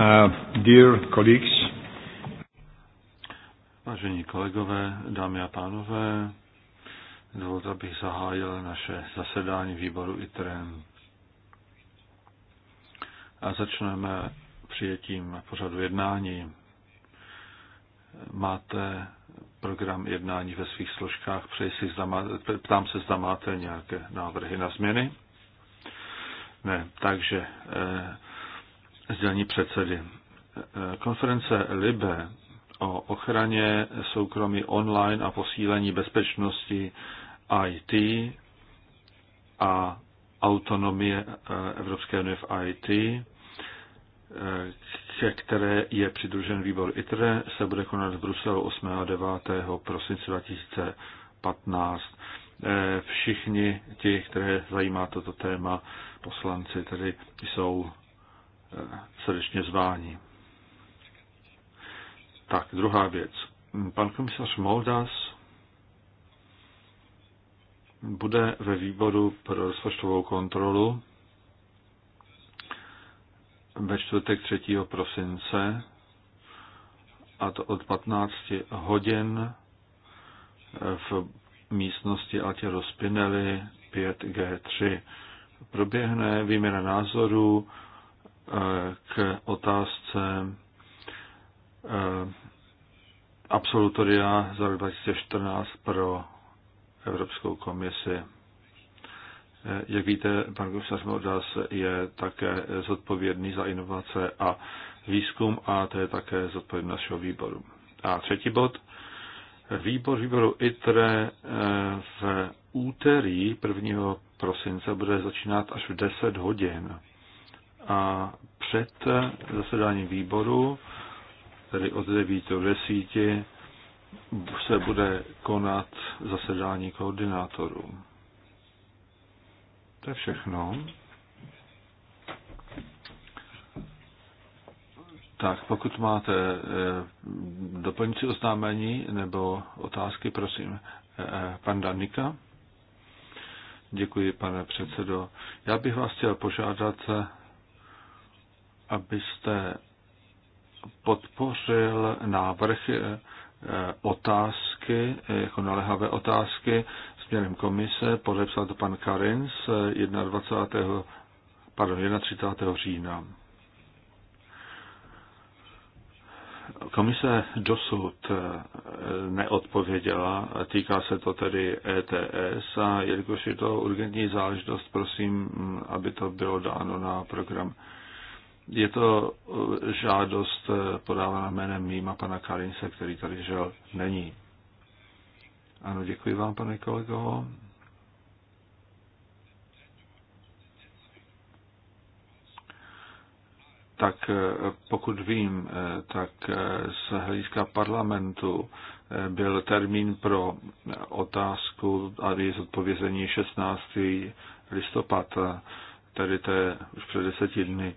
Uh, dear colleagues. Vážení kolegové, dámy a pánové, dovolte, abych zahájil naše zasedání výboru ITREM. A začneme přijetím pořadu jednání. Máte program jednání ve svých složkách. Přeji si, zda má, ptám se, zda máte nějaké návrhy na změny. Ne, takže eh, sdělení předsedy. Konference LIBE o ochraně soukromí online a posílení bezpečnosti IT a autonomie eh, Evropské unie v IT, eh, ke které je přidružen výbor ITRE, se bude konat v Bruselu 8. a 9. prosince 2015. Eh, všichni ti, které zajímá toto téma, poslanci tedy jsou srdečně zvání. Tak, druhá věc. Pan komisař Moldas bude ve výboru pro rozpočtovou kontrolu ve čtvrtek 3. prosince a to od 15 hodin v místnosti Atě Rospinelli 5G3. Proběhne výměna názorů k otázce eh, absolutoria za rok 2014 pro Evropskou komisi. Eh, jak víte, pan Gustav Mordas je také zodpovědný za inovace a výzkum a to je také zodpovědný našeho výboru. A třetí bod. Výbor výboru ITRE eh, v úterý 1. prosince bude začínat až v 10 hodin a před zasedáním výboru, tedy od 9 do 10, se bude konat zasedání koordinátorů. To je všechno. Tak, pokud máte e, doplňující oznámení nebo otázky, prosím, e, e, pan Danika. Děkuji, pane předsedo. Já bych vás chtěl požádat abyste podpořil návrh eh, otázky, eh, jako naléhavé otázky směrem komise. Podepsal to pan Karin z 21. Pardon, 31. října. Komise dosud eh, neodpověděla, týká se to tedy ETS a jelikož je to urgentní záležitost, prosím, mm, aby to bylo dáno na program je to eh, žádost eh, podávaná jménem mým a pana Karince, který tady žel není. Ano, děkuji vám, pane kolego. tak eh, pokud vím, tak z hlediska parlamentu byl termín pro otázku a její zodpovězení 16. listopad, tedy to je už před deseti dny.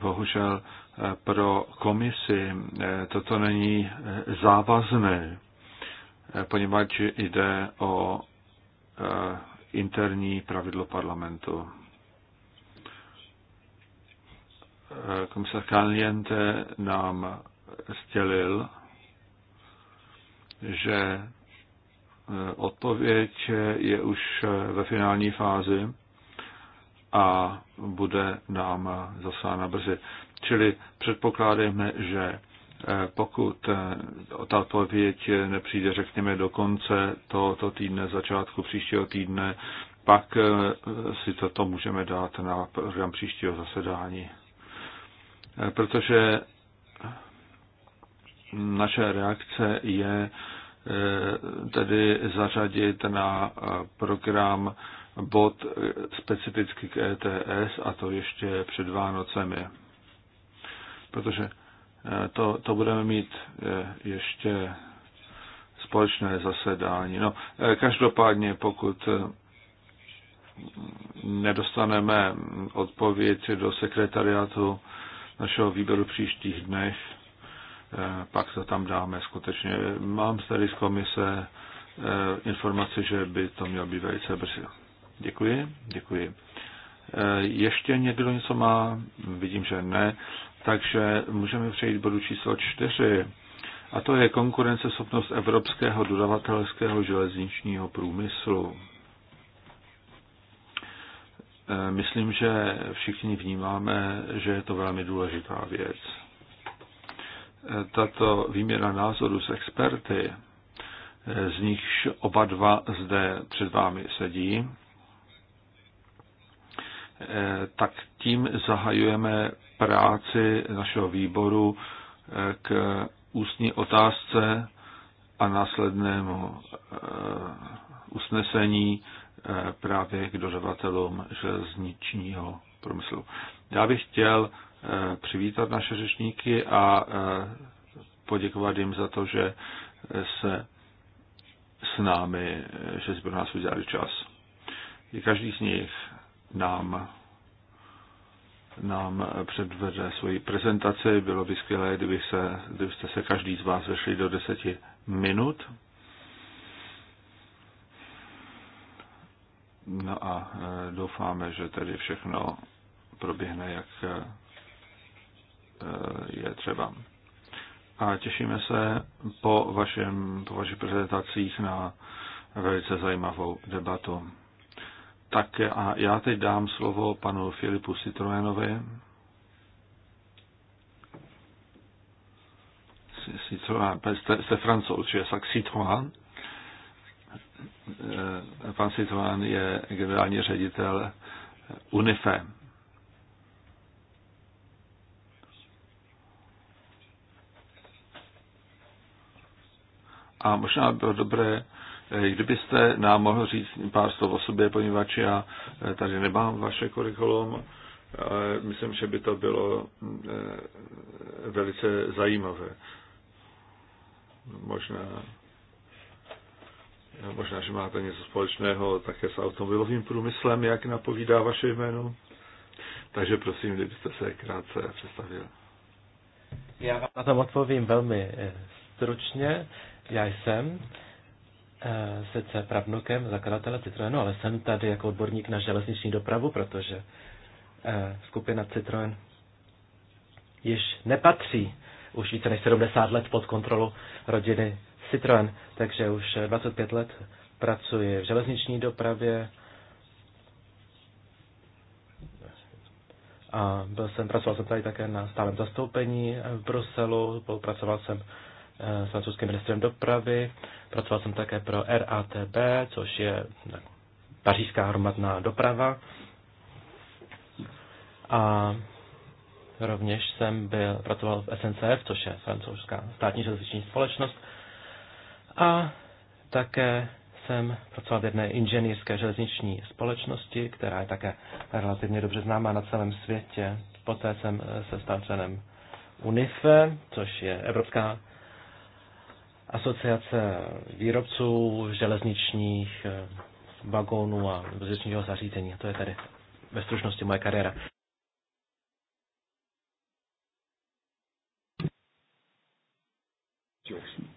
Bohužel eh, pro komisi eh, toto není eh, závazné, poněvadž jde o interní pravidlo parlamentu. Komisar Kaliente nám sdělil, že odpověď je už ve finální fázi a bude nám zaslána brzy. Čili předpokládáme, že eh, pokud eh, ta odpověď nepřijde, řekněme, do konce tohoto týdne, začátku příštího týdne, pak eh, si toto můžeme dát na program příštího zasedání. Protože naše reakce je tedy zařadit na program bod eh, specificky k ETS a to ještě před Vánocemi. Protože eh, to, to budeme mít eh, ještě společné zasedání. No, každopádně, pokud nedostaneme odpověď do sekretariátu našeho výboru příštích dnech, pak to tam dáme skutečně. Mám tady z komise informaci, že by to mělo být velice brzy. Děkuji, děkuji. E, ještě někdo něco má? Vidím, že ne. Takže můžeme přejít k bodu číslo čtyři. A to je konkurenceschopnost evropského dodavatelského železničního průmyslu. E, myslím, že všichni vnímáme, že je to velmi důležitá věc. E, tato výměna názoru s experty, z nichž oba dva zde před vámi sedí, Eh, tak tím zahajujeme práci našeho výboru eh, k ústní otázce a následnému eh, usnesení právě k dořevatelům železničního průmyslu. Já bych chtěl přivítat naše řečníky a poděkovat jim za to, že se s námi, že si pro nás udělali čas. Je každý z nich nám nám předvede svoji prezentaci. Bylo by skvělé, kdyby se, kdybyste se každý z vás vešli do deseti minut. No a e, doufáme, že tedy všechno proběhne, jak e, je třeba. A těšíme se po, vašem, po vašich prezentacích na velice zajímavou debatu. Tak a já teď dám slovo panu Filipu Citroenovi. Citroen, jste francouz, že tak Citroen. Eh, pan Citroen je generální ředitel UNIFE. A možná bylo dobré, Eh, kdybyste nám mohl říct pár slov o sobě, poněvadž já eh, tady nemám vaše kurikulum, myslím, že by to bylo eh, velice zajímavé. Možná, možná, že máte něco společného také s automobilovým průmyslem, jak napovídá vaše jméno. Takže prosím, kdybyste se krátce představil. Já vám na tom odpovím velmi stručně. Já jsem Eh, sice pravnukem zakladatele Citroenu, ale jsem tady jako odborník na železniční dopravu, protože eh, skupina Citroen již nepatří už více než 70 let pod kontrolu rodiny Citroen, takže už 25 eh, let pracuji v železniční dopravě a byl jsem, pracoval jsem tady také na stálem zastoupení v Bruselu, pracoval jsem Eh, s francouzským ministrem dopravy. Pracoval jsem také pro RATB, což je pařížská hromadná doprava. A rovněž jsem byl, pracoval v SNCF, což je francouzská státní železniční společnost. A také jsem pracoval v jedné inženýrské železniční společnosti, která je také relativně dobře známá na celém světě. Poté jsem eh, se stal členem UNIFE, což je Evropská asociace výrobců železničních eh, vagónů a železničního zařízení. To je tady ve stručnosti moje kariéra.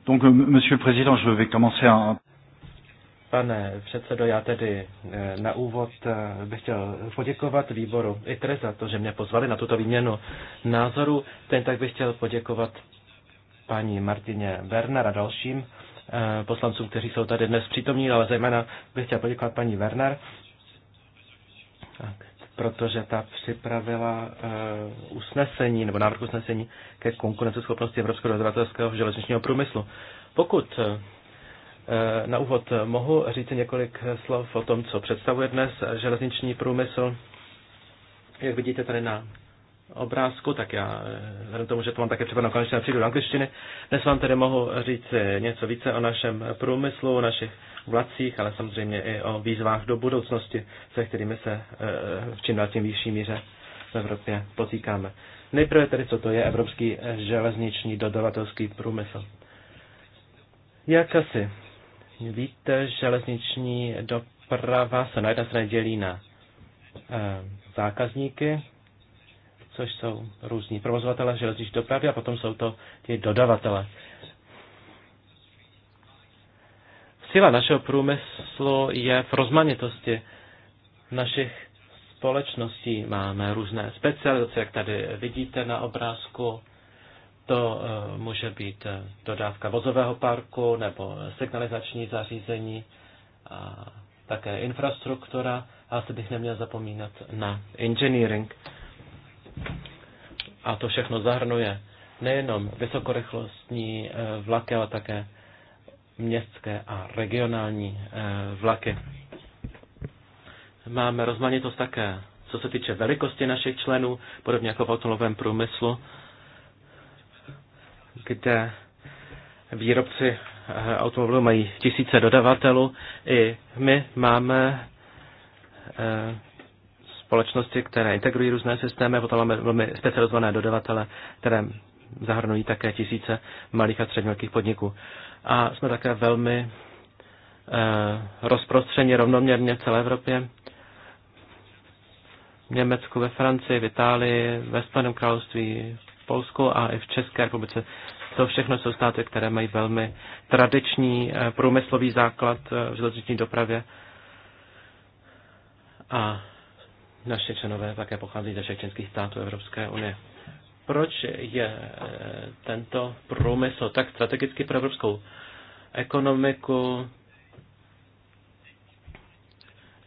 Donc, euh, monsieur le président, je vais commencer à... Pane předsedo, já tedy eh, na úvod eh, bych chtěl poděkovat výboru ITRE za to, že mě pozvali na tuto výměnu názoru. Ten tak bych chtěl poděkovat paní Martině Werner a dalším eh, poslancům, kteří jsou tady dnes přítomní, ale zejména bych chtěl poděkovat paní Werner, protože ta připravila uh, usnesení nebo návrh usnesení ke konkurenceschopnosti evropského dodavatelského železničního průmyslu. Pokud uh, na úvod mohu říct několik slov o tom, co představuje dnes železniční průmysl. Jak vidíte tady na obrázku, tak já eh, vzhledem tomu, že to mám také připraveno konečně přijdu do angličtiny. Dnes vám tedy mohu říct eh, něco více o našem průmyslu, o našich vlacích, ale samozřejmě i o výzvách do budoucnosti, se kterými se eh, v čím dál tím vyšší míře v Evropě potýkáme. Nejprve tedy, co to je evropský železniční dodavatelský průmysl. Jak asi víte, železniční doprava se na jedné straně dělí na zákazníky, což jsou různí provozovatele železniční dopravy a potom jsou to ti dodavatele. Síla našeho průmyslu je v rozmanitosti našich společností. Máme různé specializace, jak tady vidíte na obrázku. To eh, může být eh, dodávka vozového parku nebo signalizační zařízení a také infrastruktura. A asi bych neměl zapomínat na engineering. A to všechno zahrnuje nejenom vysokorychlostní eh, vlaky, ale také městské a regionální eh, vlaky. Máme rozmanitost také, co se týče velikosti našich členů, podobně jako v automobilovém průmyslu, kde výrobci eh, automobilů mají tisíce dodavatelů. I my máme společnosti, které integrují různé systémy, potom máme velmi specializované dodavatele, které zahrnují také tisíce malých a středně velkých podniků. A jsme také velmi eh, rozprostřeni rovnoměrně v celé Evropě. V Německu, ve Francii, v Itálii, ve Spojeném království, v Polsku a i v České republice. To všechno jsou státy, které mají velmi tradiční eh, průmyslový základ eh, v železniční dopravě. A naše členové také pochází ze všech členských států Evropské unie. Proč je e, tento průmysl tak strategicky pro evropskou ekonomiku?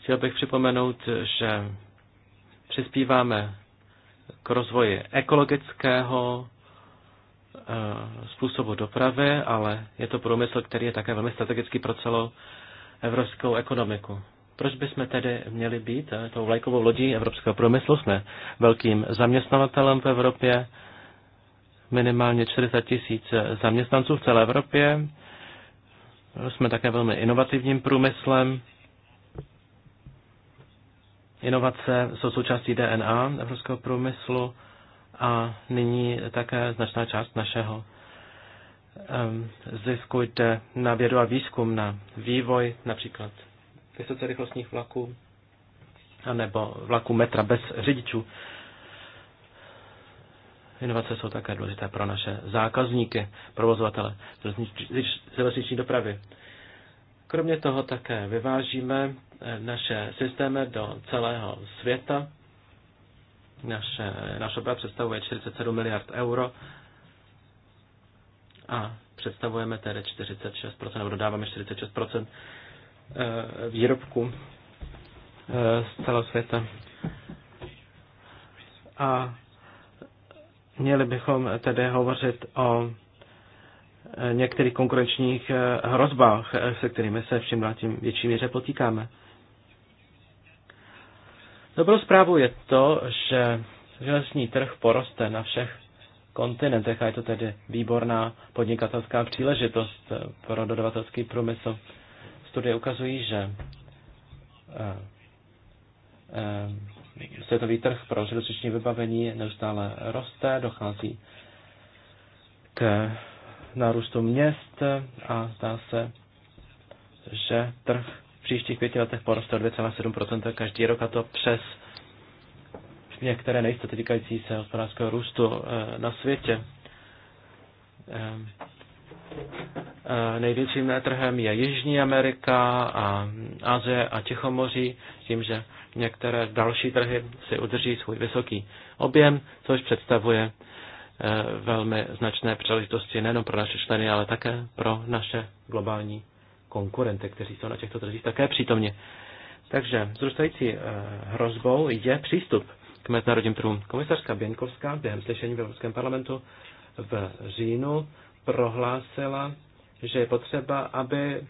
Chtěl bych připomenout, že přispíváme k rozvoji ekologického e, způsobu dopravy, ale je to průmysl, který je také velmi strategický pro celou evropskou ekonomiku. Proč bychom tedy měli být eh, tou vlajkovou lodí evropského průmyslu? Jsme velkým zaměstnavatelem v Evropě, minimálně 40 tisíc eh, zaměstnanců v celé Evropě. Jsme také velmi inovativním průmyslem. Inovace jsou součástí DNA evropského průmyslu a nyní také značná část našeho ehm, zisku jde na vědu a výzkum, na vývoj například vysoce rychlostních vlaků anebo vlaků metra bez řidičů. Inovace jsou také důležité pro naše zákazníky, provozovatele železniční dopravy. Kromě toho také vyvážíme eh, naše systémy do celého světa. Naše, naš obrat představuje 47 miliard euro a představujeme tedy 46%, nebo dodáváme 46% Eh, výrobků eh, z celého světa. A měli bychom tedy hovořit o eh, některých konkurenčních hrozbách, se kterými se všem na tím větší míře potýkáme. Dobrou zprávou je to, že železní trh poroste na všech kontinentech a je to tedy výborná podnikatelská příležitost pro dodavatelský průmysl. Studie ukazují, že eh, eh, světový trh pro železniční vybavení neustále roste, dochází k nárůstu měst a zdá se, že trh v příštích pěti letech poroste o 2,7% každý rok a to přes některé nejistoty týkající se hospodářského růstu eh, na světě. Největším trhem je Jižní Amerika a Azie a Tichomoří, tím, že některé další trhy si udrží svůj vysoký objem, což představuje eh, velmi značné příležitosti nejen pro naše členy, ale také pro naše globální konkurenty, kteří jsou na těchto trzích také přítomně. Takže zrůstající eh, hrozbou je přístup k mezinárodním trhům. Komisařka Běnkovská, během slyšení v Evropském parlamentu v říjnu prohlásila, že je potřeba, aby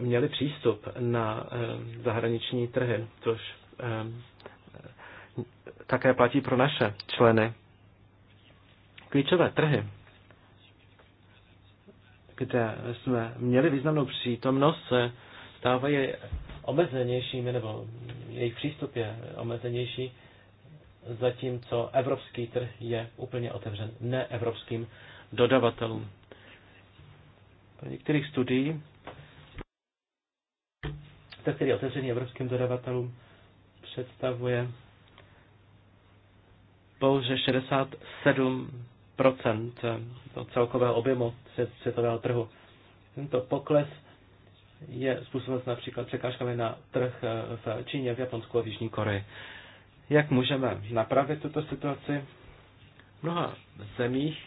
měli přístup na eh, zahraniční trhy, což eh, také platí pro naše členy. Klíčové trhy, kde jsme měli významnou přítomnost, se stávají omezenějšími, nebo jejich přístup je omezenější, zatímco evropský trh je úplně otevřen neevropským dodavatelům některých studií tak tedy otevřený evropským dodavatelům představuje pouze 67 celkového objemu světového trhu. Tento pokles je způsoben například překážkami na trh v Číně, v Japonsku a v Jižní Koreji. Jak můžeme napravit tuto situaci? V mnoha zemích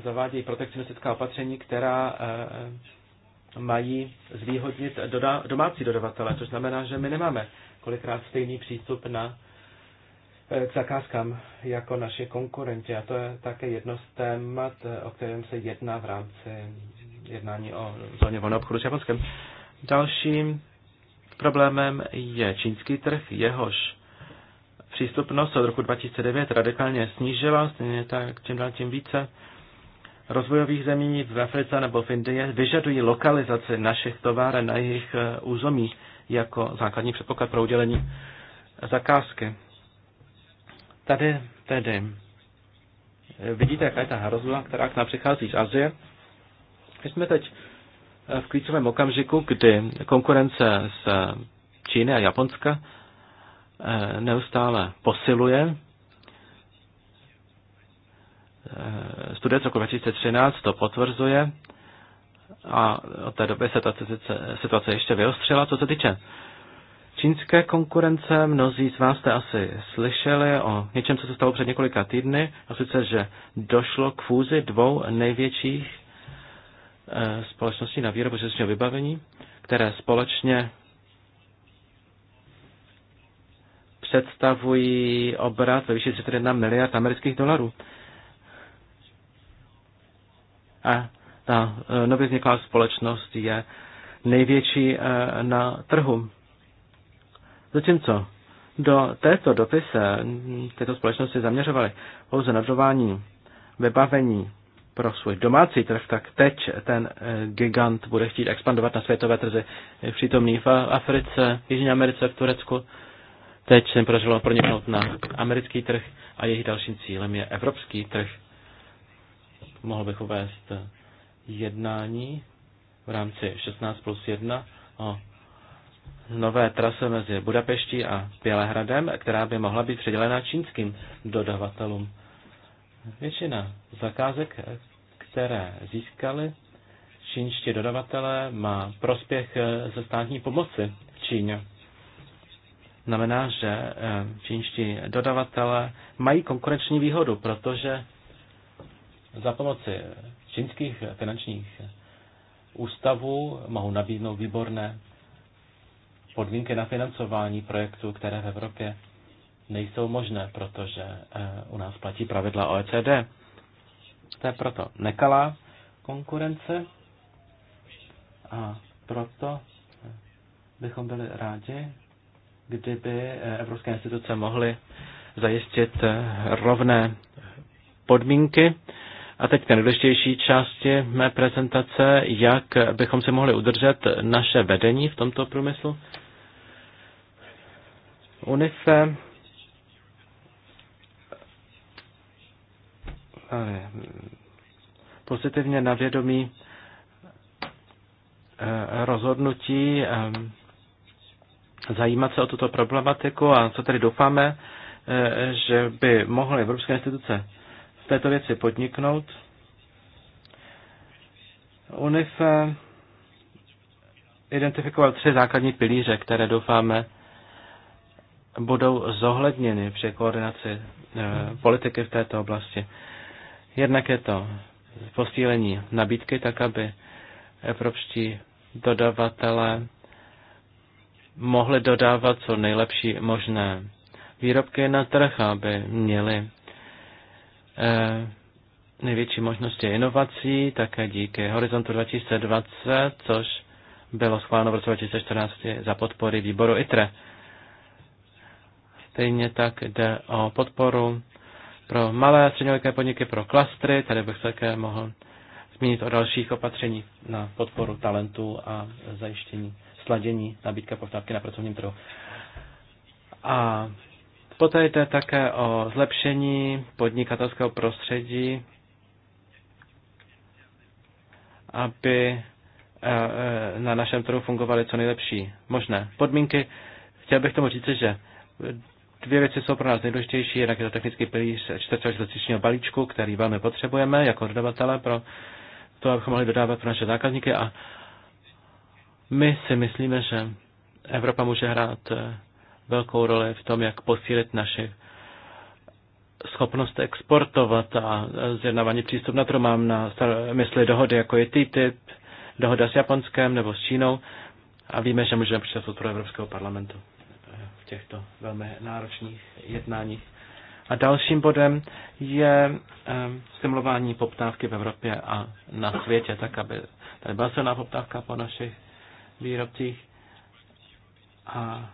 zavádějí protekcionistická opatření, která eh, mají zvýhodnit domácí dodavatele, což znamená, že my nemáme kolikrát stejný přístup na, eh, k zakázkám jako naši konkurenti. A to je také jedno z témat, eh, o kterém se jedná v rámci jednání o zóně volného obchodu s Japonskem. Dalším problémem je čínský trh, jehož přístupnost od roku 2009 radikálně snížila, stejně tak čím dál tím více rozvojových zemí v Africe nebo v Indii vyžadují lokalizaci našich továren na jejich eh, území jako základní předpoklad pro udělení zakázky. Tady tedy eh, vidíte, jaká je ta hrozba, která k nám přichází z Azie. My jsme teď eh, v klíčovém okamžiku, kdy konkurence z Číny a Japonska neustále posiluje Eh, studie z roku 2013 to potvrzuje a od té doby se ta situace ještě vyostřila. Co se týče čínské konkurence, mnozí z vás jste asi slyšeli o něčem, co se stalo před několika týdny, a sice, že došlo k fúzi dvou největších eh, společností na výrobu železničního vybavení, které společně představují obrat ve výši 31 miliard amerických dolarů a ta e, nově vzniklá společnost je největší e, na trhu. Zatímco do této doby se tyto společnosti zaměřovaly pouze na dodávání vybavení pro svůj domácí trh, tak teď ten e, gigant bude chtít expandovat na světové trzy přítomný v Africe, v Jižní Americe, v Turecku. Teď se jim podařilo proniknout na americký trh a jejich dalším cílem je evropský trh mohl bych uvést eh, jednání v rámci 16 plus 1 o nové trase mezi Budapeští a Bělehradem, která by mohla být předělena čínským dodavatelům. Většina zakázek, eh, které získali čínští dodavatelé, má prospěch eh, ze státní pomoci Číně. Znamená, že čínští dodavatelé mají konkurenční výhodu, protože za pomoci čínských finančních ústavů mohou nabídnout výborné podmínky na financování projektů, které v Evropě nejsou možné, protože eh, u nás platí pravidla OECD. To je proto nekalá konkurence a proto bychom byli rádi, kdyby eh, evropské instituce mohly zajistit eh, rovné podmínky a teď k nejdůležitější části mé prezentace, jak bychom si mohli udržet naše vedení v tomto průmyslu. UNICE pozitivně na vědomí eh, rozhodnutí eh, zajímat se o tuto problematiku a co tedy doufáme, eh, že by mohly evropské instituce této věci podniknout. UNIF eh, identifikoval tři základní pilíře, které doufáme budou zohledněny při koordinaci eh, politiky v této oblasti. Jednak je to posílení nabídky, tak aby evropští dodavatelé mohli dodávat co nejlepší možné výrobky na trh, aby měli Eh, největší možnosti inovací, také díky Horizontu 2020, což bylo schváleno v roce 2014 za podpory výboru ITRE. Stejně tak jde o podporu pro malé a středněvelké podniky, pro klastry. Tady bych také mohl zmínit o dalších opatření na podporu talentů a zajištění sladění nabídka poptávky na pracovním trhu. A Poté jde také o zlepšení podnikatelského prostředí, aby eh, eh, na našem trhu fungovaly co nejlepší možné podmínky. Chtěl bych tomu říct, že dvě věci jsou pro nás nejdůležitější. Jednak je to technický pilíř čtvrtého balíčku, který velmi potřebujeme jako dodavatele pro to, abychom mohli dodávat pro naše zákazníky. A my si myslíme, že Evropa může hrát eh, velkou roli v tom, jak posílit naše schopnost exportovat a zjednávání přístup na trhu. Mám na mysli dohody, jako je TTIP, dohoda s Japonskem nebo s Čínou a víme, že můžeme přijít podporu Evropského parlamentu v těchto velmi náročných jednáních. A dalším bodem je ehm, stimulování poptávky v Evropě a na světě, tak aby tady byla silná poptávka po našich výrobcích a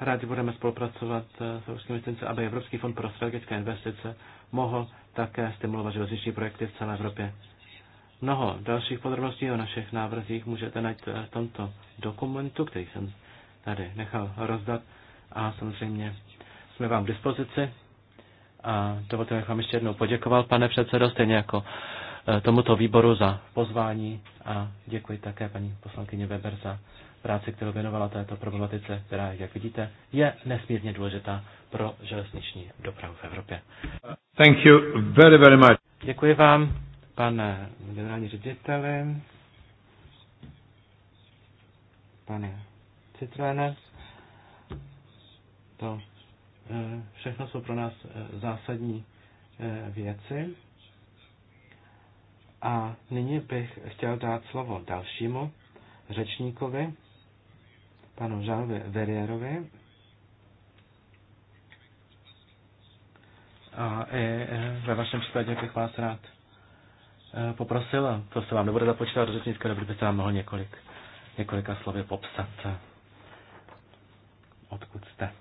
rádi budeme spolupracovat eh, s Evropským investice, aby Evropský fond pro strategické investice mohl také stimulovat železniční projekty v celé Evropě. Mnoho dalších podrobností o našich návrzích můžete najít eh, v tomto dokumentu, který jsem tady nechal rozdat a samozřejmě jsme vám k dispozici. A dovolte, bych vám ještě jednou poděkoval, pane předsedo, stejně jako eh, tomuto výboru za pozvání a děkuji také paní poslankyně Weber za práci, kterou věnovala této problematice, která, jak vidíte, je nesmírně důležitá pro železniční dopravu v Evropě. Thank you very, very much. Děkuji vám, pane generální řediteli, pane Citroene. To eh, všechno jsou pro nás eh, zásadní eh, věci. A nyní bych chtěl dát slovo dalšímu řečníkovi, panu Žalve Verierové A e, ve vašem případě bych vás rád e, poprosil, to se vám nebude započítat do řečnické doby, byste vám mohl několik, několika slovy popsat, e, odkud jste.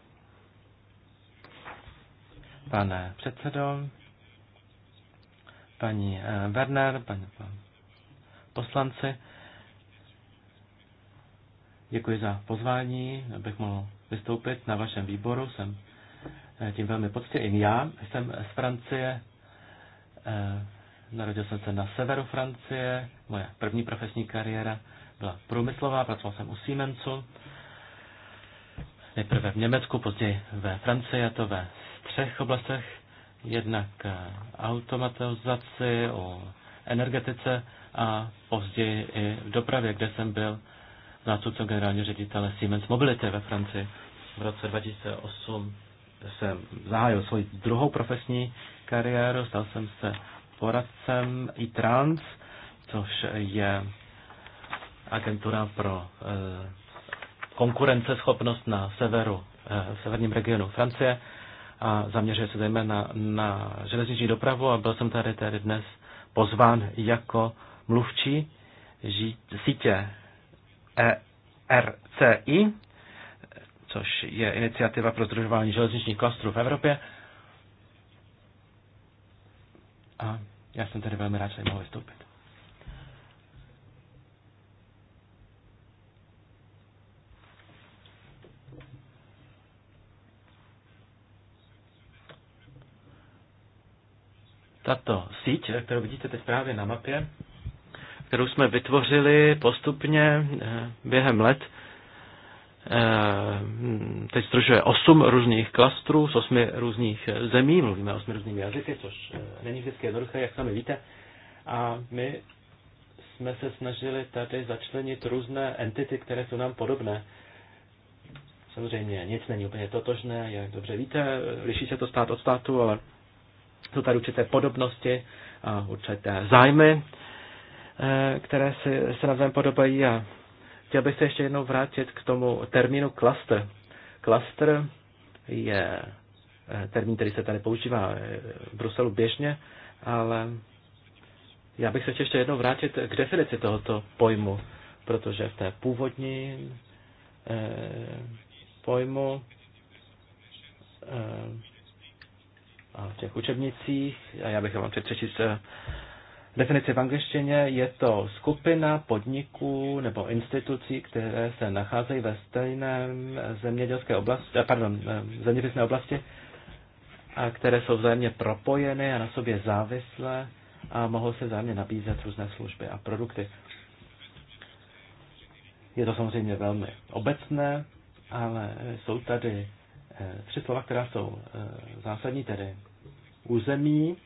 Pane předsedo, paní e, Werner, paní, poslanci, Děkuji za pozvání, abych mohl vystoupit na vašem výboru. Jsem eh, tím velmi poctěn. Já jsem z Francie, eh, narodil jsem se na severu Francie, moje první profesní kariéra byla průmyslová, pracoval jsem u Siemensu, nejprve v Německu, později ve Francii, a to ve třech oblastech, jednak eh, automatizaci, o energetice a později i v dopravě, kde jsem byl zástupcem generálního ředitele Siemens Mobility ve Francii. V roce 2008 jsem zahájil svoji druhou profesní kariéru, stal jsem se poradcem e-trans, což je agentura pro e, konkurenceschopnost na severu, e, severním regionu Francie a zaměřuje se zejména na železniční dopravu a byl jsem tady tady dnes pozván jako mluvčí žít, sítě ERCI, což je iniciativa pro združování železničních klastrů v Evropě. A já jsem tady velmi rád, že mohl vystoupit. Tato síť, kterou vidíte teď právě na mapě, kterou jsme vytvořili postupně eh, během let, eh, teď združuje osm různých klastrů z osmi různých eh, zemí, mluvíme osmi různými jazyky, což není vždycky jednoduché, jak sami víte. A my jsme se snažili tady začlenit různé entity, které jsou nám podobné. Samozřejmě nic není úplně totožné, jak dobře víte, liší se to stát od státu, ale jsou tady určité podobnosti a určité zájmy Eh, které si, se navzájem podobají a chtěl bych se ještě jednou vrátit k tomu termínu cluster. Cluster je eh, termín, který se tady používá eh, v Bruselu běžně, ale já bych se ještě jednou vrátit k definici tohoto pojmu, protože v té původní pojmu a v těch učebnicích, a já bych vám chtěl přečíst Definice v angličtině je to skupina podniků nebo institucí, které se nacházejí ve stejné eh, zemědělské oblasti, eh, pardon, eh, zeměpisné oblasti a které jsou vzájemně propojeny a na sobě závislé a mohou se vzájemně nabízet různé služby a produkty. Je to samozřejmě velmi obecné, ale jsou tady tři slova, která jsou zásadní, tedy území,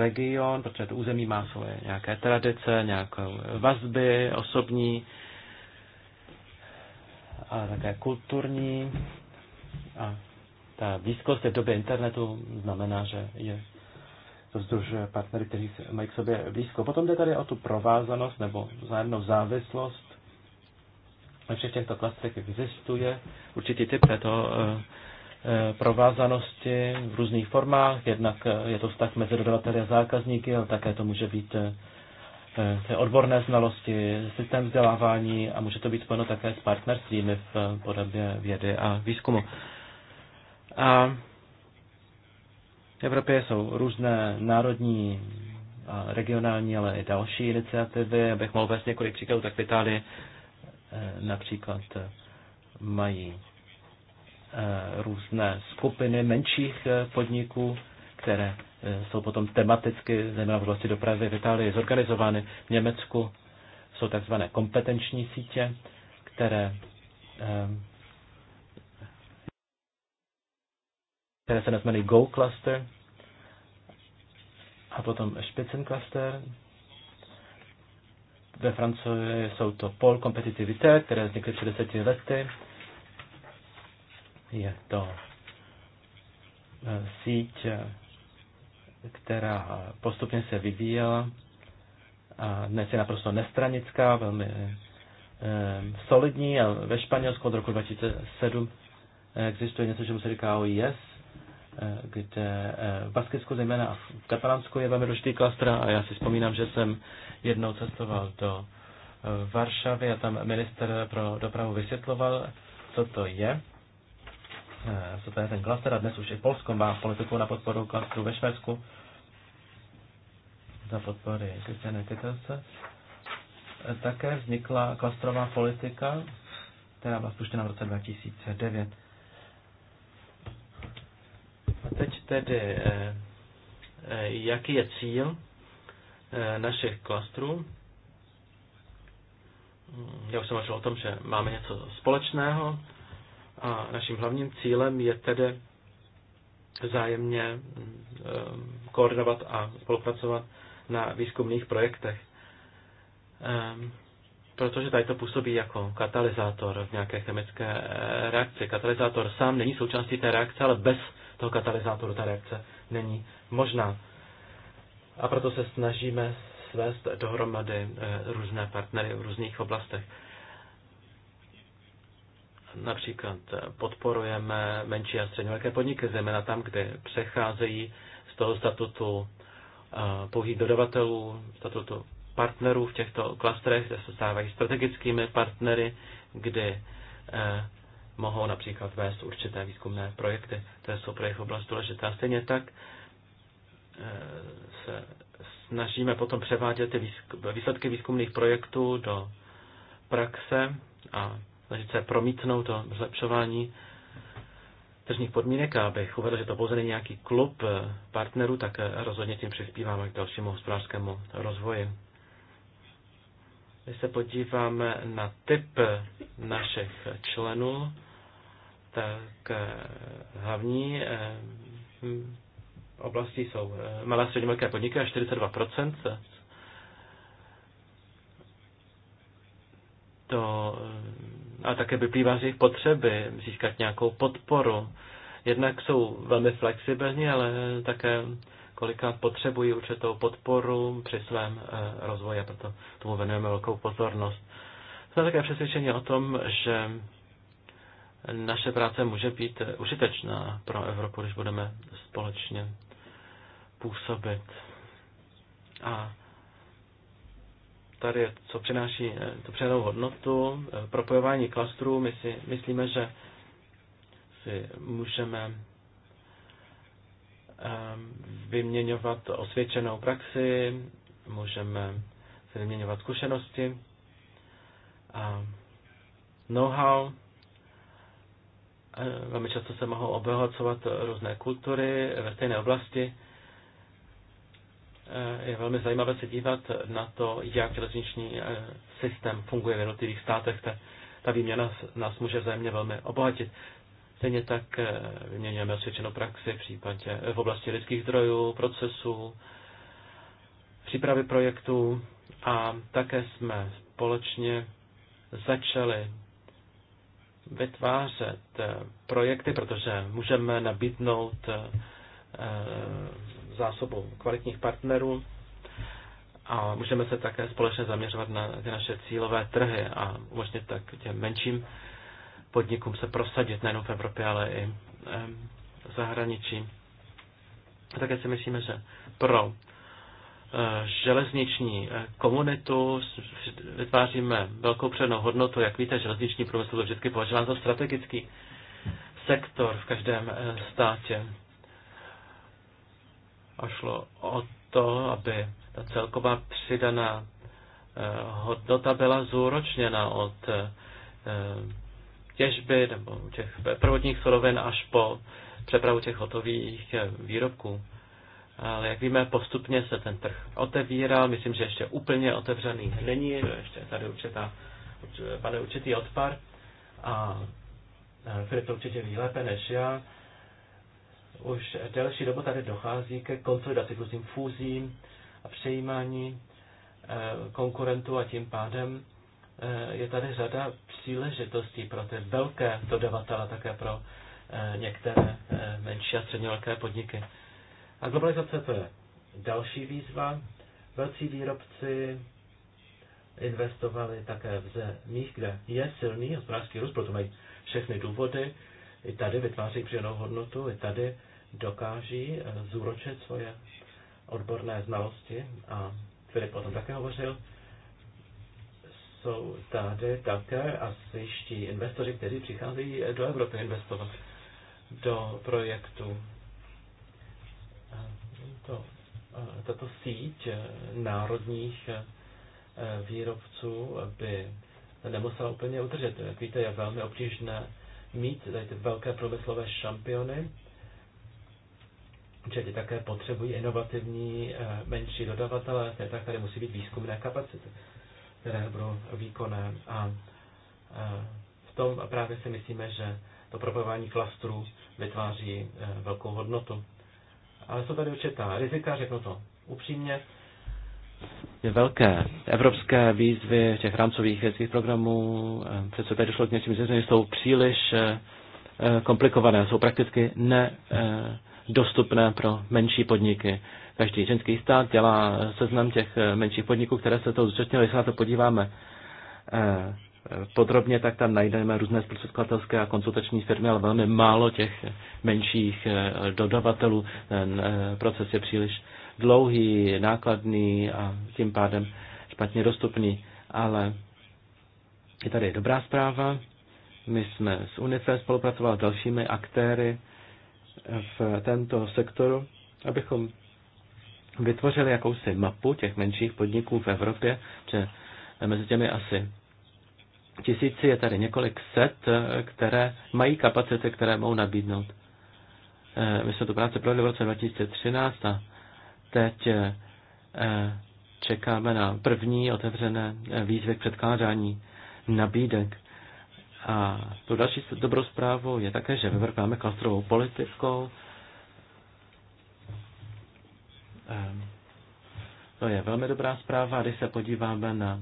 region, protože to území má svoje nějaké tradice, nějaké vazby osobní, a také kulturní. A ta blízkost v době internetu znamená, že je to združuje partnery, kteří mají k sobě blízko. Potom jde tady o tu provázanost nebo vzájemnou závislost. Ve všech těchto klastrech existuje určitý typ této eh, Eh, provázanosti v různých formách. Jednak eh, je to vztah mezi dodavateli a zákazníky, ale také to může být eh, odborné znalosti, systém vzdělávání a může to být spojeno také s partnerstvími v podobě vědy a výzkumu. A v Evropě jsou různé národní a regionální, ale i další iniciativy. Abych mohl vést několik příkladů, tak v Itálii například mají Eh, různé skupiny menších eh, podniků, které eh, jsou potom tematicky, zejména v oblasti dopravy v Itálii, zorganizovány. V Německu jsou takzvané kompetenční sítě, které, které se nazvaly Go Cluster a potom Spitzen Cluster. Ve Francii jsou to Pol Competitivité, které vznikly před deseti lety je to eh, síť, eh, která postupně se vyvíjela a dnes je naprosto nestranická, velmi eh, solidní a ve Španělsku od roku 2007 existuje něco, čemu se říká OIS, kde v Baskicku zejména a v Katalánsku je velmi důležitý klastr a já si vzpomínám, že jsem jednou cestoval do Varšavy a tam minister pro dopravu vysvětloval, co to je. Eh, co to je ten klaster a dnes už i Polsko má politiku na podporu klastru ve Švédsku za podpory Kristiany Kytelce. Eh, také vznikla klastrová politika, která byla spuštěna v roce 2009. A teď tedy, eh, jaký je cíl našich klastrů? Mm, já už jsem mluvil o tom, že máme něco společného, a naším hlavním cílem je tedy zájemně koordinovat a spolupracovat na výzkumných projektech. Ehm, protože tady to působí jako katalyzátor v nějaké chemické eh, reakci. Katalyzátor sám není součástí té reakce, ale bez toho katalyzátoru ta reakce není možná. A proto se snažíme svést dohromady eh, různé partnery v různých oblastech. Například podporujeme menší a střední velké podniky, zejména tam, kde přecházejí z toho statutu eh, pouhých dodavatelů, statutu partnerů v těchto klastrech, kde se stávají strategickými partnery, kdy eh, mohou například vést určité výzkumné projekty, které jsou pro jejich oblast důležité. A stejně tak eh, se snažíme potom převádět ty výsledky výzkumných projektů do praxe a snažit se promítnout to zlepšování tržních podmínek a abych uvedl, že to pouze není nějaký klub eh, partnerů, tak eh, rozhodně tím přispíváme k dalšímu hospodářskému rozvoji. Když se podíváme na typ eh, našich členů, tak hlavní hm, oblasti jsou malé a střední velké podniky a 42%. To a také vyplývá z jejich potřeby získat nějakou podporu. Jednak jsou velmi flexibilní, ale také kolikrát potřebují určitou podporu při svém eh, rozvoji a proto tomu věnujeme velkou pozornost. Jsme také přesvědčeni o tom, že naše práce může být užitečná pro Evropu, když budeme společně působit. A tady, co přináší eh, tu přidanou hodnotu, eh, propojování klastrů. My si myslíme, že si můžeme eh, vyměňovat osvědčenou praxi, můžeme si vyměňovat zkušenosti a know-how. Velmi často se mohou obohacovat různé kultury ve stejné oblasti Eh, je velmi zajímavé se dívat na to, jak železniční eh, systém funguje v jednotlivých státech. Ta, ta výměna nás může vzájemně velmi obohatit. Stejně tak eh, vyměňujeme osvědčenou praxi v, případě, v oblasti lidských zdrojů, procesů, přípravy projektů a také jsme společně začali vytvářet projekty, protože můžeme nabídnout zásobou kvalitních partnerů a můžeme se také společně zaměřovat na ty naše cílové trhy a umožnit tak těm menším podnikům se prosadit nejen v Evropě, ale i v zahraničí. A také si myslíme, že pro e, železniční e, komunitu vytváříme velkou přednou hodnotu. Jak víte, železniční průmysl je vždycky považován za strategický sektor v každém e, státě a šlo o to, aby ta celková přidaná eh, hodnota byla zúročněna od eh, těžby nebo těch prvotních surovin až po přepravu těch hotových eh, výrobků. Ale jak víme, postupně se ten trh otevíral, Myslím, že ještě úplně otevřený není, ještě tady určitá, pane určitý odpar. A Filip to určitě ví lépe než já. Už delší dobu tady dochází ke konsolidaci k různým fúzím a přejímání eh, konkurentů a tím pádem eh, je tady řada příležitostí pro ty velké dodavatele, také pro eh, některé menší a středně velké podniky. A globalizace to je další výzva. Velcí výrobci investovali také v zemích, kde je silný hospodářský růst, proto mají všechny důvody i tady vytváří přidanou hodnotu, i tady dokáží eh, zúročit svoje odborné znalosti a Filip o tom také hovořil, jsou tady také asijští investoři, kteří přicházejí do Evropy investovat do projektu. To, tato síť eh, národních eh, výrobců by nemusela úplně udržet. Jak víte, je velmi obtížné mít tady ty velké průmyslové šampiony, že ty také potřebují inovativní eh, menší dodavatele, stejně tak tady musí být výzkumné kapacity, které budou výkonné. A eh, v tom právě si myslíme, že to propojování klastrů vytváří eh, velkou hodnotu. Ale jsou tady určitá rizika, řeknu to upřímně, je velké. Evropské výzvy těch rámcových vědeckých programů, eh, přece tady došlo k něčím zjistení, jsou příliš eh, eh, komplikované, jsou prakticky nedostupné pro menší podniky. Každý ženský stát dělá seznam těch menších podniků, které se to zúčastnily. Když se na to podíváme podrobně, tak tam najdeme různé zprostředkovatelské a konzultační firmy, ale velmi málo těch menších dodavatelů. Ten proces je příliš dlouhý, nákladný a tím pádem špatně dostupný. Ale je tady dobrá zpráva. My jsme s UNICEF spolupracovali s dalšími aktéry v tento sektoru, abychom vytvořili jakousi mapu těch menších podniků v Evropě, že mezi těmi asi tisíci je tady několik set, které mají kapacity, které mohou nabídnout. Eh, my jsme tu práci provedli v roce 2013 a Teď eh, čekáme na první otevřené eh, výzvy k předkládání nabídek. A tu další dobrou zprávou je také, že vyvrkáme klastrovou politikou. Ehm, to je velmi dobrá zpráva, když se podíváme na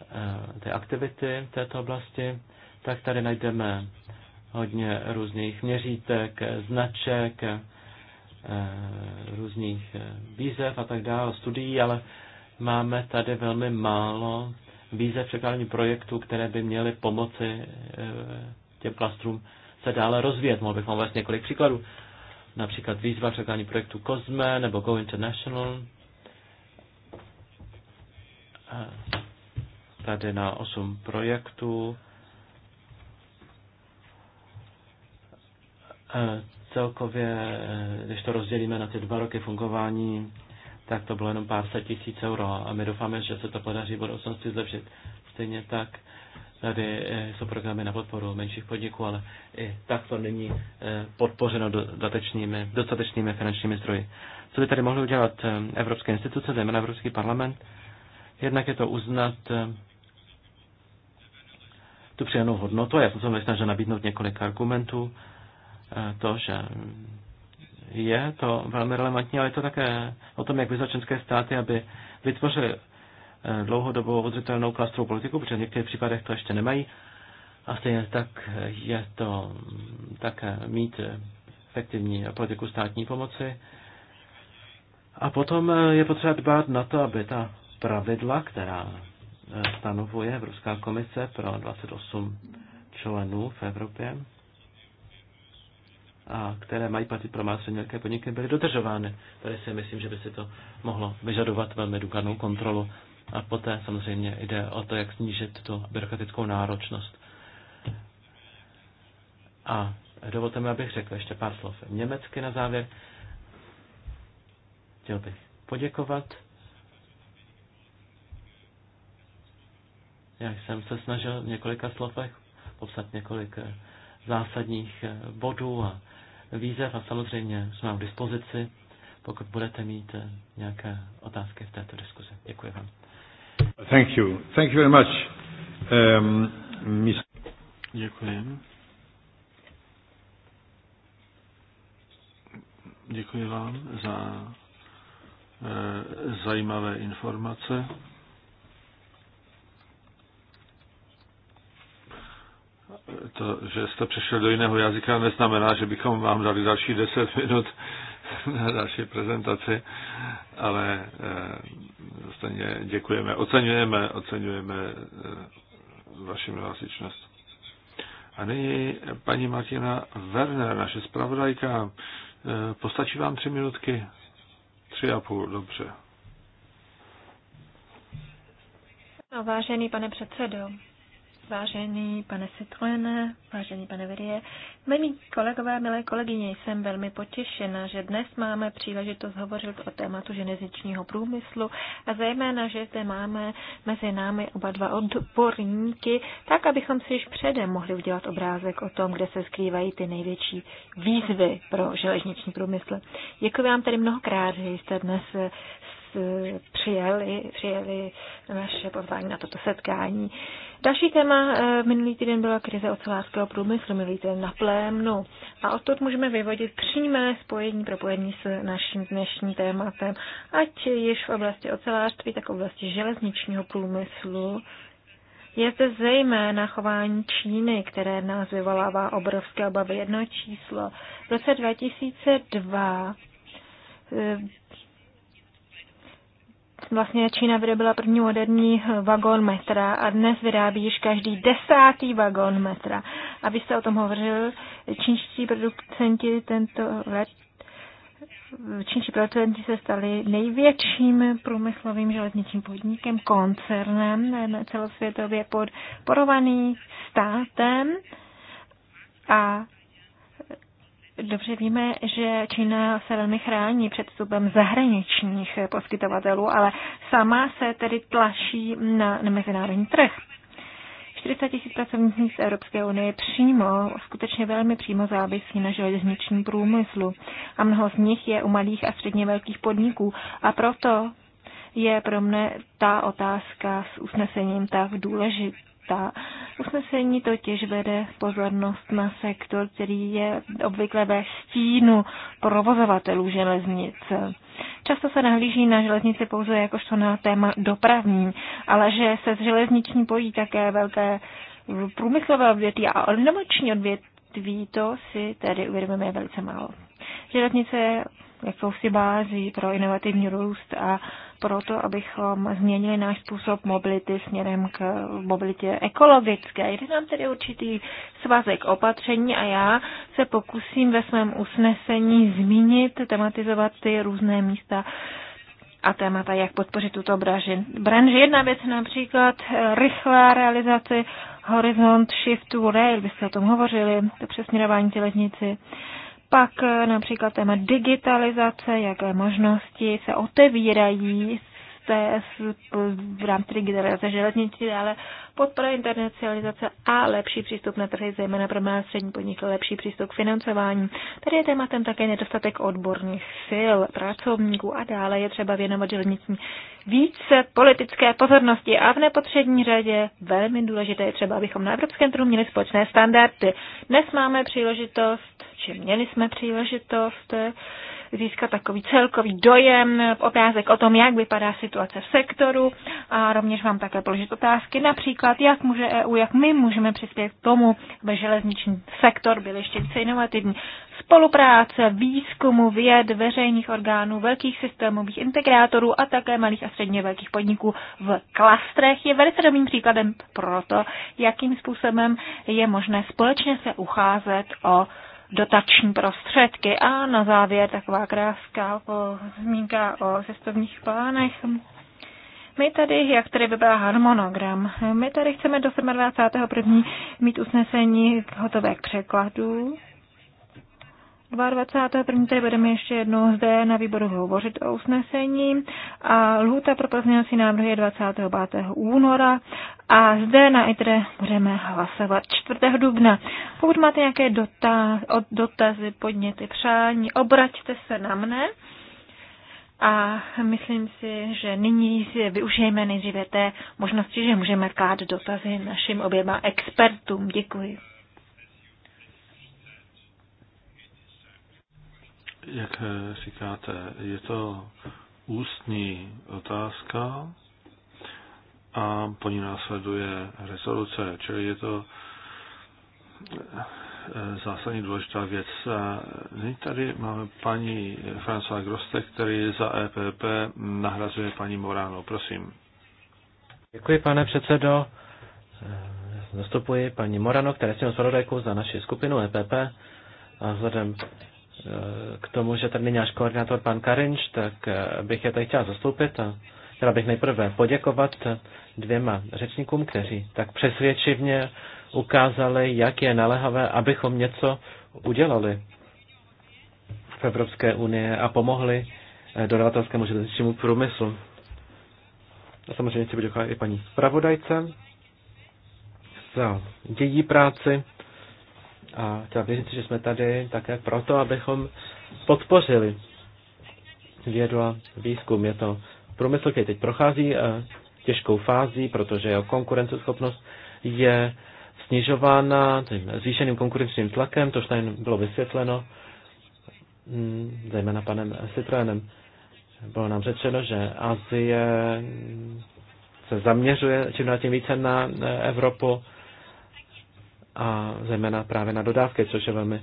eh, ty aktivity v této oblasti, tak tady najdeme hodně různých měřítek, značek, Eh, různých eh, výzev a tak dále, studií, ale máme tady velmi málo výzev překládání projektů, které by měly pomoci eh, těm klastrům se dále rozvíjet. Mohl bych vám vlastně několik příkladů. Například výzva překládání projektu COSME nebo Go International. Tady na 8 projektů Celkově, eh, když to rozdělíme na ty dva roky fungování, tak to bylo jenom pár set tisíc euro a my doufáme, že se to podaří v budoucnosti zlepšit. Stejně tak tady eh, jsou programy na podporu menších podniků, ale i tak to není eh, podpořeno dostatečnými, dostatečnými finančními zdroji. Co by tady mohly udělat evropské instituce, zejména Evropský parlament? Jednak je to uznat tu přidanou hodnotu. Já jsem se snažil nabídnout několik argumentů. Eh, to, že je to velmi relevantní, ale je to také o tom, jak vyzvat členské státy, aby vytvořili eh, dlouhodobou udržitelnou klastrovou politiku, protože v některých případech to ještě nemají. A stejně tak je to také mít efektivní politiku státní pomoci. A potom eh, je potřeba dbát na to, aby ta pravidla, která stanovuje Evropská komise pro 28 členů v Evropě, a které mají platit pro malé nějaké podniky, byly dodržovány. Tady si myslím, že by si to mohlo vyžadovat velmi důkladnou kontrolu. A poté samozřejmě jde o to, jak snížit tu byrokratickou náročnost. A dovolte mi, abych řekl ještě pár slov německy na závěr. Chtěl bych poděkovat. Já jsem se snažil v několika slovech popsat několik zásadních bodů a výzev a samozřejmě jsme k dispozici, pokud budete mít eh, nějaké otázky v této diskuzi. Děkuji vám. Thank you. Thank you very much. Um, mis... Děkuji. Děkuji vám za e, zajímavé informace. to, že jste přešel do jiného jazyka, neznamená, že bychom vám dali další 10 minut na další prezentaci, ale eh, stejně děkujeme, oceňujeme, oceňujeme eh, vaši mnohasičnost. A nyní eh, paní Martina Werner, naše zpravodajka. Postačí vám tři minutky? Tři a půl, dobře. No, vážený pane předsedo, Vážený pane Citroen, vážený pane Verie, milí kolegové, milé kolegyně, jsem velmi potěšena, že dnes máme příležitost hovořit o tématu železničního průmyslu a zejména, že zde máme mezi námi oba dva odborníky, tak abychom si již předem mohli udělat obrázek o tom, kde se skrývají ty největší výzvy pro železniční průmysl. Děkuji vám tedy mnohokrát, že jste dnes přijeli, přijeli naše pozvání na toto setkání. Další téma eh, minulý týden byla krize ocelářského průmyslu, minulý týden na plémnu. A odtud můžeme vyvodit přímé spojení, propojení s naším dnešním tématem, ať již v oblasti ocelářství, tak v oblasti železničního průmyslu, je zde zejména chování Číny, které nás vyvolává obrovské obavy. Jedno číslo. V roce 2002 Vlastně Čína vyrobila první moderní vagón metra a dnes vyrábí již každý desátý vagón metra. Abyste o tom hovořil, čínští producenti tento let Čínští producenti se stali největším průmyslovým železničním podnikem, koncernem celosvětově podporovaný státem a Dobře víme, že Čína se velmi chrání před vstupem zahraničních poskytovatelů, ale sama se tedy tlačí na, na mezinárodní trh. 40 tisíc pracovních míst Evropské unie přímo, skutečně velmi přímo závisí na železničním průmyslu a mnoho z nich je u malých a středně velkých podniků a proto je pro mne ta otázka s usnesením tak důležitá ta Usnesení totiž vede pozornost na sektor, který je obvykle ve stínu provozovatelů železnic. Často se nahlíží na železnici pouze jakožto na téma dopravní, ale že se z železniční pojí také velké průmyslové odvětví a nemoční odvětví, to si tedy uvědomujeme velice málo. Železnice jakousi bází pro inovativní růst a pro to, abychom změnili náš způsob mobility směrem k mobilitě ekologické. Jde nám tedy určitý svazek opatření a já se pokusím ve svém usnesení zmínit, tematizovat ty různé místa a témata, jak podpořit tuto branži. jedna věc například eh, rychlá realizace Horizont Shift to Rail, byste o tom hovořili, to přesměrování těleznici. Pak eh, například téma digitalizace, jaké možnosti se otevírají se v rámci digitalizace železnici, ale podpora internacionalizace a lepší přístup na trhy, zejména pro malé střední podniky, lepší přístup k financování. Tady je tématem také nedostatek odborných sil, pracovníků a dále je třeba věnovat železniční více politické pozornosti a v nepotřední řadě velmi důležité je třeba, abychom na evropském trhu měli společné standardy. Dnes máme příležitost, či měli jsme příležitost, získat takový celkový dojem, otázek o tom, jak vypadá situace v sektoru a rovněž vám také položit otázky, například jak může EU, jak my můžeme přispět k tomu, aby železniční sektor byl ještě více inovativní. Spolupráce výzkumu, věd, veřejných orgánů, velkých systémových integrátorů a také malých a středně velkých podniků v klastrech je velice dobrým příkladem pro to, jakým způsobem je možné společně se ucházet o dotační prostředky. A na závěr taková kráská zmínka o cestovních plánech. My tady, jak tady vypadá harmonogram, my tady chceme do 27.1. mít usnesení hotové k překladu. 21. tedy budeme ještě jednou zde na výboru hovořit o usnesení. A lhůta pro pozměňovací návrhy je 25. února a zde na ITRE budeme hlasovat 4. dubna. Pokud máte nějaké dotazy, podněty, přání, obraťte se na mne. A myslím si, že nyní si využijeme nejdříve té možnosti, že můžeme klát dotazy našim oběma expertům. Děkuji. Jak eh, říkáte, je to ústní otázka a po ní následuje rezoluce, čili je to eh, eh, zásadně důležitá věc. Nyní tady máme paní François Groste, který za EPP nahrazuje paní Moráno. Prosím. Děkuji, pane předsedo. Zastupuji paní Morano, která jsem zpravodajkou za naši skupinu EPP. A vzhledem k tomu, že tady není náš koordinátor pan Karinč, tak eh, bych je tady chtěla zastoupit a chtěla bych nejprve poděkovat dvěma řečníkům, kteří tak přesvědčivně ukázali, jak je naléhavé, abychom něco udělali v Evropské unii a pomohli eh, dodavatelskému železničnímu průmyslu. A samozřejmě chci poděkovat i paní zpravodajce za její práci a chtěl bych říct, že jsme tady také proto, abychom podpořili vědu a výzkum. Je to průmysl, který teď prochází eh, těžkou fází, protože jeho konkurenceschopnost je snižována zvýšeným konkurenčním tlakem, tož tady bylo vysvětleno, mm, zejména panem Citroenem. Bylo nám řečeno, že Azie se zaměřuje čím dál tím více na eh, Evropu a zejména právě na dodávky, což je velmi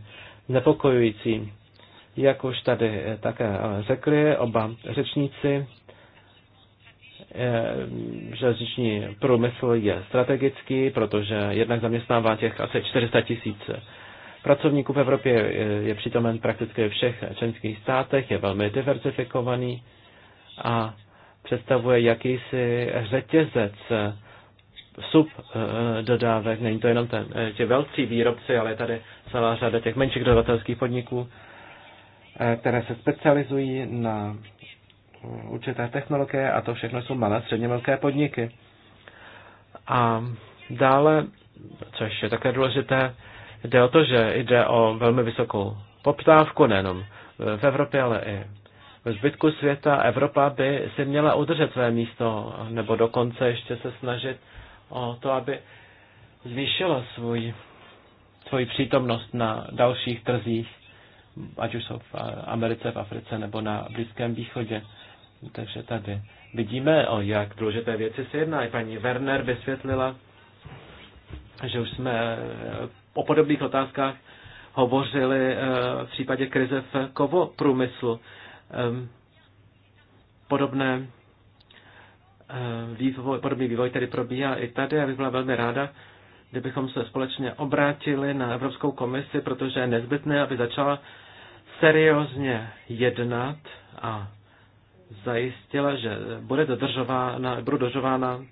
nepokojující. Jak už tady eh, také eh, řekli oba řečníci, eh, železniční průmysl je strategický, protože jednak zaměstnává těch asi 400 tisíc pracovníků v Evropě, je přítomen prakticky ve všech členských státech, je velmi diversifikovaný a představuje jakýsi řetězec subdodávek. Eh, Není to jenom ten, eh, ti velcí výrobci, ale je tady celá řada těch menších dodatelských podniků, eh, které se specializují na určité technologie a to všechno jsou malé, středně velké podniky. A dále, což je také důležité, jde o to, že jde o velmi vysokou poptávku, nejenom v Evropě, ale i v zbytku světa. Evropa by si měla udržet své místo, nebo dokonce ještě se snažit o to, aby zvýšila svůj, svoji přítomnost na dalších trzích, ať už jsou v Americe, v Africe nebo na Blízkém východě. Takže tady vidíme, o jak důležité věci se jedná. I paní Werner vysvětlila, že už jsme eh, o podobných otázkách hovořili eh, v případě krize v kovoprůmyslu. Ehm, podobné Eh, vývoj, podobný vývoj tedy probíhá i tady. Já bych byla velmi ráda, kdybychom se společně obrátili na Evropskou komisi, protože je nezbytné, aby začala seriózně jednat a zajistila, že bude dodržována, budou dodržována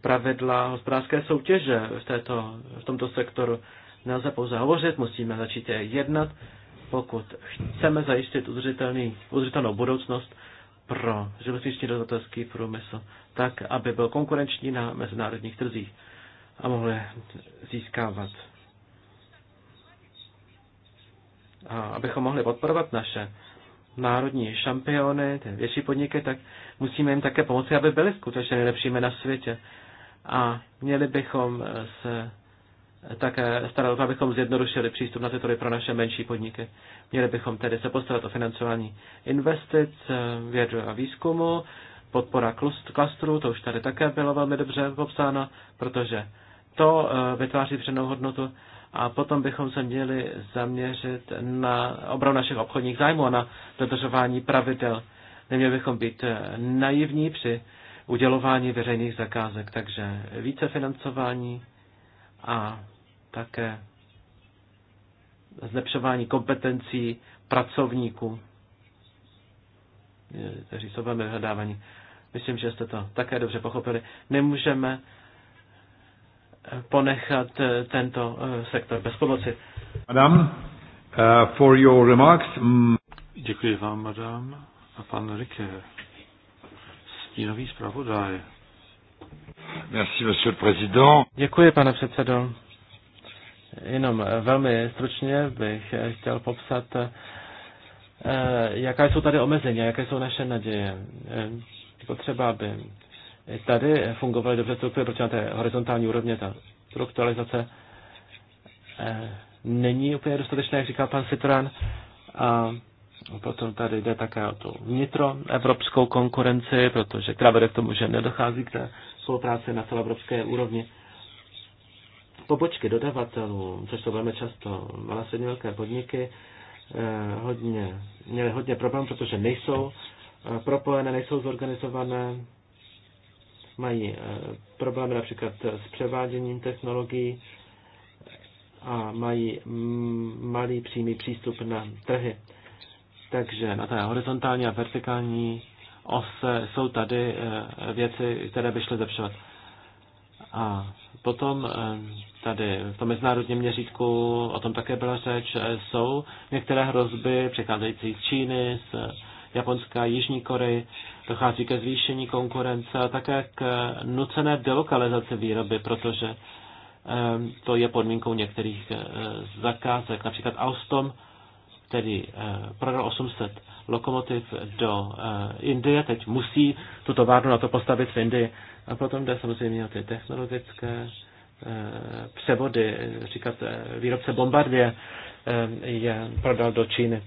pravidla hospodářské soutěže v, této, v tomto sektoru. Nelze pouze hovořit, musíme začít je jednat, pokud chceme zajistit udržitelný, udržitelnou budoucnost pro železniční dodatelský průmysl, tak, aby byl konkurenční na mezinárodních trzích a mohl získávat. A abychom mohli podporovat naše národní šampiony, ty větší podniky, tak musíme jim také pomoci, aby byli skutečně nejlepšími na světě. A měli bychom se také staral o to, abychom zjednodušili přístup na tyto pro naše menší podniky. Měli bychom tedy se postarat o financování investic, vědu a výzkumu, podpora klastru, to už tady také bylo velmi dobře popsáno, protože to eh, vytváří přednou hodnotu a potom bychom se měli zaměřit na obranu našich obchodních zájmů a na dodržování pravidel. Neměli bychom být eh, naivní při udělování veřejných zakázek, takže více financování, a také zlepšování kompetencí pracovníků, kteří jsou velmi vyhledávaní. Myslím, že jste to také dobře pochopili. Nemůžeme ponechat tento eh, sektor bez pomoci. Madam, uh, for your remarks. Mm. Děkuji vám, madam. A pan Rike, stínový zpravodaj. Merci, monsieur le président. Děkuji, pane předsedo. Jenom velmi stručně bych chtěl popsat, eh, jaká jsou tady omezení, jaké jsou naše naděje. Eh, potřeba, aby tady fungovaly dobře struktury, protože na té horizontální úrovně ta strukturalizace eh, není úplně dostatečná, jak říkal pan Citran. A potom tady jde také o tu vnitroevropskou konkurenci, protože která vede k tomu, že nedochází k té spolupráce na celoevropské úrovni. Pobočky dodavatelů, což jsou velmi často malé středně velké podniky, eh, hodně, měly hodně problém, protože nejsou eh, propojené, nejsou zorganizované, mají eh, problémy například s převáděním technologií a mají mm, malý přímý přístup na trhy. Takže na té horizontální a vertikální ose jsou tady eh, věci, které by šly zlepšovat. A potom eh, tady v tom mezinárodním měřítku, o tom také byla řeč, eh, jsou některé hrozby přicházející z Číny, z Japonska, Jižní Korej, dochází ke zvýšení konkurence a také k nucené delokalizaci výroby, protože to je podmínkou některých zakázek. Například Austom. Tedy eh, prodal 800 lokomotiv do eh, Indie, teď musí tu továrnu na to postavit v Indii. A potom jde samozřejmě o ty technologické eh, převody, říkat výrobce Bombardier je prodal do Číny.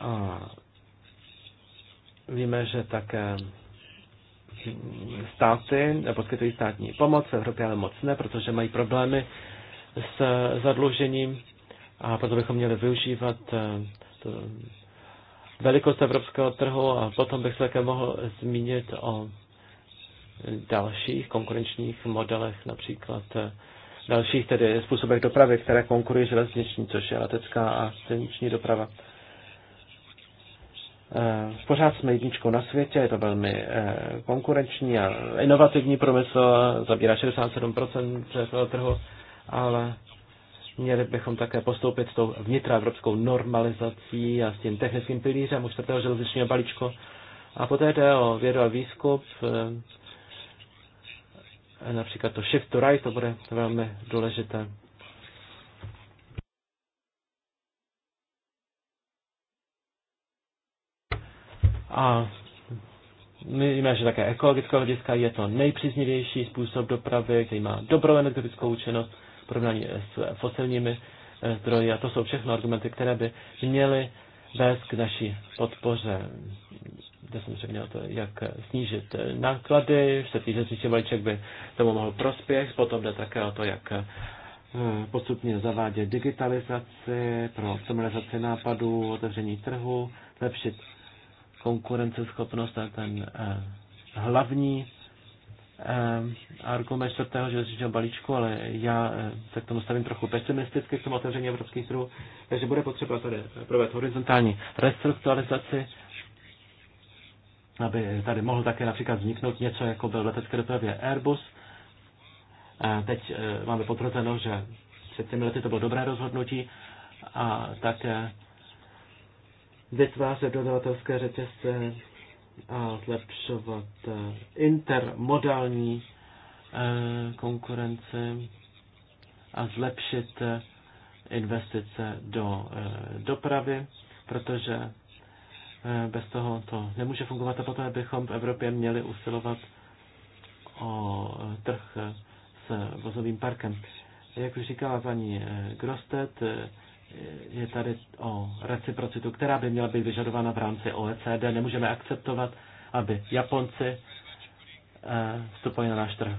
A víme, že také státy poskytují státní pomoc, v Evropě ale moc ne, protože mají problémy s zadlužením a proto bychom měli využívat eh, to velikost evropského trhu a potom bych se také mohl zmínit o dalších konkurenčních modelech, například eh, dalších tedy způsobech dopravy, které konkurují železniční, což je letecká a silniční doprava. Eh, pořád jsme jedničkou na světě, je to velmi konkurenční a inovativní průmysl, zabírá 67% celého trhu ale měli bychom také postoupit s tou vnitroevropskou normalizací a s tím technickým pilířem už čtvrtého železničního balíčku. A poté jde o vědu a výzkup, eh, například to Shift to Right, to bude velmi důležité. A my víme, že také ekologického hlediska je to nejpříznivější způsob dopravy, který má dobrou energetickou účinnost porovnání s fosilními eh, zdroji. A to jsou všechno argumenty, které by měly vést k naší podpoře. Kde jsem se měl to, jak snížit náklady, se týče příští balíček by tomu mohl prospěch, potom jde také o to, jak eh, postupně zavádět digitalizaci pro optimalizaci nápadů, otevření trhu, lepšit konkurenceschopnost a ten eh, hlavní Eh, argument čtvrtého železničního balíčku, ale já eh, se k tomu stavím trochu pesimisticky, k tomu otevření evropských trhů, takže bude potřeba tady provést horizontální restrukturalizaci, aby tady mohl také například vzniknout něco, jako byl letecké dopravě Airbus. Eh, teď máme potvrzeno, že před těmi lety to bylo dobré rozhodnutí a také vytvářet dodavatelské řetězce a zlepšovat eh, intermodální eh, konkurenci a zlepšit eh, investice do dopravy, protože bez toho to nemůže fungovat a potom bychom v Evropě měli usilovat o trh s vozovým parkem. Jak už říkala paní Grostet, je tady o reciprocitu, která by měla být vyžadována v rámci OECD. Nemůžeme akceptovat, aby Japonci eh, vstupovali na náš trh.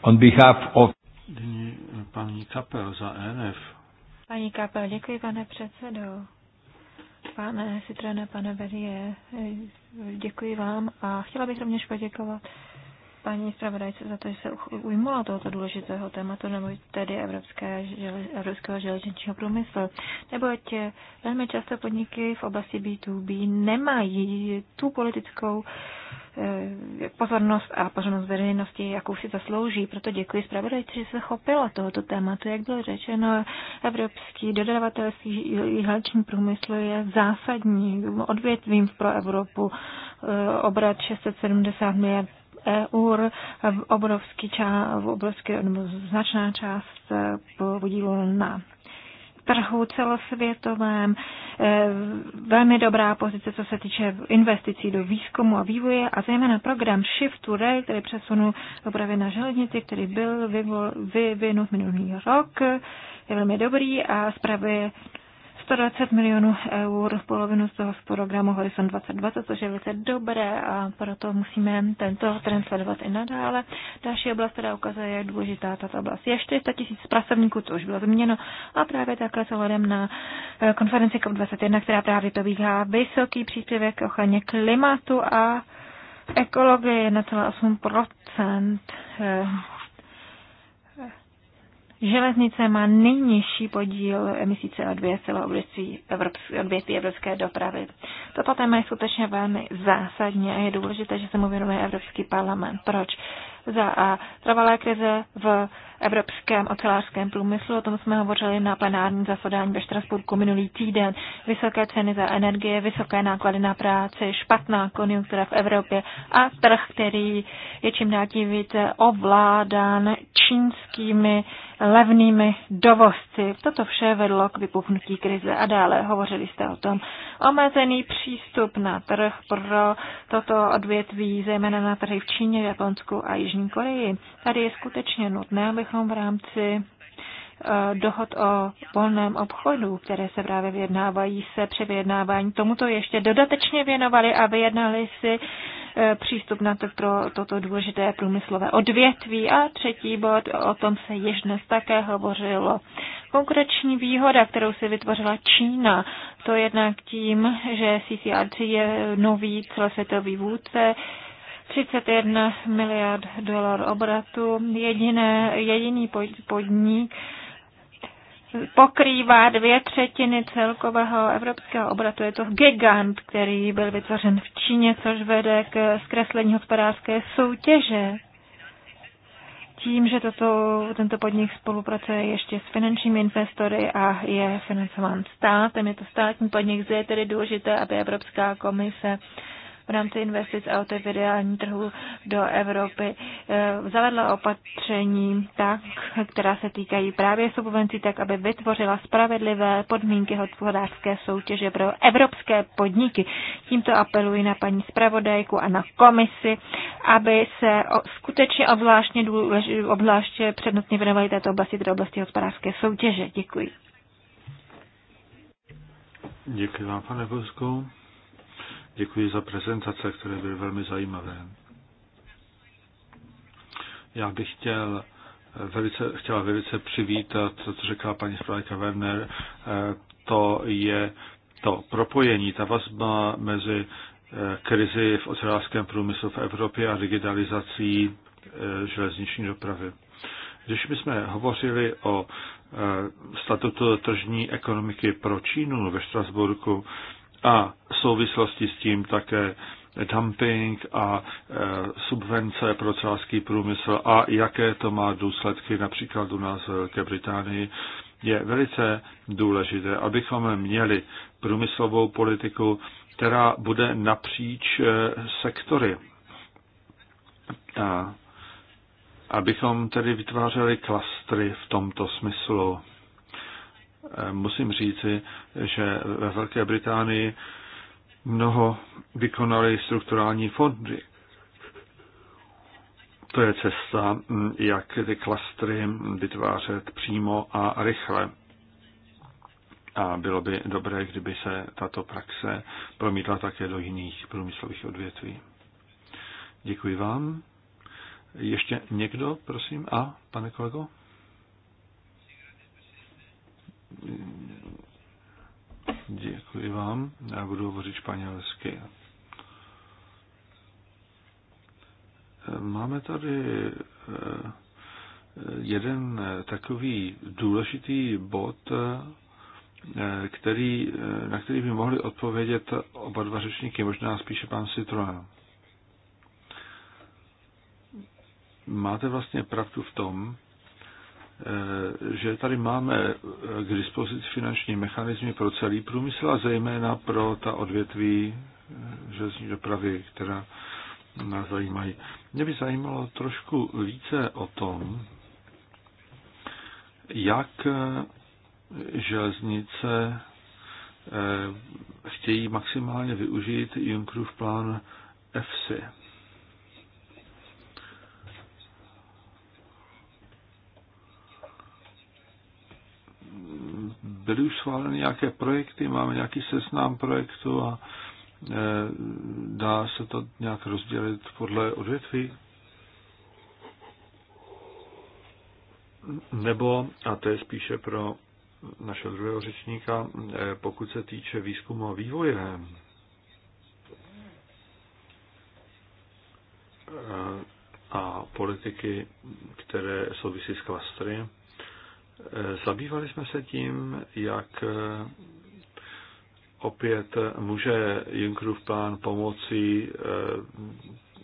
On behalf of... Eh, paní Kapel za e NF. Paní Kapel, děkuji, pane předsedo. Pane Citrone, pane Berie, eh, děkuji vám a chtěla bych rovněž poděkovat paní zpravodajce za to, že se ujmula tohoto důležitého tématu, nebo tedy evropské, evropského železničního průmyslu. Neboť eh, velmi často podniky v oblasti B2B nemají tu politickou eh, pozornost a pozornost veřejnosti, jakou si zaslouží. Proto děkuji zpravodajci, že se chopila tohoto tématu. Jak bylo řečeno, evropský dodavatelský jihleční průmysl je zásadní odvětvím pro Evropu eh, obrat 670 miliard eur, obrovský část, obrovský, nebo značná část eh, podílu na trhu celosvětovém, eh, velmi dobrá pozice, co se týče investicí do výzkumu a vývoje a zejména program Shift to Rail, který přesunul dopravy na železnici, který byl vyvinut minulý rok, je velmi dobrý a zpravuje 120 milionů eur, polovinu z toho z programu Horizon 2020, což je velice dobré a proto musíme tento trend sledovat i nadále. Další oblast, která ukazuje, jak důležitá tato oblast je 400 tisíc pracovníků, to už bylo změněno a právě takhle s ohledem na eh, konferenci COP21, která právě probíhá vysoký příspěvek k ochraně klimatu a ekologie 1,8% Železnice má nejnižší podíl emisí CO2 z celého odvětví evropské dopravy. Toto téma je skutečně velmi zásadní a je důležité, že se mu věnuje Evropský parlament. Proč? Za a trvalá krize v evropském ocelářském průmyslu, o tom jsme hovořili na plenární zasedání ve Štrasburku minulý týden, vysoké ceny za energie, vysoké náklady na práci, špatná konjunktura v Evropě a trh, který je čím dál tím více ovládán čínskými levnými dovozci. Toto vše vedlo k vypuknutí krize a dále hovořili jste o tom. Omezený přístup na trh pro toto odvětví, zejména na trhy v Číně, Japonsku a Jižní Koreji. Tady je skutečně nutné, abychom v rámci eh, dohod o volném obchodu, které se právě vyjednávají, se při vyjednávání tomuto ještě dodatečně věnovali a vyjednali si uh, přístup na to, pro toto důležité průmyslové odvětví. A třetí bod, o tom se již dnes také hovořilo. Konkurenční výhoda, kterou si vytvořila Čína, to jednak tím, že CCRC je nový celosvětový vůdce, 31 miliard dolar obratu, jediné, jediný podnik, pokrývá dvě třetiny celkového evropského obratu. Je to gigant, který byl vytvořen v Číně, což vede k zkreslení hospodářské soutěže. Tím, že toto, tento podnik spolupracuje ještě s finančními investory a je financován státem, je to státní podnik, zde je tedy důležité, aby Evropská komise v rámci investic a otevírání trhu do Evropy eh, zavedla opatření tak, která se týkají právě subvencí, tak aby vytvořila spravedlivé podmínky hospodářské soutěže pro evropské podniky. Tímto apeluji na paní zpravodajku a na komisi, aby se skutečně obzvláště, obzvláště přednostně věnovali této oblasti, tedy oblasti hospodářské soutěže. Děkuji. Děkuji vám, pane Bosko. Děkuji za prezentace, které byly velmi zajímavé. Já bych chtěl eh, velice, chtěla velice přivítat, co řekla paní zpravodajka Werner, eh, to je to propojení, ta vazba mezi eh, krizi v ocelářském průmyslu v Evropě a digitalizací železniční dopravy. Když my jsme hovořili o statutu tržní ekonomiky pro Čínu ve Štrasburku, a v souvislosti s tím také dumping a e, subvence pro celářský průmysl a jaké to má důsledky například u nás v Velké Británii, je velice důležité, abychom měli průmyslovou politiku, která bude napříč e, sektory. A abychom tedy vytvářeli klastry v tomto smyslu. Eh, musím říci, že ve Velké Británii mnoho vykonali strukturální fondy. To je cesta, hm, jak ty klastry vytvářet přímo a rychle. A bylo by dobré, kdyby se tato praxe promítla také do jiných průmyslových odvětví. Děkuji vám. Ještě někdo, prosím? A, pane kolego? Děkuji vám. Já budu hovořit španělsky. Máme tady eh, jeden takový důležitý bod, eh, který, eh, na který by mohli odpovědět oba dva řečníky, možná spíše pan Citroen. Máte vlastně pravdu v tom, Eh, že tady máme eh, k dispozici finanční mechanizmy pro celý průmysl a zejména pro ta odvětví eh, železní dopravy, která nás zajímají. Mě by zajímalo trošku více o tom, jak železnice chtějí maximálně využít Junckerův plán EFSI. byly už schváleny nějaké projekty, máme nějaký seznám projektů a e, dá se to nějak rozdělit podle odvětví? Nebo, a to je spíše pro našeho druhého řečníka, e, pokud se týče výzkumu a vývoje, e, a politiky, které souvisí s klastry, Zabývali jsme se tím, jak eh, opět může Junckerův plán pomoci eh,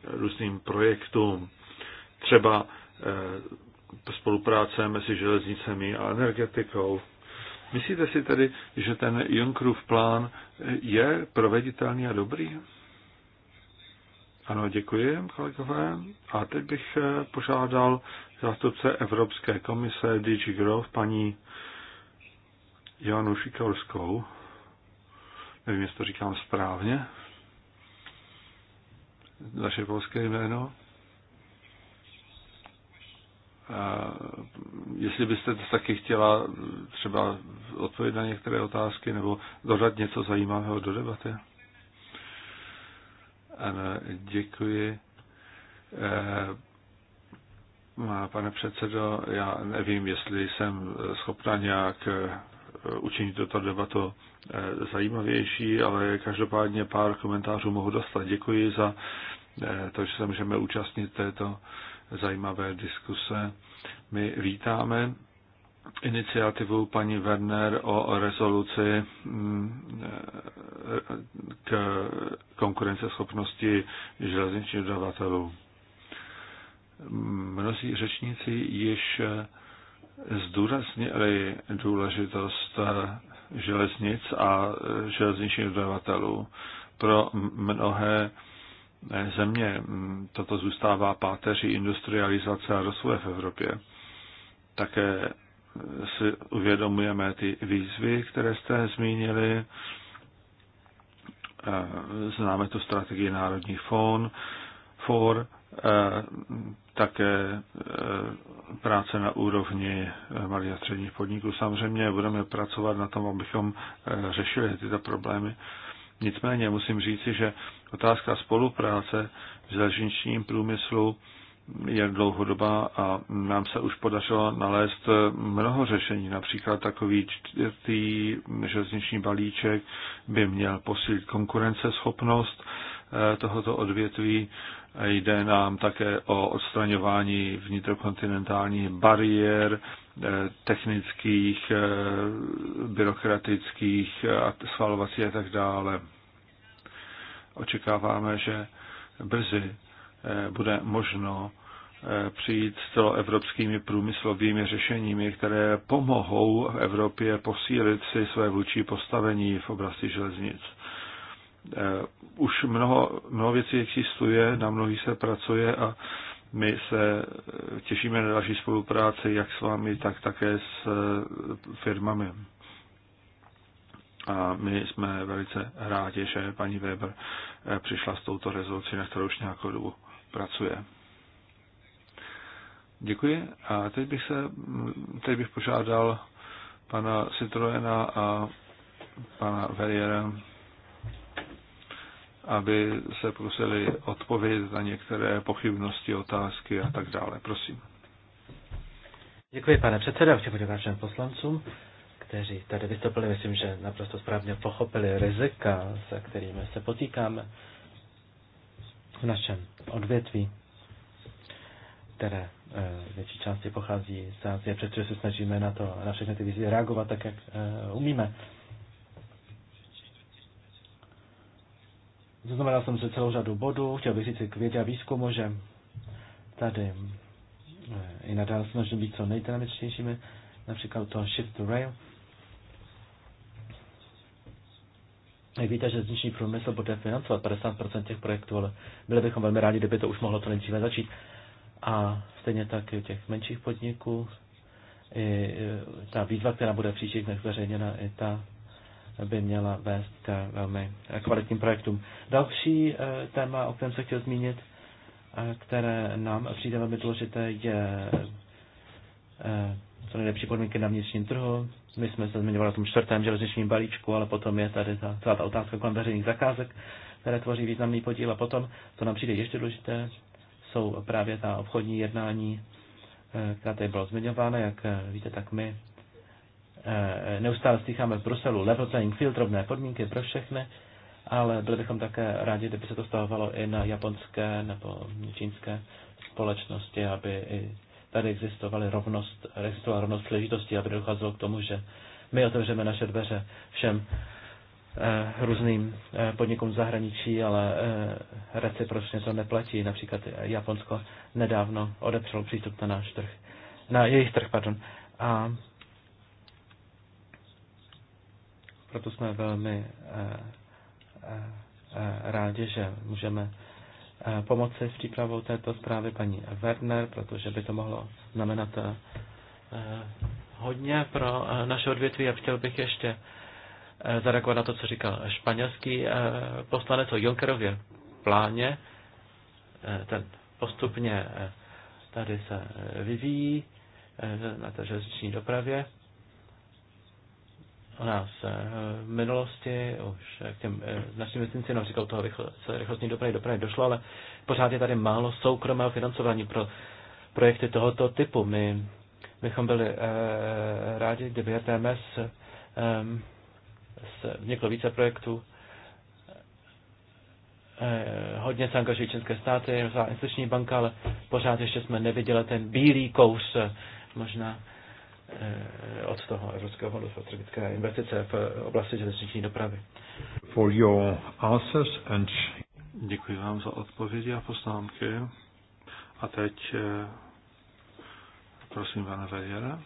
různým projektům, třeba eh, spolupráce mezi železnicemi a energetikou. Myslíte si tedy, že ten Junckerův plán je proveditelný a dobrý? Ano, děkuji, kolegové. A teď bych požádal zástupce Evropské komise DG paní Janu Šikorskou. Nevím, jestli to říkám správně. Naše polské jméno. A jestli byste taky chtěla třeba odpovědět na některé otázky nebo dodat něco zajímavého do debaty. Ano, děkuji eh, Pane předsedo, já nevím, jestli jsem schopna nějak eh, učinit tuto debatu eh, zajímavější, ale každopádně pár komentářů mohu dostat. Děkuji za eh, to, že se můžeme účastnit této zajímavé diskuse. My vítáme iniciativu paní Werner o rezoluci mm, k konkurenceschopnosti železničních dodavatelů. Mnozí řečníci již zdůraznili důležitost eh, železnic a eh, železničních dodavatelů. Pro mnohé eh, země mm, toto zůstává páteří industrializace a rozvoje v Evropě. Také si uvědomujeme ty výzvy, které jste zmínili. Známe tu strategii národní fond, for, také e, práce na úrovni e, malých a středních podniků. Samozřejmě budeme pracovat na tom, abychom e, řešili tyto problémy. Nicméně musím říci, že otázka spolupráce v železničním průmyslu je dlouhodobá a nám se už podařilo nalézt mnoho řešení. Například takový čtvrtý železniční balíček by měl posílit konkurenceschopnost, tohoto odvětví. Jde nám také o odstraňování vnitrokontinentálních bariér, eh, technických, eh, byrokratických, svalovacích a tak dále. Očekáváme, že brzy eh, bude možno přijít s celoevropskými průmyslovými řešeními, které pomohou v Evropě posílit si své vůči postavení v oblasti železnic. Eh, už mnoho, mnoho věcí existuje, na mnohých se pracuje a my se eh, těšíme na další spolupráci jak s vámi, tak také s eh, firmami. A my jsme velice rádi, že paní Weber přišla s touto rezolucí, na kterou už nějakou dobu pracuje. Děkuji. A teď bych, se, hm, teď bych požádal pana Citroena a pana Verriera, aby se prosili odpovědět na některé pochybnosti, otázky a tak dále. Prosím. Děkuji, pane předseda, chci poděkovat poslancům, kteří tady vystoupili. Myslím, že naprosto správně pochopili rizika, se kterými se potýkáme v našem odvětví, které e, větší části pochází z Azie, přestože se snažíme na to, na všechny ty výzvy reagovat tak, jak eh, umíme. Zaznamenal jsem si celou řadu bodů, chtěl bych říct k vědě a výzkumu, že tady eh, i nadále snažím být co nejdynamičtějšími, například to Shift to Rail. Jak víte, že dnešní průmysl bude financovat 50% těch projektů, ale byli bychom velmi rádi, kdyby to už mohlo to nejdříve začít. A stejně tak i u těch menších podniků, i ta výzva, která bude příští dnech zveřejněna, i ta by měla vést k velmi kvalitním projektům. Další eh, téma, o kterém se chtěl zmínit, eh, které nám přijde velmi důležité, je eh, co nejlepší podmínky na vnitřním trhu. My jsme se zmiňovali o tom čtvrtém železničním balíčku, ale potom je tady ta, celá ta otázka kolem veřejných zakázek, které tvoří významný podíl. A potom, co nám přijde ještě důležité, jsou právě ta obchodní jednání, která tady bylo zmiňována. Jak víte, tak my Eh, neustále slycháme v Bruselu level playing field, rovné podmínky pro všechny, ale byli bychom také rádi, kdyby se to stahovalo i na japonské nebo čínské společnosti, aby i tady existovaly rovnost, existovala rovnost příležitostí, aby docházelo k tomu, že my otevřeme naše dveře všem eh, různým eh, podnikům zahraničí, ale eh, recipročně to neplatí. Například Japonsko nedávno odepřelo přístup na náš trh, na jejich trh, pardon. A Proto jsme velmi eh, eh, eh, rádi, že můžeme pomoci s přípravou této zprávy paní Werner, protože by to mohlo znamenat hodně pro naše odvětví a chtěl bych ještě zareagovat na to, co říkal španělský poslanec o Junckerově pláně. Ten postupně tady se vyvíjí na té železniční dopravě u nás eh, v minulosti už eh, k těm eh, našim investicím, například toho rychlostní dopravy dopravy došlo, ale pořád je tady málo soukromého financování pro projekty tohoto typu. My bychom byli eh, rádi, kdyby RTMS eh, vzniklo více projektů. Eh, hodně se angažují české státy, investiční banka, ale pořád ještě jsme neviděli ten bílý kous. Možná Eh, od toho Evropského fondu strategické investice v oblasti železniční dopravy. For your answers and... Děkuji vám za odpovědi a poznámky. A teď eh, prosím pana Vejera.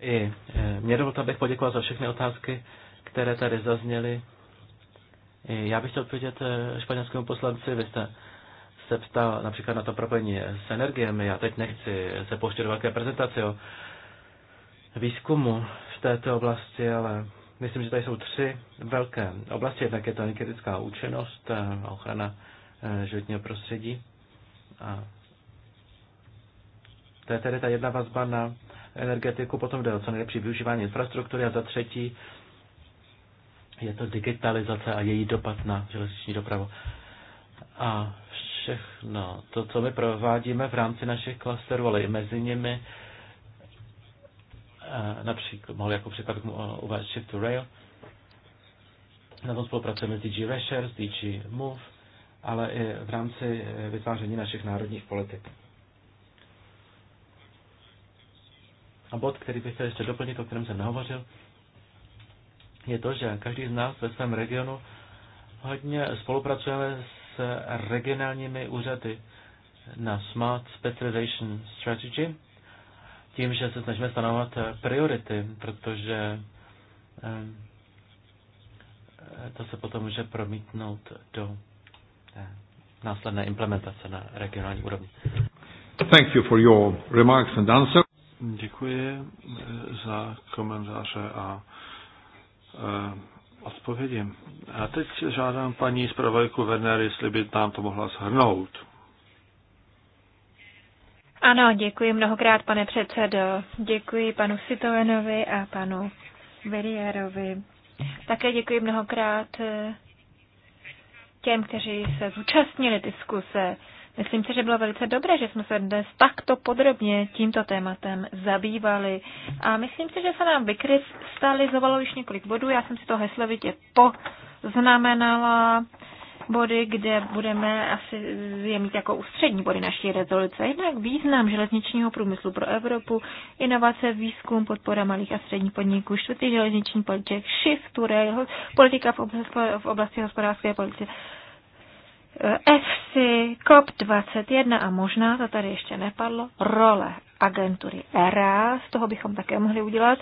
I eh, mě dovolte, abych poděkoval za všechny otázky, které tady zazněly. Já bych chtěl odpovědět španělskému poslanci, vy jste se ptal například na to propojení s energiemi. Já teď nechci se pouštět do velké prezentace o výzkumu v této oblasti, ale myslím, že tady jsou tři velké oblasti. Jednak je to energetická účinnost, eh, ochrana eh, životního prostředí. A to je tedy ta jedna vazba na energetiku, potom jde o co nejlepší využívání infrastruktury a za třetí je to digitalizace a její dopad na železniční dopravu. A všechno to, co my provádíme v rámci našich klasterů, ale i mezi nimi, eh, například, mohl jako příklad uvést Shift to Rail, na tom spolupracujeme s DG Resher, s DG Move, ale i v rámci eh, vytváření našich národních politik. A bod, který bych chtěl ještě doplnit, o kterém jsem nehovořil, je to, že každý z nás ve svém regionu hodně spolupracujeme s s regionálními úřady na Smart Specialization Strategy, tím, že se snažíme stanovat priority, protože eh, to se potom může promítnout do eh, následné implementace na regionální úrovni. Thank you for your remarks and answer. Děkuji eh, za komentáře a odpovědi. A teď žádám paní zpravodajku Werner, jestli by nám to mohla shrnout. Ano, děkuji mnohokrát, pane předsedo. Děkuji panu Sitovenovi a panu Verierovi. Také děkuji mnohokrát eh, těm, kteří se zúčastnili diskuse. Myslím si, že bylo velice dobré, že jsme se dnes takto podrobně tímto tématem zabývali. A myslím si, že se nám vykrystalizovalo již několik bodů. Já jsem si to heslovitě poznamenala body, kde budeme asi je mít jako ústřední body naší rezoluce. Jednak význam železničního průmyslu pro Evropu, inovace, výzkum, podpora malých a středních podniků, čtvrtý železniční politik, shift, politika v oblasti hospodářské politiky EFSI, COP21 a možná, to tady ještě nepadlo, role agentury ERA, z toho bychom také mohli udělat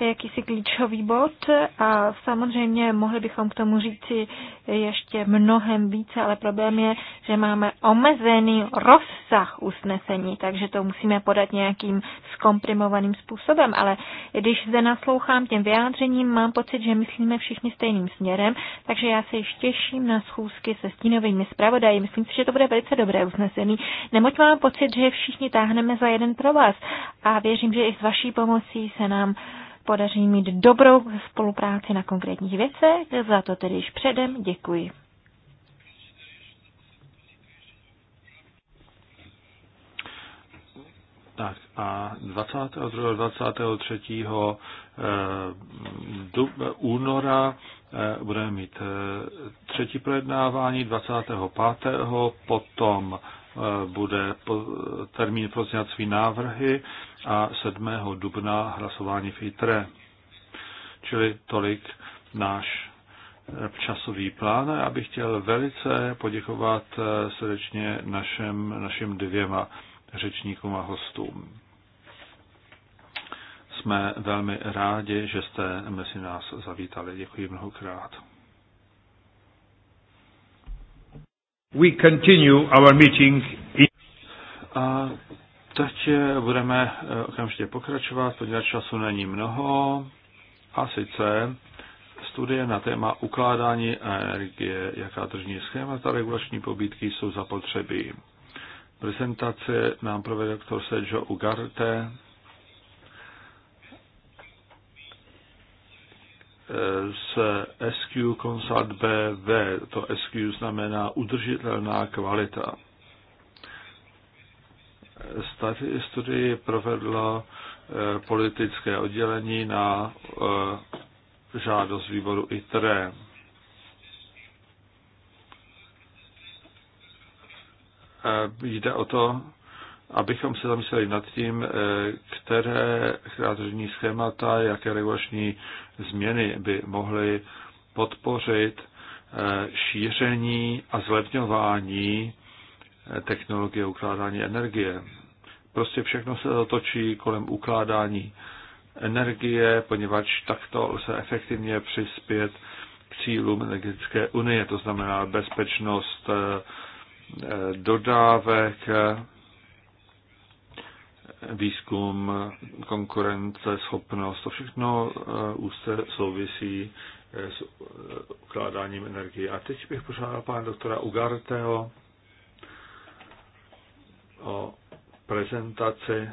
jakýsi klíčový bod a samozřejmě mohli bychom k tomu říci ještě mnohem více, ale problém je, že máme omezený rozsah usnesení, takže to musíme podat nějakým zkomprimovaným způsobem, ale když zde naslouchám těm vyjádřením, mám pocit, že myslíme všichni stejným směrem, takže já se již těším na schůzky se stínovými zpravodaji. Myslím si, že to bude velice dobré usnesení, neboť mám pocit, že všichni táhneme za jeden pro vás a věřím, že i s vaší pomocí se nám podaří mít dobrou spolupráci na konkrétních věcech. Za to tedy již předem děkuji. Tak a 22.23. Eh, února eh, budeme mít eh, třetí projednávání, 25. potom Eh, bude termín pozněcí návrhy a 7. dubna hlasování v ITRE. Čili tolik náš eh, časový plán. Já bych chtěl velice poděkovat eh, srdečně našem, našim dvěma řečníkům a hostům. Jsme velmi rádi, že jste mezi nás zavítali. Děkuji mnohokrát. We continue our meeting in... A teď eh, budeme eh, okamžitě pokračovat, protože času není mnoho. A sice studie na téma ukládání energie, jaká tržní schémata regulační pobídky jsou zapotřebí. Prezentace nám provede doktor Sergio Ugarte, z SQ Consult BV. To SQ znamená udržitelná kvalita. Studii provedlo eh, politické oddělení na eh, žádost výboru ITRE. Eh, jde o to, abychom se zamysleli nad tím, eh, které tržní schémata, jaké regulační změny by mohly podpořit eh, šíření a zlevňování eh, technologie ukládání energie. Prostě všechno se zatočí kolem ukládání energie, poněvadž takto se efektivně přispět k cílům energetické unie, to znamená bezpečnost dodávek, výzkum, konkurence, schopnost, to všechno úzce eh, souvisí eh, s eh, ukládáním energie. A teď bych požádal pana doktora Ugarteho o prezentaci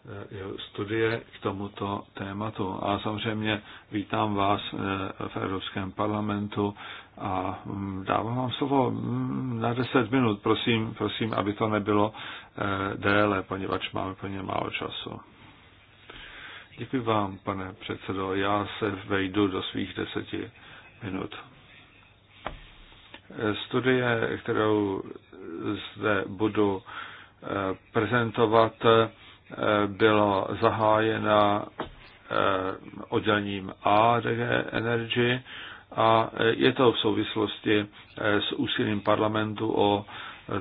Eh, studie k tomuto tématu. A samozřejmě vítám vás eh, v Evropském parlamentu a mm, dávám vám slovo mm, na 10 minut. Prosím, prosím, aby to nebylo eh, déle, poněvadž máme plně málo času. Děkuji vám, pane předsedo. Já se vejdu do svých deseti minut. Studie, kterou zde budu prezentovat, Eh, byla zahájena eh, oddělením A DG Energy a eh, je to v souvislosti s úsilím parlamentu o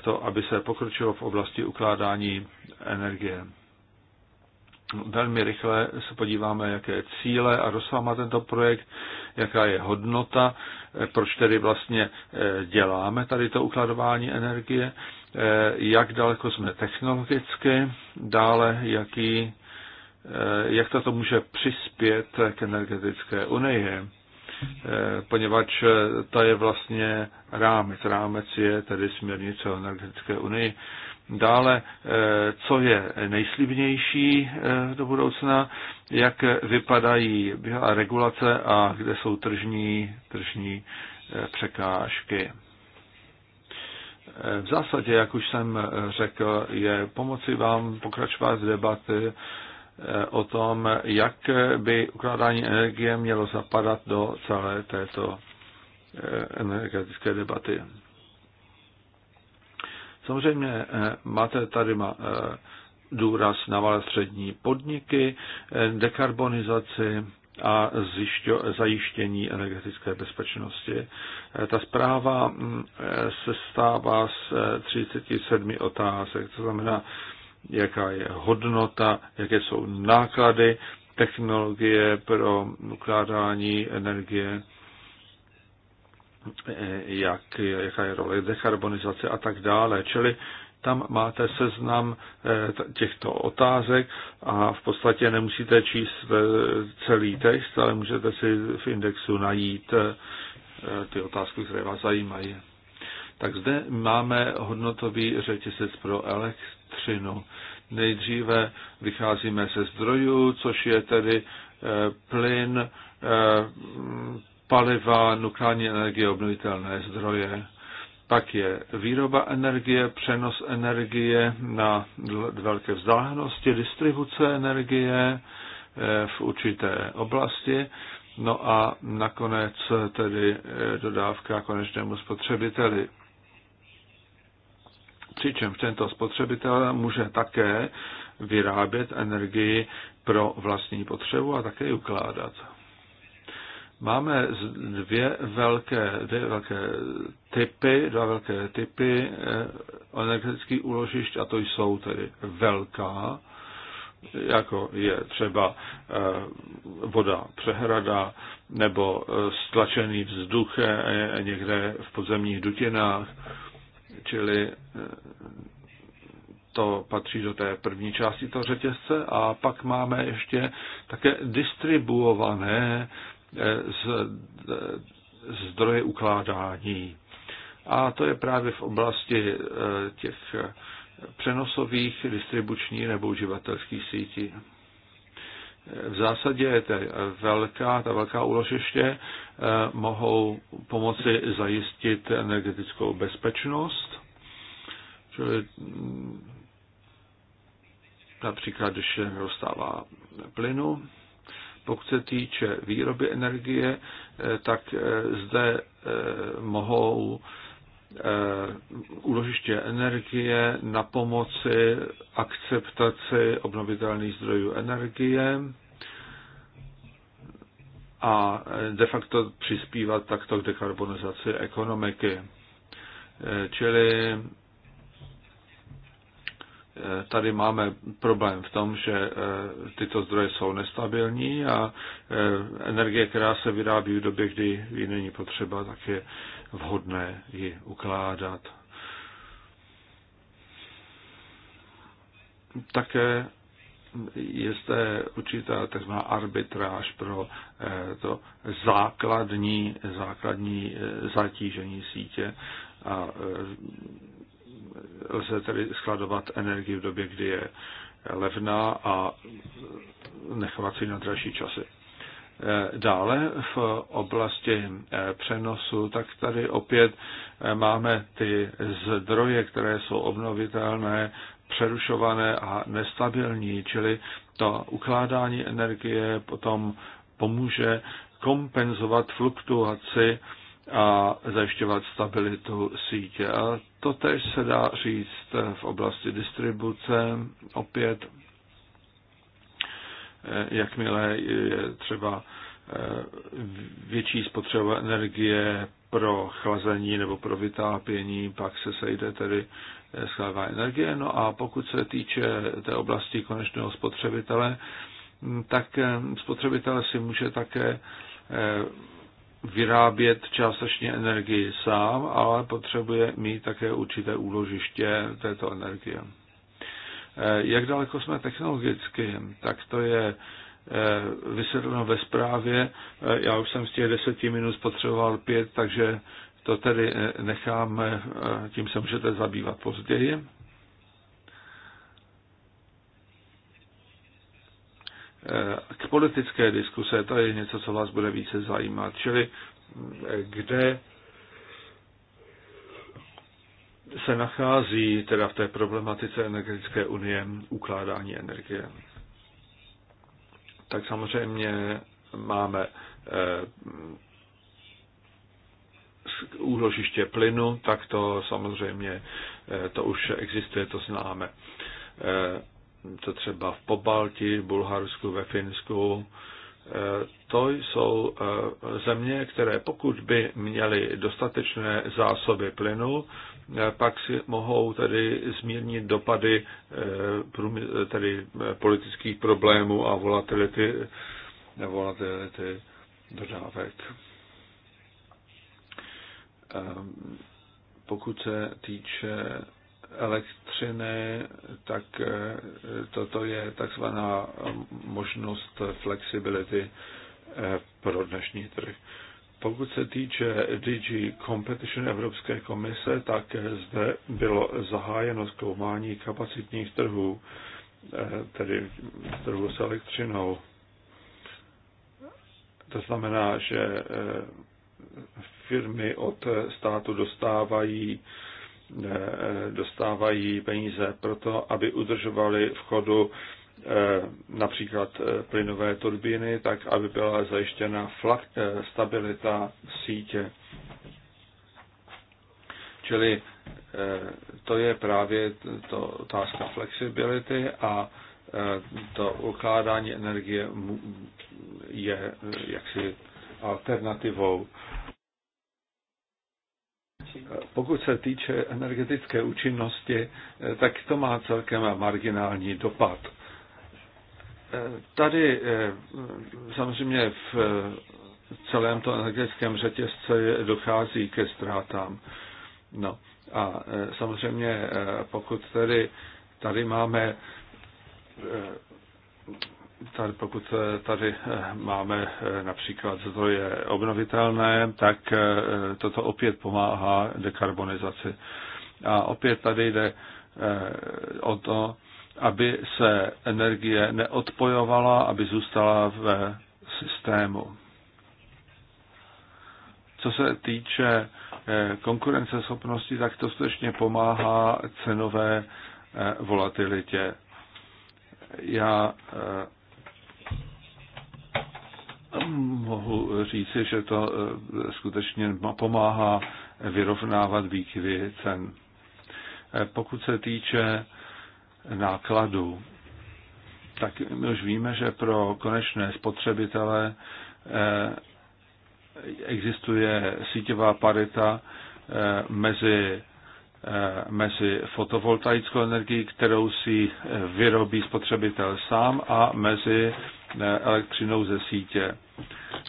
to, aby se pokročilo v oblasti ukládání energie. Velmi rychle se podíváme, jaké cíle a rozsah má tento projekt, jaká je hodnota, proč tedy vlastně děláme tady to ukladování energie Eh, jak daleko jsme technologicky, dále jaký, eh, jak tato může přispět k energetické unii, eh, poněvadž ta je vlastně rámec. Rámec je tedy směrnice o energetické unii. Dále, co je nejslibnější do budoucna, jak vypadají regulace a kde jsou tržní, tržní překážky. V zásadě, jak už jsem řekl, je pomoci vám pokračovat z debaty eh, o tom, jak by ukládání energie mělo zapadat do celé této eh, energetické debaty. Samozřejmě eh, máte tady důraz na malé střední podniky, dekarbonizaci, a zjišťo, zajištění energetické bezpečnosti. Eh, ta zpráva mm, eh, se stává z 37 eh, otázek, to znamená, jaká je hodnota, jaké jsou náklady technologie pro ukládání energie, jak, jaká je role dekarbonizace a tak dále. Čili tam máte seznam eh, těchto otázek a v podstatě nemusíte číst eh, celý text, ale můžete si v indexu najít eh, ty otázky, které vás zajímají. Tak zde máme hodnotový řetězec pro elektřinu. Nejdříve vycházíme ze zdrojů, což je tedy plyn, paliva, nukleární energie, obnovitelné zdroje. Pak je výroba energie, přenos energie na velké vzdálenosti, distribuce energie eh, v určité oblasti, no a nakonec tedy eh, dodávka konečnému spotřebiteli. Přičemž tento spotřebitel může také vyrábět energii pro vlastní potřebu a také ji ukládat. Máme dvě velké, dvě velké typy, dva velké typy eh, energetických úložišť a to jsou tedy velká, jako je třeba eh, voda přehrada nebo eh, stlačený vzduch někde v podzemních dutinách, čili to patří do té první části toho řetězce a pak máme ještě také distribuované Eh, eh, zdroje ukládání. A to je právě v oblasti eh, těch přenosových, distribuční nebo uživatelských sítí. V zásadě ta velká, ta velká úložiště mohou pomoci zajistit energetickou bezpečnost, čili hm, například, když nedostává plynu, pokud se týče výroby energie, eh, tak eh, zde eh, mohou úložiště energie na pomoci akceptaci obnovitelných zdrojů energie a de facto přispívat takto k dekarbonizaci ekonomiky. Čili tady máme problém v tom, že eh, tyto zdroje jsou nestabilní a eh, energie, která se vyrábí v době, kdy ji není potřeba, tak je vhodné ji ukládat. Také je zde určitá tzv. arbitráž pro eh, to základní, základní zatížení sítě a lze tedy skladovat energii v době, kdy je levná a nechovat si na dražší časy. Eh, dále v oblasti eh, přenosu, tak tady opět eh, máme ty zdroje, které jsou obnovitelné, přerušované a nestabilní, čili to ukládání energie potom pomůže kompenzovat fluktuaci a zajišťovat stabilitu sítě. A to tež se dá říct v oblasti distribuce. Opět, eh, jakmile je třeba eh, větší spotřeba energie pro chlazení nebo pro vytápění, pak se sejde tedy eh, schlává energie. No a pokud se týče té oblasti konečného spotřebitele, mm, tak spotřebitel si může také vyrábět částečně energii sám, ale potřebuje mít také určité úložiště této energie. Eh, jak daleko jsme technologicky, tak to je eh, vysvětleno ve zprávě. Eh, já už jsem z těch deseti minut potřeboval pět, takže to tedy necháme, tím se můžete zabývat později. Eh, k politické diskuse, to je něco, co vás bude více zajímat. Čili eh, kde se nachází teda v té problematice energetické unie ukládání energie. Tak samozřejmě máme eh, úložiště plynu, tak to samozřejmě to už existuje, to známe to třeba v Pobalti, Bulharsku, ve Finsku, e, to jsou e, země, které pokud by měly dostatečné zásoby plynu, e, pak si mohou tedy zmírnit dopady tedy politických problémů a volatility, volatility dodávek. Pokud se týče elektřiny, tak eh, toto je takzvaná možnost flexibility eh, pro dnešní trh. Pokud se týče DG Competition Evropské komise, tak eh, zde bylo zahájeno zkoumání kapacitních trhů, tedy trhu s elektřinou. To znamená, že firmy od státu dostávají Eh, dostávají peníze pro to, aby udržovali v chodu eh, například eh, plynové turbíny, tak aby byla zajištěna flak, stabilita sítě. Čili to je právě to otázka flexibility a to ukládání energie je jaksi alternativou pokud se týče energetické účinnosti, eh, tak to má celkem marginální dopad. Eh, tady eh, samozřejmě v celém tom energetickém řetězce dochází ke ztrátám. No a samozřejmě pokud tedy tady máme tady, pokud eh, tady eh, máme eh, například zdroje obnovitelné, tak toto opět pomáhá dekarbonizaci. A opět tady jde o to, aby se energie neodpojovala, aby zůstala v systému. Co se týče konkurenceschopnosti, tak to skutečně pomáhá cenové volatilitě. Já mohu říci, že to eh, skutečně pomáhá vyrovnávat výkyvy cen. Eh, pokud se týče nákladů, tak my už víme, že pro konečné spotřebitele eh, existuje síťová parita mezi mezi fotovoltaickou energií, kterou si vyrobí spotřebitel sám, a mezi elektřinou ze sítě.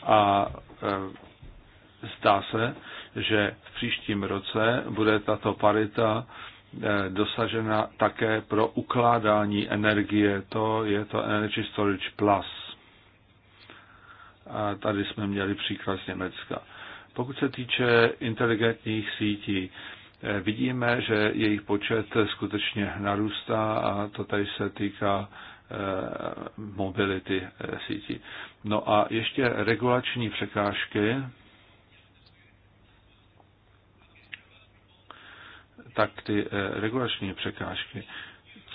A e, zdá se, že v příštím roce bude tato parita e, dosažena také pro ukládání energie. To je to Energy Storage Plus. A tady jsme měli příklad z Německa. Pokud se týče inteligentních sítí, e, vidíme, že jejich počet skutečně narůstá a to tady se týká Eh, mobility eh, sítí. No a ještě regulační překážky. Tak ty eh, regulační překážky.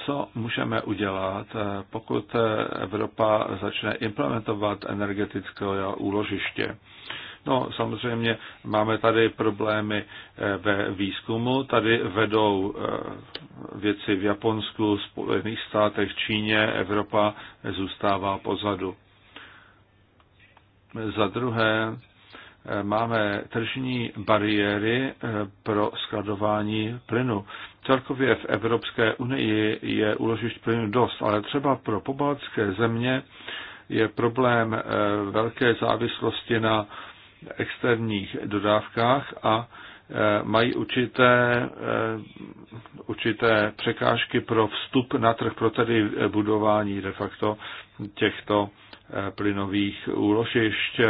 Co můžeme udělat, pokud Evropa začne implementovat energetické úložiště? No samozřejmě máme tady problémy eh, ve výzkumu, tady vedou eh, věci v Japonsku, Spojených státech, Číně, Evropa zůstává pozadu. Za druhé, eh, máme tržní bariéry pro skladování plynu. Celkově v Evropské unii je úložišť plynu dost, ale třeba pro pobaltské země je problém velké závislosti na externích dodávkách a e, mají určité, e, určité překážky pro vstup na trh, pro tedy budování de facto těchto e, plynových úložišť,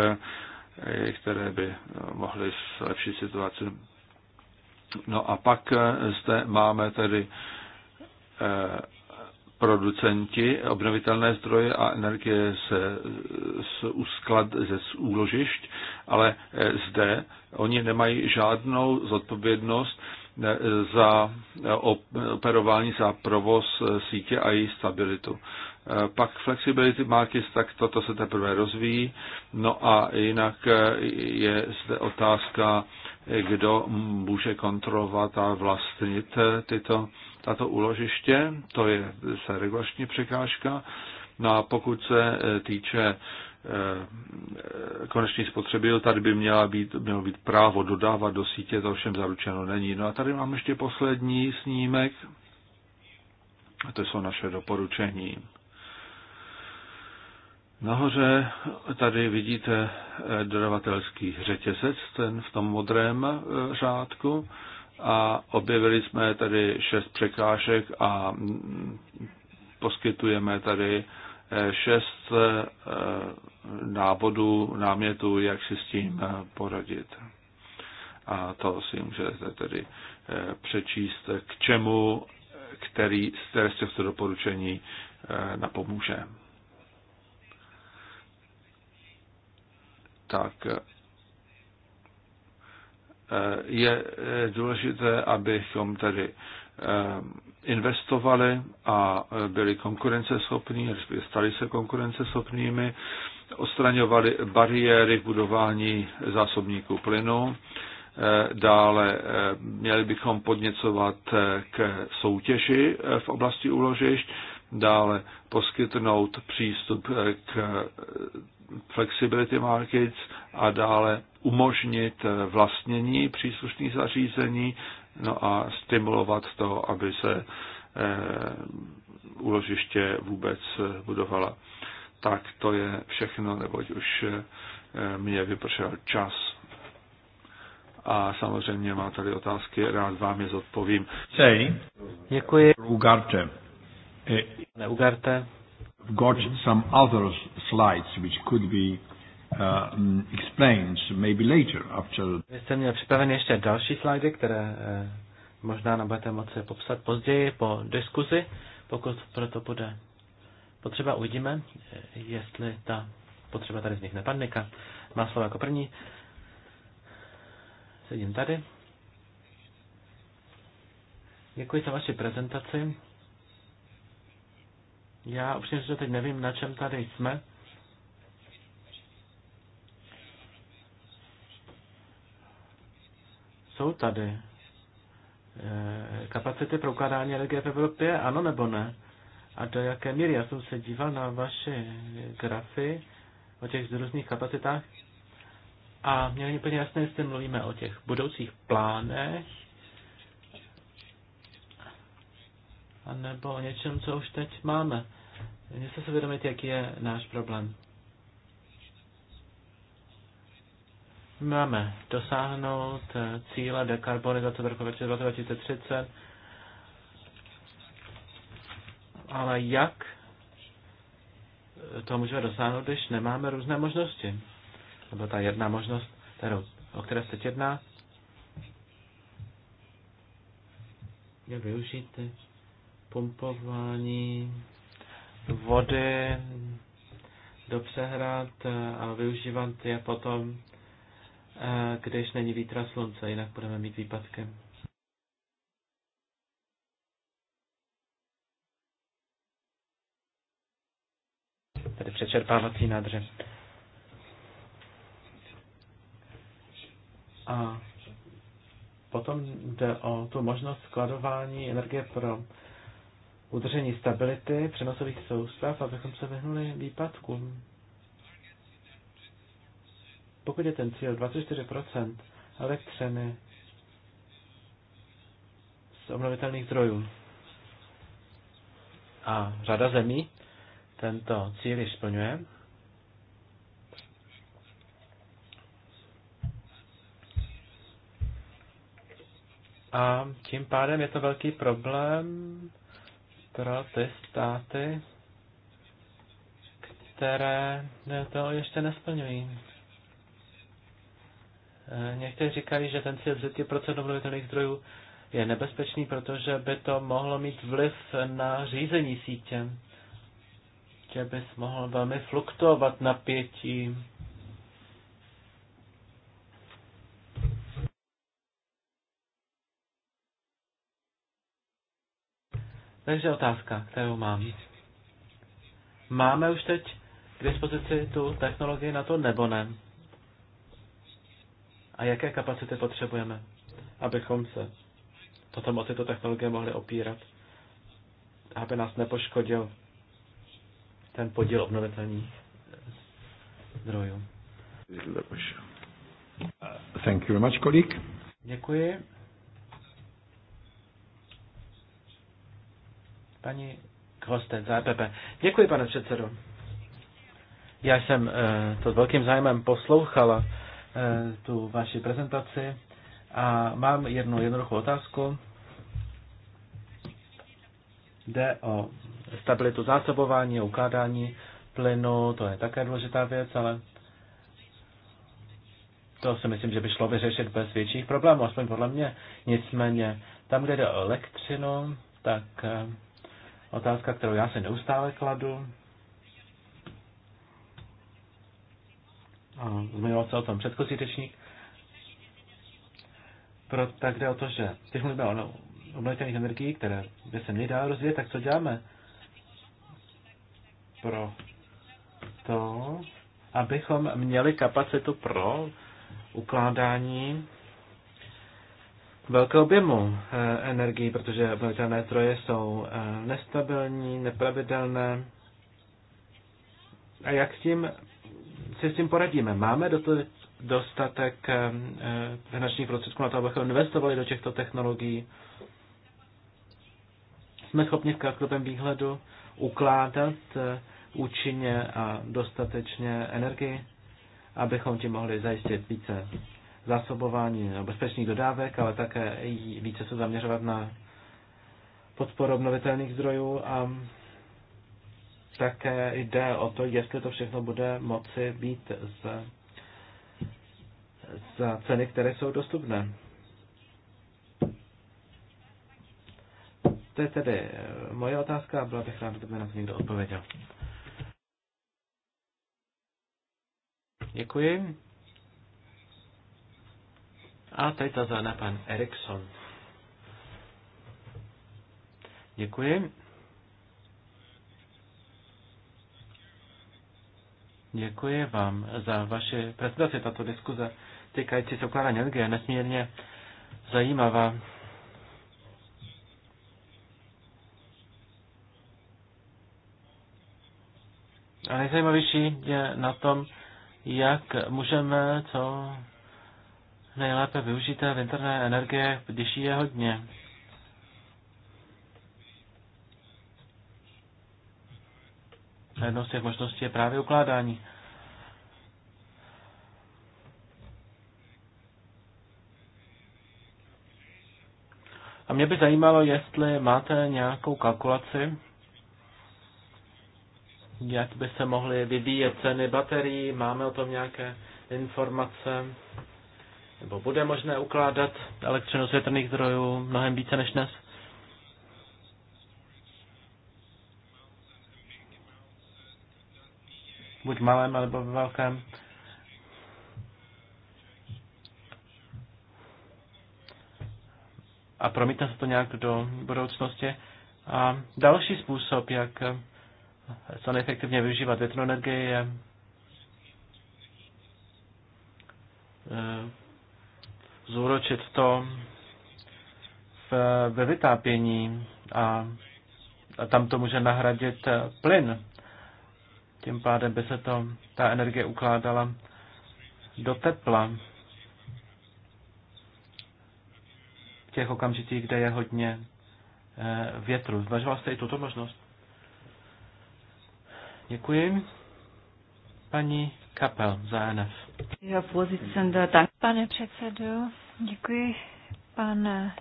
které by mohly zlepšit situaci. No a pak zde máme tedy producenti obnovitelné zdroje a energie se z usklad ze z úložišť, ale eh, zde oni nemají žádnou zodpovědnost eh, za eh, operování, za provoz sítě a její stabilitu. Pak flexibility markets, tak toto se teprve rozvíjí. No a jinak je zde otázka, kdo může kontrolovat a vlastnit tyto tato úložiště, to je se regulační překážka. No a pokud se e, týče e, e, koneční spotřeby, tady by měla být, mělo být právo dodávat do sítě, to všem zaručeno není. No a tady mám ještě poslední snímek, a to jsou naše doporučení. Nahoře tady vidíte dodavatelský řetězec, ten v tom modrém řádku a objevili jsme tady šest překážek a poskytujeme tady eh, šest eh, návodů, námětů, jak si s tím eh, poradit. A to si můžete tedy přečíst, k čemu který z těchto doporučení napomůže. Tak Eh, je eh, důležité, abychom tedy eh, investovali a byli konkurenceschopní, respektive stali se konkurenceschopnými, odstraňovali bariéry v budování zásobníků plynu, dále měli bychom podněcovat k soutěži v oblasti úložišť, dále poskytnout přístup k flexibility markets a dále umožnit eh, vlastnění příslušných zařízení no a stimulovat to, aby se eh, úložiště vůbec eh, budovala. Tak to je všechno, neboť už mě vypršel čas. A samozřejmě má tady otázky, rád vám je zodpovím. Hey. Děkuji. Ugarte. Ugarte. Got some other slides which could be Uh, mm, explains maybe later after. Vy jste měl připraveny ještě další slajdy, které eh, možná nám budete moci popsat později po diskuzi, pokud pro to bude potřeba. Uvidíme, eh, jestli ta potřeba tady z nich nepadne. má slovo jako první. Sedím tady. Děkuji za vaši prezentaci. Já upřímně, že teď nevím, na čem tady jsme Jsou tady eh, kapacity pro ukládání energie v Evropě, ano nebo ne? A do jaké míry? Já jsem se díval na vaše grafy o těch různých kapacitách a mě není úplně jasné, jestli mluvíme o těch budoucích plánech anebo o něčem, co už teď máme. Mějte se vědomit, jaký je náš problém. máme dosáhnout eh, cíle dekarbonizace do roku 2030, ale jak to můžeme dosáhnout, když nemáme různé možnosti? Nebo ta jedna možnost, kterou, o které se jedná, jak využít pumpování vody do přehrad eh, a využívat je potom když není vítra slunce, jinak budeme mít výpadkem. Tady přečerpávací nádře. A potom jde o tu možnost skladování energie pro udržení stability přenosových soustav, abychom se vyhnuli výpadkům. Pokud je ten cíl 24% elektřiny z obnovitelných zdrojů a řada zemí tento cíl již splňuje, A tím pádem je to velký problém pro ty státy, které to ještě nesplňují. Eh, někteří říkají, že ten cíl procent obnovitelných zdrojů je nebezpečný, protože by to mohlo mít vliv na řízení sítě, že bys mohl velmi fluktuovat napětí. Takže otázka, kterou mám. Máme už teď k dispozici tu technologii na to nebo ne? a jaké kapacity potřebujeme, abychom se potom o tyto technologie mohli opírat, aby nás nepoškodil ten podíl obnovitelných zdrojů. Thank you very much, colleague. Děkuji. Paní Krostec, ZPP. E Děkuji, pane předsedo. Já jsem eh, to s velkým zájmem poslouchala Eh, tu vaši prezentaci a mám jednu jednoduchou otázku. Jde o stabilitu zásobování ukládání plynu, to je také důležitá věc, ale to si myslím, že by šlo vyřešit bez větších problémů, aspoň podle mě. Nicméně, tam, kde jde o elektřinu, tak eh, otázka, kterou já se neustále kladu, a zmiňoval se o tom předchozí řečník, pro, tak jde o to, že když mluvíme o no- obnovitelných energií, které by se měly dál rozvíjet, tak co děláme pro to, abychom měli kapacitu pro ukládání velkého objemu eh, energií, protože obnovitelné zdroje jsou eh, nestabilní, nepravidelné. A jak s tím si s tím poradíme. Máme do dostatek eh, eh, finančních prostředků na to, abychom investovali do těchto technologií. Jsme schopni v krátkodobém výhledu ukládat eh, účinně a dostatečně energii, abychom tím mohli zajistit více zásobování bezpečných dodávek, ale také více se zaměřovat na podporu obnovitelných zdrojů a také jde o to, jestli to všechno bude moci být z, za ceny, které jsou dostupné. To je tedy eh, moje otázka a byla bych rád, kdyby na to někdo odpověděl. Děkuji. A teď zazná pan Erikson. Děkuji. Děkuji vám za vaši prezentaci. Tato diskuze týkající se ukládání energie je nesmírně zajímavá. A nejzajímavější je na tom, jak můžeme co nejlépe využít v větrné energie, když je hodně. A z těch možností je právě ukládání. A mě by zajímalo, jestli máte nějakou kalkulaci, jak by se mohly vyvíjet ceny baterií, máme o tom nějaké informace, nebo bude možné ukládat elektřinu z větrných zdrojů mnohem více než dnes? buď malém, alebo ve velkém. A promítne se to nějak do budoucnosti. A další způsob, jak co neefektivně využívat větrnou energii, je eh, zúročit to v, ve vytápění a, a tam to může nahradit eh, plyn. Tím pádem by se to, ta energie ukládala do tepla v těch okamžicích, kde je hodně eh, větru. Zvažoval jste i tuto možnost? Děkuji. Paní Kapel za NF. Pane předsedo, děkuji. Pan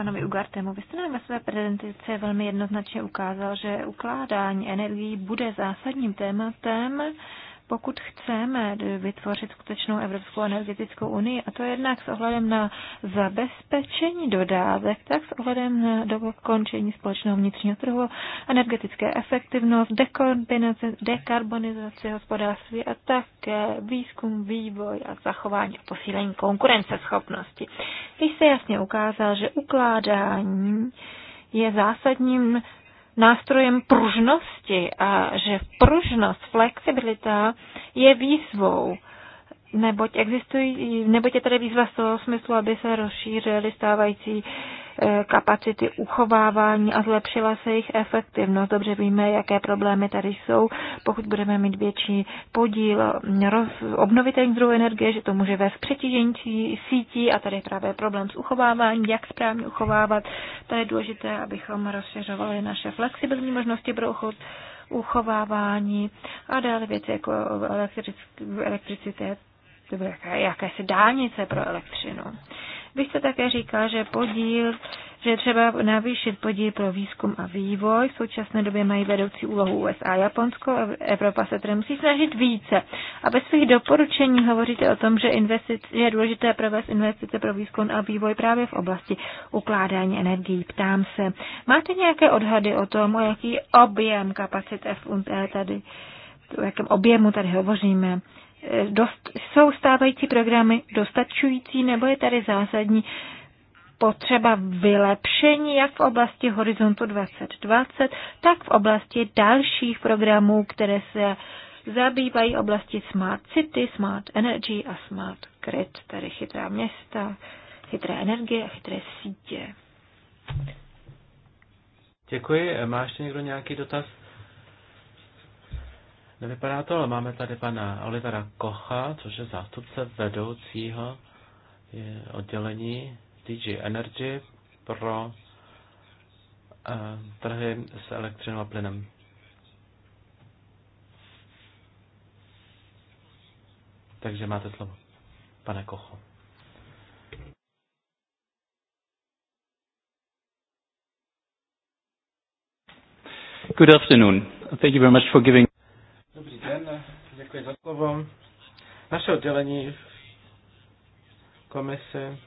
panovi Ugartemu. Vy jste nám ve své prezentaci velmi jednoznačně ukázal, že ukládání energií bude zásadním tématem, pokud chceme vytvořit skutečnou Evropskou energetickou unii, a to jednak s ohledem na zabezpečení dodávek, tak s ohledem na dokončení společného vnitřního trhu, energetické efektivnost, dekarbonizaci hospodářství a také výzkum, vývoj a zachování a posílení konkurenceschopnosti. Když se jasně ukázal, že ukládání je zásadním nástrojem pružnosti a že pružnost, flexibilita je výzvou, neboť, existují, neboť je tady výzva z toho smyslu, aby se rozšířily stávající Eh, kapacity uchovávání a zlepšila se jejich efektivnost. Dobře víme, jaké problémy tady jsou. Pokud budeme mít větší podíl mm, roz, obnovitelných zdrojů energie, že to může vést přetížení sítí a tady je právě problém s uchováváním, jak správně uchovávat. Tady je důležité, abychom rozšiřovali naše flexibilní možnosti pro uchod uchovávání a dále věci jako elektric, elektricité, jaké, jakési dálnice pro elektřinu. Vy jste také říkal, že podíl, že třeba navýšit podíl pro výzkum a vývoj. V současné době mají vedoucí úlohu USA a Japonsko. Evropa se tedy musí snažit více. A ve svých doporučení hovoříte o tom, že investic, je důležité provést investice pro výzkum a vývoj právě v oblasti ukládání energií. Ptám se, máte nějaké odhady o tom, o jaký objem kapacit FUNT e, tady, o jakém objemu tady hovoříme? dost, jsou stávající programy dostačující nebo je tady zásadní potřeba vylepšení jak v oblasti Horizontu 2020, tak v oblasti dalších programů, které se zabývají oblasti Smart City, Smart Energy a Smart Grid, tedy chytrá města, chytré energie a chytré sítě. Děkuji. Má ještě někdo nějaký dotaz? Nevypadá to, ale máme tady pana Olivera Kocha, což je zástupce vedoucího oddělení DG Energy pro eh, trhy s elektřinou a plynem. Takže máte slovo, pane Kocho. Good afternoon. Thank you very much for giving Dobrý den, děkuji za slovo. Naše oddělení komise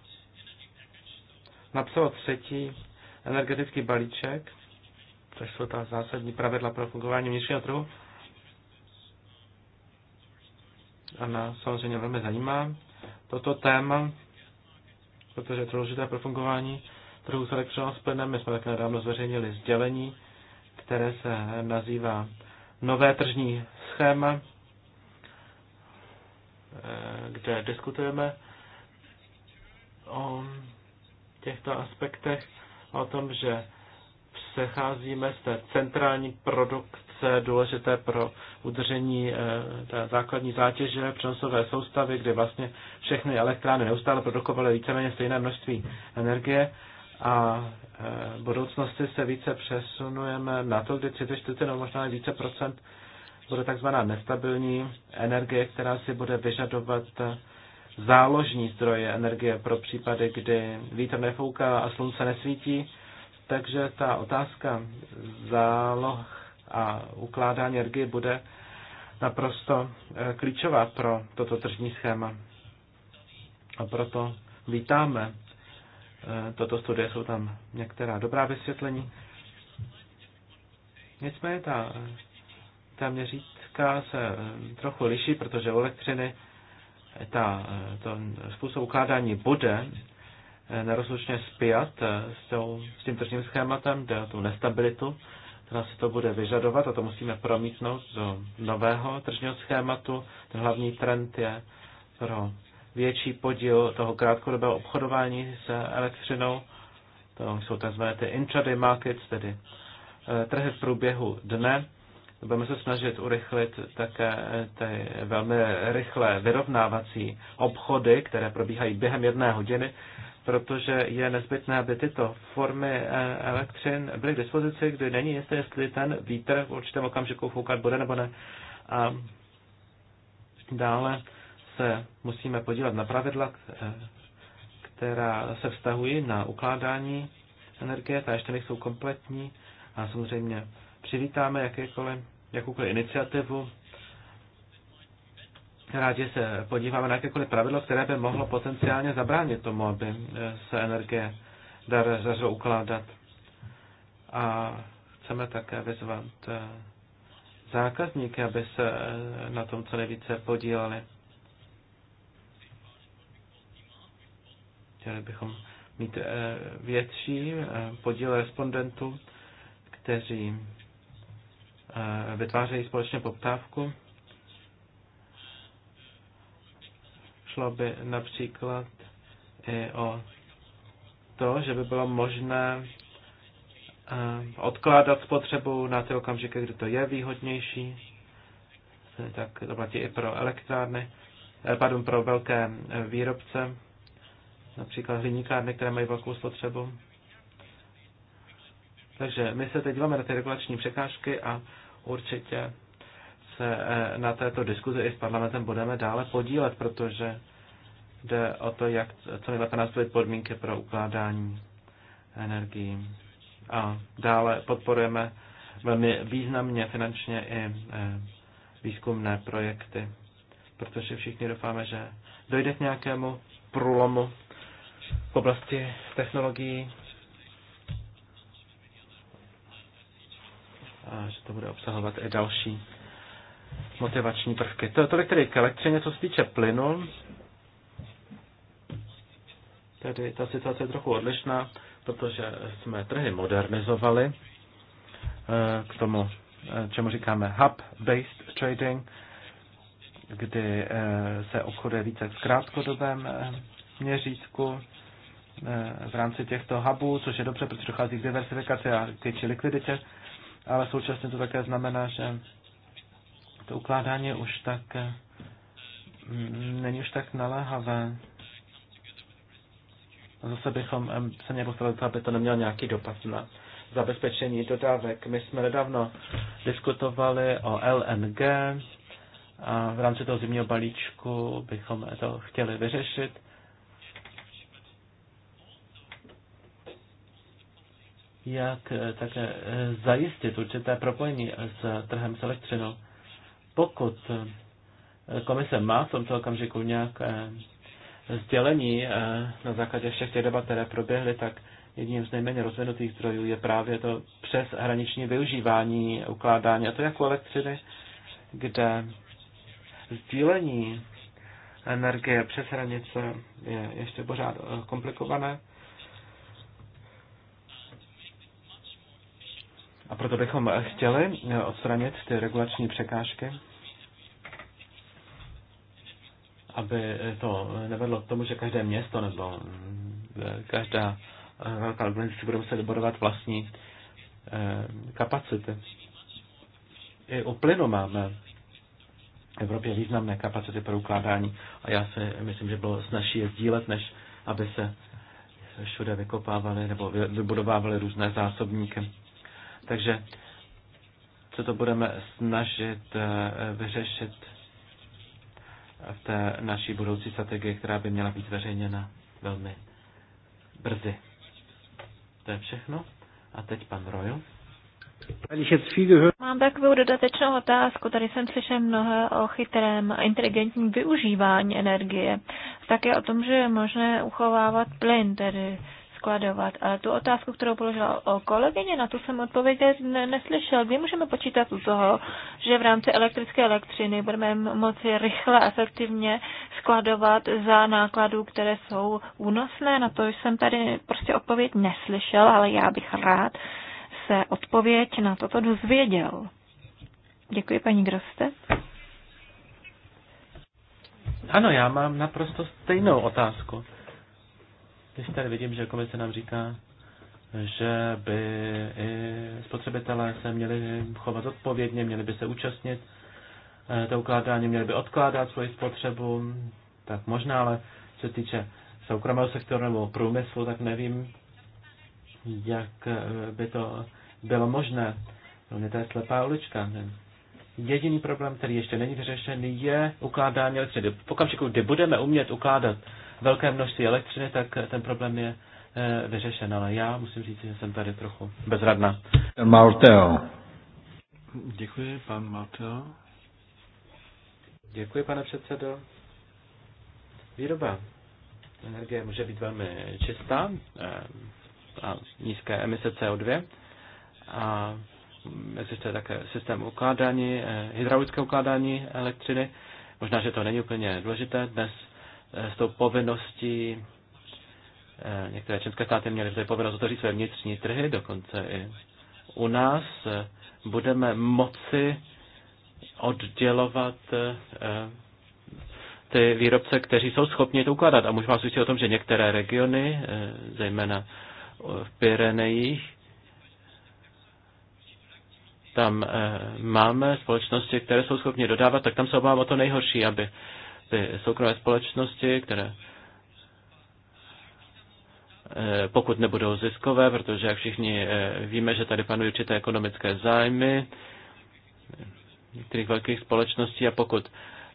napsalo třetí energetický balíček, což jsou ta zásadní pravidla pro fungování vnitřního trhu. A nás samozřejmě velmi zajímá toto téma, protože je to důležité pro fungování trhu s elektřinou s plynem. My jsme také nedávno zveřejnili sdělení, které se nazývá nové tržní schéma, eh, kde diskutujeme o těchto aspektech, o tom, že přecházíme z té centrální produkce důležité pro udržení eh, té základní zátěže přenosové soustavy, kde vlastně všechny elektrárny neustále produkovaly víceméně stejné množství energie a v e, budoucnosti se více přesunujeme na to, kdy 34 nebo možná více procent bude takzvaná nestabilní energie, která si bude vyžadovat záložní zdroje energie pro případy, kdy vítr nefouká a slunce nesvítí. Takže ta otázka záloh a ukládání energie bude naprosto e, klíčová pro toto tržní schéma. A proto vítáme Eh, toto studie, jsou tam některá dobrá vysvětlení. Nicméně ta, eh, ta měřítka se eh, trochu liší, protože u elektřiny ta, to způsob ukládání bude nerozlučně spjat s, tou, s tím tržním schématem, jde o tu nestabilitu, která se to bude vyžadovat a to musíme promítnout do nového tržního schématu. Ten hlavní trend je pro větší podíl toho krátkodobého obchodování s elektřinou. To jsou tzv. ty intraday markets, tedy eh, trhy v průběhu dne. Budeme se snažit urychlit také eh, ty velmi rychlé vyrovnávací obchody, které probíhají během jedné hodiny, protože je nezbytné, aby tyto formy eh, elektřin byly k dispozici, kdy není jisté, jestli ten vítr v určitém okamžiku foukat bude nebo ne. A dále se musíme podívat na pravidla, eh, která se vztahují na ukládání energie, ta ještě nejsou kompletní a samozřejmě přivítáme jakékoliv, jakoukoliv iniciativu. Rádi se podíváme na jakékoliv pravidlo, které by mohlo potenciálně zabránit tomu, aby eh, se energie dařilo ukládat. A chceme také vyzvat eh, zákazníky, aby se na tom co nejvíce podíleli. Chtěli bychom mít eh, větší eh, podíl respondentů, kteří eh, vytvářejí společně poptávku. Šlo by například i o to, že by bylo možné odkládat spotřebu na ty okamžiky, kdy to je výhodnější. Tak to platí i pro elektrárny, pardon, pro velké výrobce například hliníkárny, které mají velkou spotřebu. Takže my se teď díváme na ty regulační překážky a určitě se eh, na této diskuzi i s parlamentem budeme dále podílet, protože jde o to, jak co nejlépe nastavit podmínky pro ukládání energií. A dále podporujeme velmi významně finančně i eh, výzkumné projekty, protože všichni doufáme, že dojde k nějakému průlomu v oblasti technologií. A že to bude obsahovat i další motivační prvky. To je tolik tedy k elektřině, co se týče plynu. Tady ta situace je trochu odlišná, protože jsme trhy modernizovali eh, k tomu, eh, čemu říkáme hub-based trading, kdy eh, se obchoduje více v krátkodobém měřítku eh, v rámci těchto hubů, což je dobře, protože dochází k diversifikaci a k větší likviditě, ale současně to také znamená, že to ukládání už tak eh, mm, není už tak naléhavé. Zase bychom se měli postavit, aby to nemělo nějaký dopad na zabezpečení dodávek. My jsme nedávno diskutovali o LNG a v rámci toho zimního balíčku bychom to chtěli vyřešit. jak eh, také eh, zajistit určité propojení s trhem s elektřinou. Pokud eh, komise má v tomto okamžiku nějaké sdělení na základě všech těch debat, které proběhly, tak jedním z nejméně rozvinutých zdrojů je právě to přes hraniční využívání ukládání, a to jako elektřiny, kde sdílení energie přes hranice je ještě pořád komplikované. A proto bychom chtěli eh, odstranit ty regulační překážky, aby eh, to nevedlo k tomu, že každé město nebo mm, eh, každá velká organizace bude muset dobudovat vlastní kapacity. I u plynu máme v Evropě významné kapacity pro ukládání a já si myslím, že bylo snažší je sdílet, než aby se všude vykopávaly nebo vybudovávaly různé zásobníky. Takže co to budeme snažit eh, vyřešit v té naší budoucí strategii, která by měla být zveřejněna velmi brzy. To je všechno. A teď pan Royal. Mám takovou dodatečnou otázku. Tady jsem slyšel mnoho o chytrém a inteligentním využívání energie. Také o tom, že je možné uchovávat plyn, tedy skladovat. A tu otázku, kterou položila o kolegyně, na tu jsem odpovědět neslyšel. Kdy můžeme počítat u toho, že v rámci elektrické elektřiny budeme moci rychle a efektivně skladovat za nákladů, které jsou únosné? Na to jsem tady prostě odpověď neslyšel, ale já bych rád se odpověď na toto dozvěděl. Děkuji, paní Groste. Ano, já mám naprosto stejnou otázku. Když tady vidím, že komise nám říká, že by i spotřebitelé se měli chovat odpovědně, měli by se účastnit eh, to ukládání, měli by odkládat svoji spotřebu, tak možná, ale co se týče soukromého sektoru nebo průmyslu, tak nevím, jak eh, by to bylo možné. to je slepá ulička. Jediný problém, který ještě není vyřešený, je ukládání elektřiny. V okamžiku, kdy budeme umět ukládat velké množství elektřiny, tak eh, ten problém je eh, vyřešen. Ale já musím říct, že jsem tady trochu bezradná. Martel. Děkuji, pan Martel. Děkuji, pane předsedo. Výroba energie může být velmi čistá eh, a nízké emise CO2. A existuje také systém ukládání, hydraulické ukládání elektřiny. Možná, že to není úplně důležité dnes Eh, s tou povinností, eh, některé české státy měly tady povinnost otevřít své vnitřní trhy, dokonce i u nás eh, budeme moci oddělovat ty výrobce, kteří jsou schopni to ukládat. A můžu vás ujistit o tom, že některé regiony, zejména v Pyrenejích, tam máme společnosti, které jsou schopni dodávat, tak tam se obávám o to nejhorší, aby ty soukromé společnosti, které eh, pokud nebudou ziskové, protože jak všichni eh, víme, že tady panují určité ekonomické zájmy některých velkých společností a pokud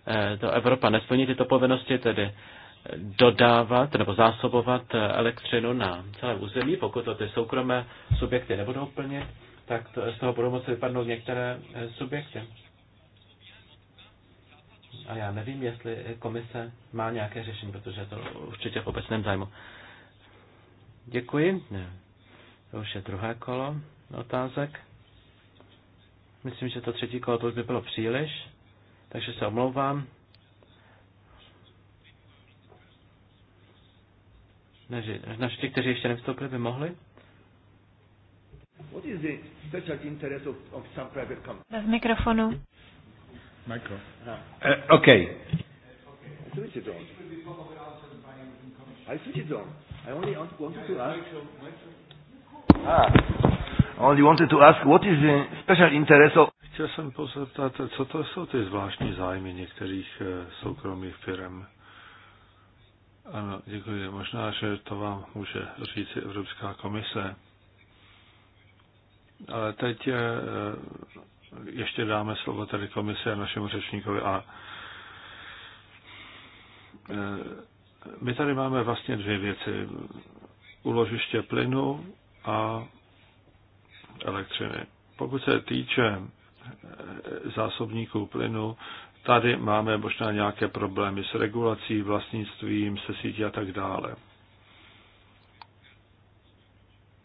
eh, to Evropa nesplní tyto povinnosti, tedy dodávat nebo zásobovat elektřinu na celé území, pokud to ty soukromé subjekty nebudou plnit, tak to, z toho budou moci vypadnout některé subjekty. A já nevím, jestli komise má nějaké řešení, protože je to určitě v obecném zájmu. Děkuji. To už je druhé kolo otázek. Myslím, že to třetí kolo to už by bylo příliš, takže se omlouvám. Naši, naši ti, kteří ještě nevstoupili, by mohli. Bez mikrofonu. Micro. No. Uh, eh, okay. I switch it on. I switch it on. I only wanted to ask. Ah. Only wanted to ask what is the special interest of... Chtěl jsem pozeptat, co to jsou ty zvláštní zájmy některých eh, soukromých firm. Ano, děkuji. Možná, že to vám může říct Evropská komise. Ale teď eh, ještě dáme slovo tady komise a našemu řečníkovi a eh, my tady máme vlastně dvě věci. Uložiště plynu a elektřiny. Pokud se týče eh, zásobníků plynu, tady máme možná nějaké problémy s regulací, vlastnictvím, se sítí a tak dále.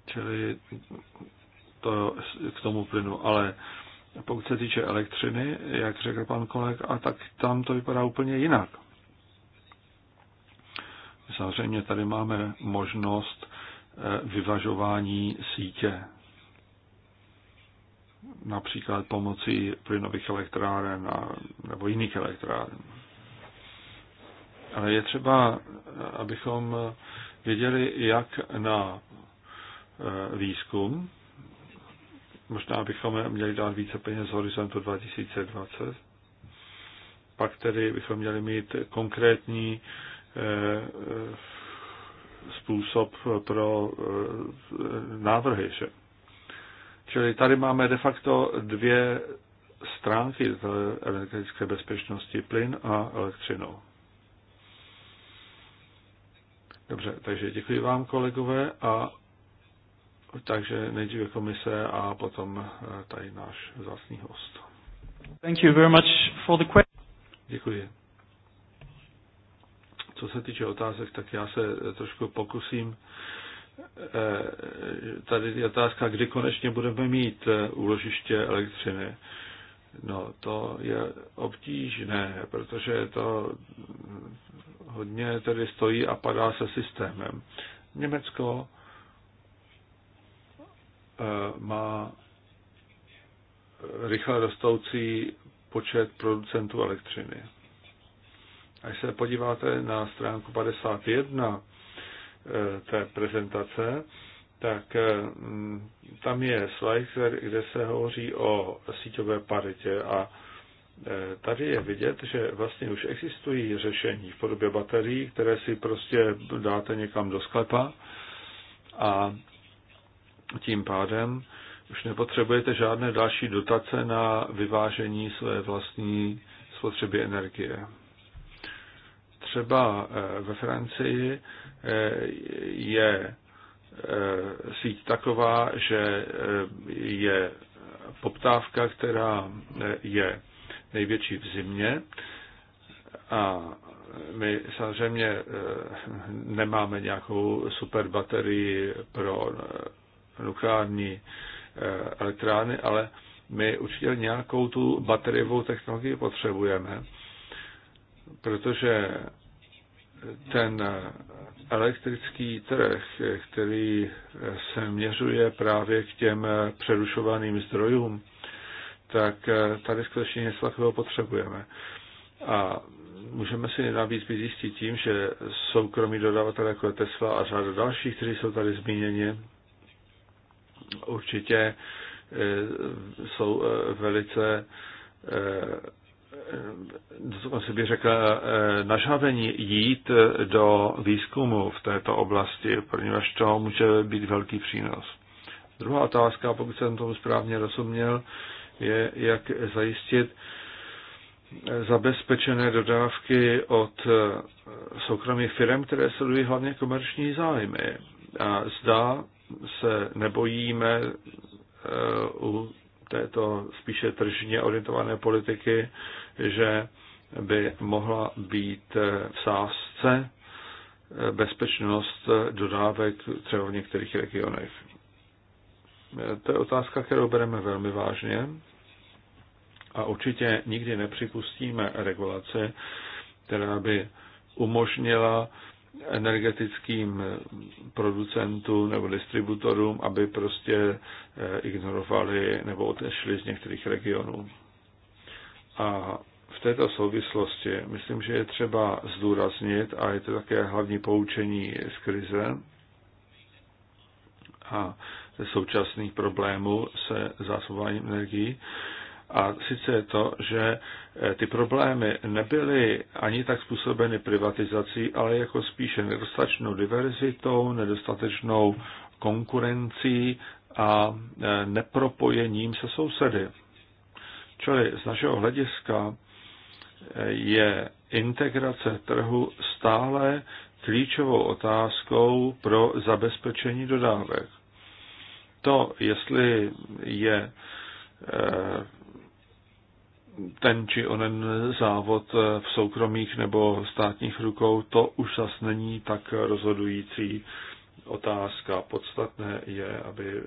Čili to k tomu plynu, ale pokud se týče elektřiny, jak řekl pan koleg, a tak tam to vypadá úplně jinak. Samozřejmě tady máme možnost eh, vyvažování sítě, například pomocí plynových elektráren a, nebo jiných elektráren. Ale je třeba, eh, abychom eh, věděli, jak na výzkum, Možná bychom měli dát více peněz z horizontu 2020. Pak tedy bychom měli mít konkrétní eh, eh, způsob pro eh, návrhy. Že? Čili tady máme de facto dvě stránky v energetické bezpečnosti, plyn a elektřinou. Dobře, takže děkuji vám, kolegové, a takže nejdříve komise a potom eh, tady náš zásný host. Thank you very much for the Děkuji. Co se týče otázek, tak já se eh, trošku pokusím. Eh, tady je otázka, kdy konečně budeme mít úložiště elektřiny. No, to je obtížné, protože to hodně tedy stojí a padá se systémem. Německo Eh, má rychle rostoucí počet producentů elektřiny. Až se podíváte na stránku 51 eh, té prezentace, tak eh, mm, tam je slide, kde se hovoří o síťové paritě a tady je vidět, že vlastně už existují řešení v podobě baterií, které si prostě dáte někam do sklepa a tím pádem už nepotřebujete žádné další dotace na vyvážení své vlastní spotřeby energie. Třeba eh, ve Francii eh, je eh, síť taková, že je poptávka, která je největší v zimě a my samozřejmě nemáme nějakou super baterii pro nukleární eh, elektrárny, ale my určitě nějakou tu bateriovou technologii potřebujeme, protože ten elektrický trh, který se měřuje právě k těm přerušovaným zdrojům, tak tady skutečně něco takového potřebujeme. A můžeme si navíc jistí tím, že soukromí dodavatelé jako Tesla a řada dalších, kteří jsou tady zmíněni, určitě eh, jsou eh, velice dokonce eh, bych řekl, nažavení jít do výzkumu v této oblasti, protože to může být velký přínos. Druhá otázka, pokud jsem tomu správně rozuměl, je, jak zajistit zabezpečené dodávky od soukromých firm, které sledují hlavně komerční zájmy. A zdá se nebojíme eh, u této spíše tržně orientované politiky, že by mohla být eh, v sázce eh, bezpečnost dodávek třeba v některých regionech. To je otázka, kterou bereme velmi vážně a určitě nikdy nepřipustíme regulace, která by umožnila energetickým producentům nebo distributorům, aby prostě eh, ignorovali nebo odešli z některých regionů. A v této souvislosti myslím, že je třeba zdůraznit, a je to také hlavní poučení z krize a ze současných problémů se zásobováním energií, a sice to, že eh, ty problémy nebyly ani tak způsobeny privatizací, ale jako spíše nedostatečnou diverzitou, nedostatečnou konkurencí a eh, nepropojením se sousedy. Čili z našeho hlediska eh, je integrace trhu stále klíčovou otázkou pro zabezpečení dodávek. To, jestli je ten či onen závod v soukromých nebo státních rukou, to už zas není tak rozhodující otázka. Podstatné je, aby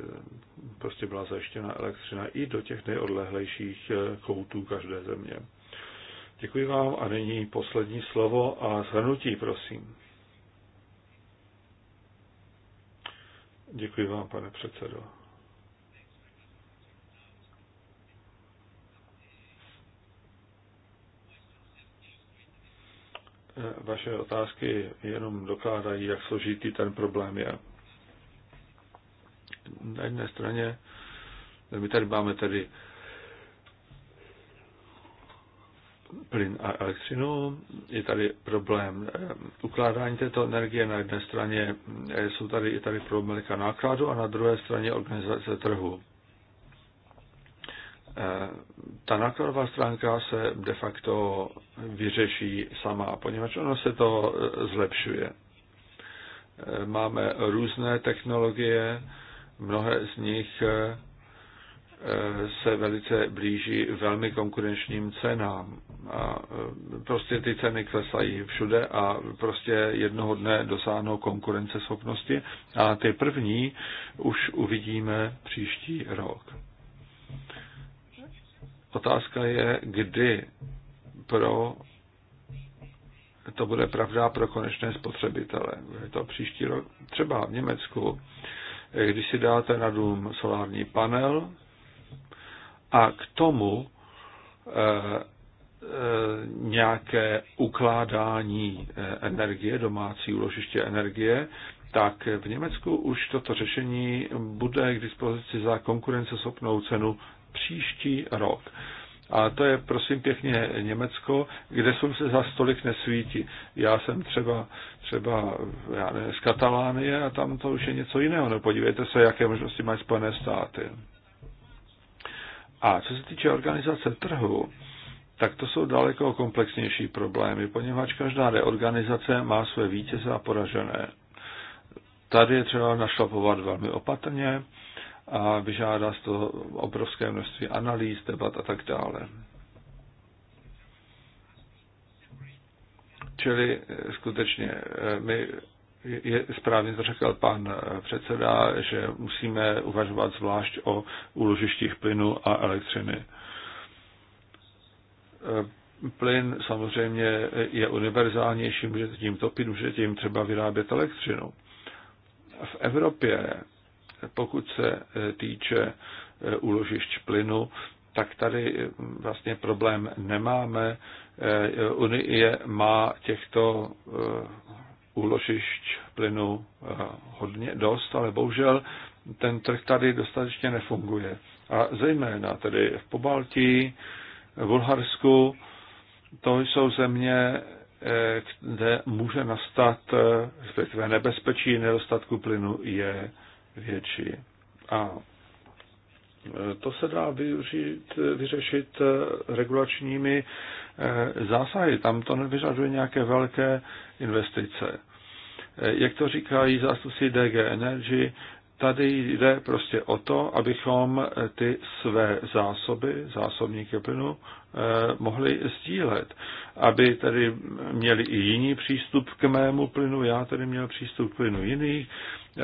prostě byla zajištěna elektřina i do těch nejodlehlejších koutů každé země. Děkuji vám a nyní poslední slovo a zhrnutí, prosím. Děkuji vám, pane předsedo. vaše otázky jenom dokládají, jak složitý ten problém je. Na jedné straně, my tady máme tedy plyn a elektřinu. Je tady problém eh, ukládání této energie. Na jedné straně eh, jsou tady, je tady problematika nákladu a na druhé straně organizace trhu. Eh, ta nákladová stránka se de facto vyřeší sama, poněvadž ono se to eh, zlepšuje. Eh, máme různé technologie, mnohé z nich se velice blíží velmi konkurenčním cenám. A prostě ty ceny klesají všude a prostě jednoho dne dosáhnou konkurenceschopnosti a ty první už uvidíme příští rok. Otázka je, kdy pro to bude pravda pro konečné spotřebitele. Je to příští rok, třeba v Německu, když si dáte na dům solární panel a k tomu e, e, nějaké ukládání eh, energie, domácí úložiště energie, tak v Německu už toto řešení bude k dispozici za konkurenceschopnou cenu příští rok. A to je, prosím pěkně, Německo, kde slunce za stolik nesvítí. Já jsem třeba, třeba já ne, z Katalánie a tam to už je něco jiného. No podívejte se, jaké možnosti mají Spojené státy. A co se týče organizace trhu, tak to jsou daleko komplexnější problémy, poněvadž každá reorganizace má své vítěze a poražené. Tady je třeba našlapovat velmi opatrně a vyžádá z toho obrovské množství analýz, debat a tak dále. Čili eh, skutečně eh, my je správně to řekl pan eh, předseda, že musíme uvažovat zvlášť o úložištích plynu a elektřiny. Plyn samozřejmě je univerzálnější, můžete tím topit, můžete tím třeba vyrábět elektřinu. V Evropě pokud se e, týče e, úložišť plynu, tak tady e, vlastně problém nemáme. Unie má těchto úložišť plynu hodně dost, ale bohužel ten trh tady dostatečně nefunguje. A zejména tedy v Pobaltí, v Bulharsku, to jsou země, kde může nastat respektive nebezpečí nedostatku plynu je větší. A e, to se dá využít, vyřešit e, regulačními e, zásahy. Tam to nevyžaduje nějaké velké investice. Jak to říkají zástupci DG Energy, tady jde prostě o to, abychom ty své zásoby, zásobníky plynu, eh, mohli sdílet. Aby tady měli i jiný přístup k mému plynu, já tady měl přístup k plynu jiný, eh,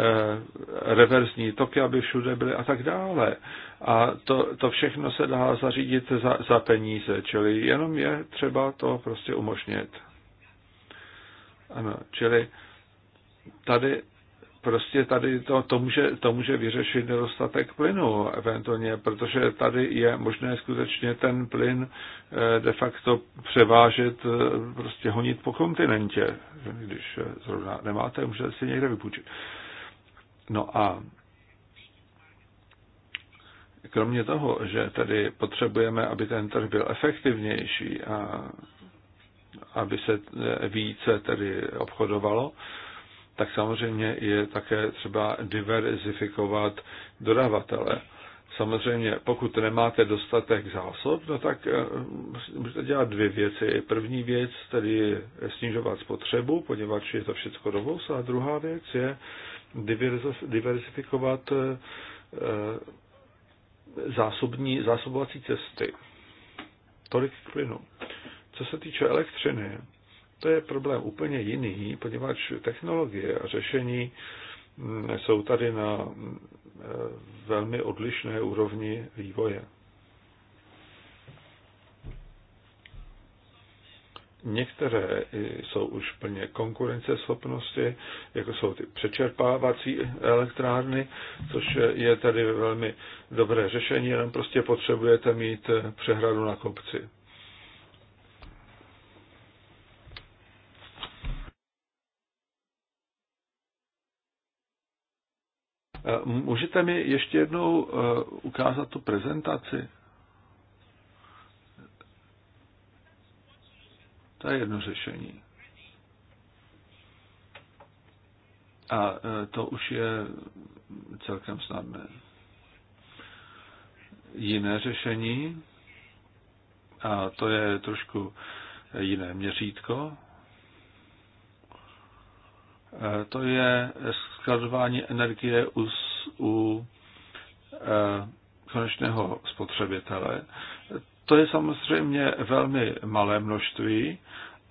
reverzní toky, aby všude byly a tak dále. A to, to všechno se dá zařídit za, za peníze, čili jenom je třeba to prostě umožnit. Ano, čili tady prostě tady to, to, může, to může vyřešit nedostatek plynu eventuálně, protože tady je možné skutečně ten plyn eh, de facto převážet, eh, prostě honit po kontinentě, když eh, zrovna nemáte, můžete si někde vypůjčit. No a kromě toho, že tady potřebujeme, aby ten trh byl efektivnější a aby se více tedy obchodovalo, tak samozřejmě je také třeba diverzifikovat dodavatele. Samozřejmě, pokud nemáte dostatek zásob, no tak eh, můžete dělat dvě věci. První věc, tedy snižovat spotřebu, poněvadž je to všechno dovoz, a druhá věc je diverzifikovat eh, eh, zásobní, zásobovací cesty. Tolik k plynu. Co se týče elektřiny, to je problém úplně jiný, poněvadž technologie a řešení jsou tady na eh, velmi odlišné úrovni vývoje. Některé jsou už plně konkurenceschopnosti, jako jsou ty přečerpávací elektrárny, což je tady velmi dobré řešení, jenom prostě potřebujete mít přehradu na kopci. Eh, můžete mi ještě jednou eh, ukázat tu prezentaci? To je jedno řešení. A eh, to už je celkem snadné. Jiné řešení, a to je trošku jiné měřítko, Eh, to je skladování energie u, u eh, konečného spotřebitele. To je samozřejmě velmi malé množství,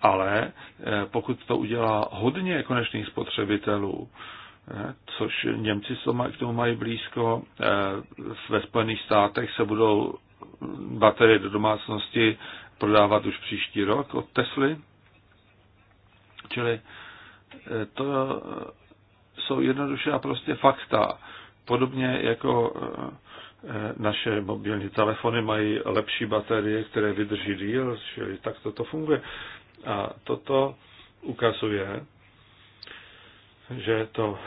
ale eh, pokud to udělá hodně konečných spotřebitelů, což Němci k tomu mají blízko, ve Spojených státech se budou baterie do domácnosti prodávat už příští rok od Tesly, čili E, to jsou jednoduše a prostě fakta. Podobně jako e, e, naše mobilní telefony mají lepší baterie, které vydrží díl, čili tak toto funguje. A toto ukazuje, že to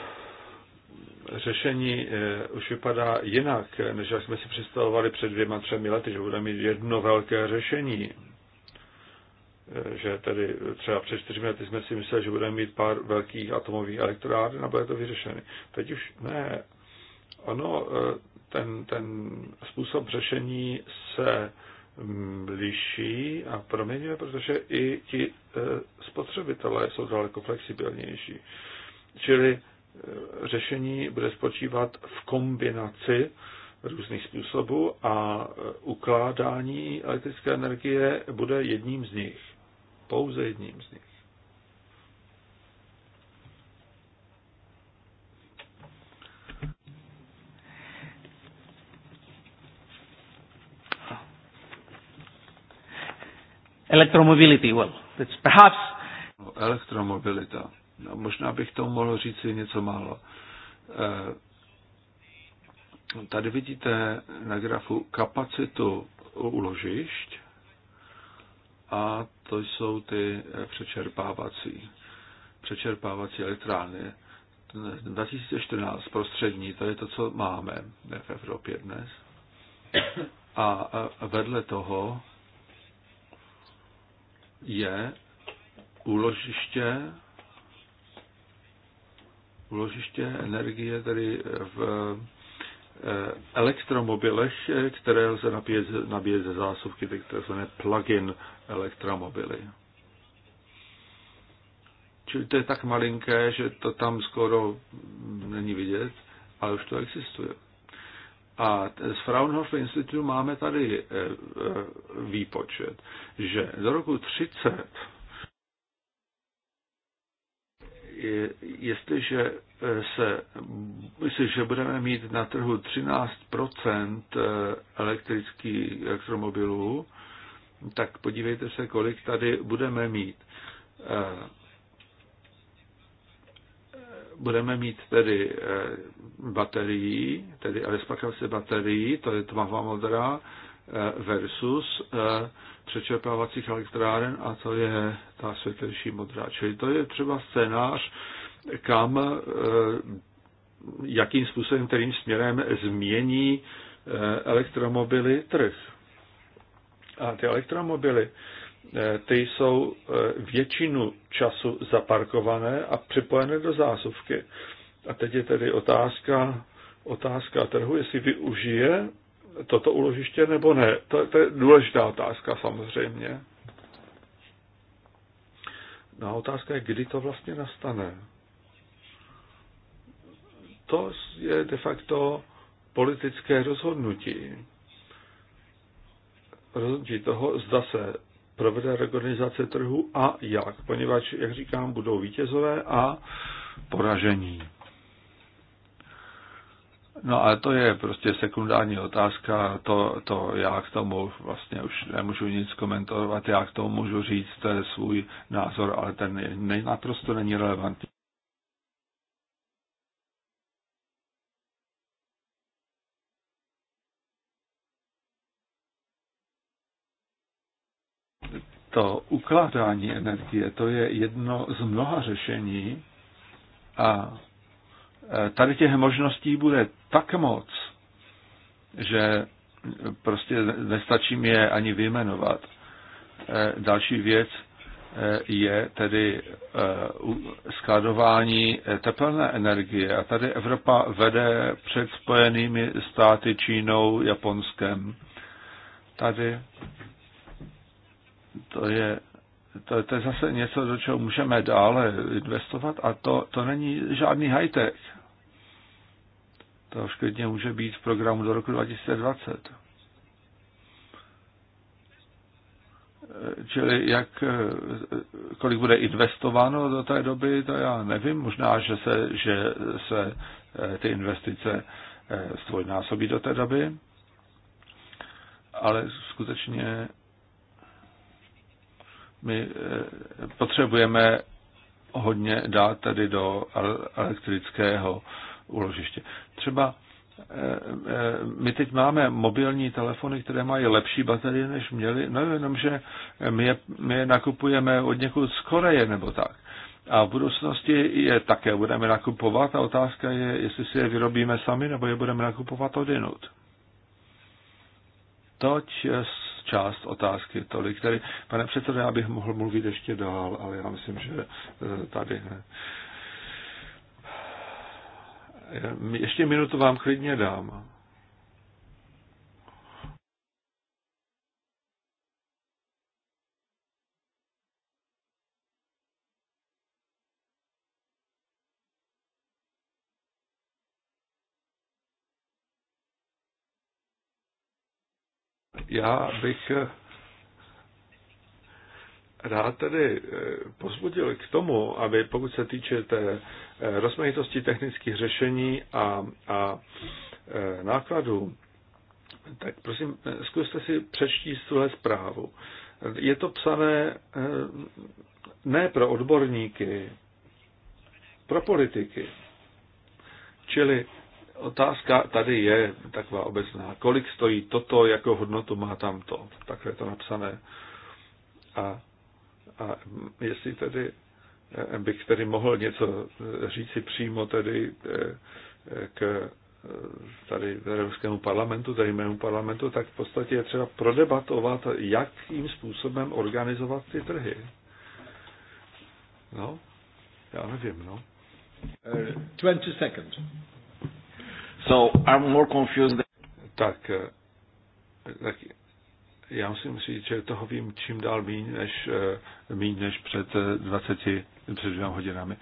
řešení už vypadá jinak, než jak jsme si představovali před dvěma, třemi lety, že budeme mít jedno velké řešení. Eh, že tedy třeba před čtyřmi lety jsme si mysleli, že budeme mít pár velkých atomových elektráren a bude to vyřešené. Teď už ne. Ono, eh, ten, ten způsob řešení se liší a proměňuje, protože i ti eh, spotřebitelé jsou daleko flexibilnější. Čili řešení bude spočívat v kombinaci různých způsobů a ukládání elektrické energie bude jedním z nich pouze jedním z nich. Electromobility, well, that's perhaps... Elektromobilita. No, možná bych tomu mohl říct něco málo. E, tady vidíte na grafu kapacitu uložišť a to jsou ty eh, přečerpávací, přečerpávací elektrárny. 2014 prostřední, to je to, co máme v Evropě dnes. A vedle toho je úložiště úložiště energie tedy v eh, elektromobilech, eh, které lze nabíjet, nabíjet ze zásuvky, ty tzv. plug-in elektromobily. Čili to je tak malinké, že to tam skoro není vidět, ale už to existuje. A z Fraunhofer institutu máme tady e, e, výpočet, že do roku 30 jestliže e, se, jestliže budeme mít na trhu 13 elektrických elektromobilů, tak podívejte se, kolik tady budeme mít. Eh, budeme mít tedy eh, baterii, tedy se baterií, to je tmavá modrá, eh, versus přečerpávacích elektráren a to je ta světlejší modrá. Čili to je třeba scénář, kam, jakým způsobem, kterým směrem změní elektromobily trh. A ty elektromobily, eh, ty jsou eh, většinu času zaparkované a připojené do zásuvky. A teď je tedy otázka, otázka trhu, jestli využije toto úložiště nebo ne. To, to je důležitá otázka samozřejmě. No a otázka je, kdy to vlastně nastane. To je de facto politické rozhodnutí rozhodnutí toho, zda se provede reorganizace trhu a jak, poněvadž, jak říkám, budou vítězové a poražení. No ale to je prostě sekundární otázka, to, to já k tomu vlastně už nemůžu nic komentovat, já k tomu můžu říct to je svůj názor, ale ten je, ne, naprosto není relevantní. to ukládání energie, to je jedno z mnoha řešení a e, tady těch možností bude tak moc, že prostě nestačí mi je ani vyjmenovat. E, další věc e, je tedy skladování tepelné energie. A tady Evropa vede před spojenými státy Čínou, Japonskem. Tady to je, to, to je zase něco, do čeho můžeme dále investovat a to, to není žádný high-tech. To klidně může být v programu do roku 2020. Čili jak, kolik bude investováno do té doby, to já nevím. Možná, že se, že se eh, ty investice stvojnásobí eh, do té doby, ale skutečně my eh, potřebujeme hodně dát tady do elektrického úložiště. Třeba eh, eh, my teď máme mobilní telefony, které mají lepší baterie, než měly, no jenom, že my je, my je nakupujeme od někud z Koreje nebo tak. A v budoucnosti je také budeme nakupovat a otázka je, jestli si je vyrobíme sami, nebo je budeme nakupovat od jinut. Toť část otázky tolik. Tady, pane předsedo, já bych mohl mluvit ještě dál, ale já myslím, že eh, tady ne. Eh, ještě minutu vám klidně dám. Já bych eh, rád tedy eh, pozbudil k tomu, aby pokud se týče té eh, rozmanitosti technických řešení a, a nákladů, tak prosím, zkuste si přečíst tuhle zprávu. Je to psané ne pro odborníky, pro politiky. Čili Otázka tady je taková obecná. Kolik stojí toto, jakou hodnotu má tamto? Takhle je to napsané. A, a jestli tedy eh, bych tedy mohl něco říci přímo tedy eh, k eh, tady Evropskému parlamentu, tady mému parlamentu, tak v podstatě je třeba prodebatovat, jakým způsobem organizovat ty trhy. No, já nevím, no. 20 sekund. So I'm more confused. Tak, eh, tak já musím říct, že toho vím čím dál méně než, eh, méně než před 20, eh, před dvěma hodinami.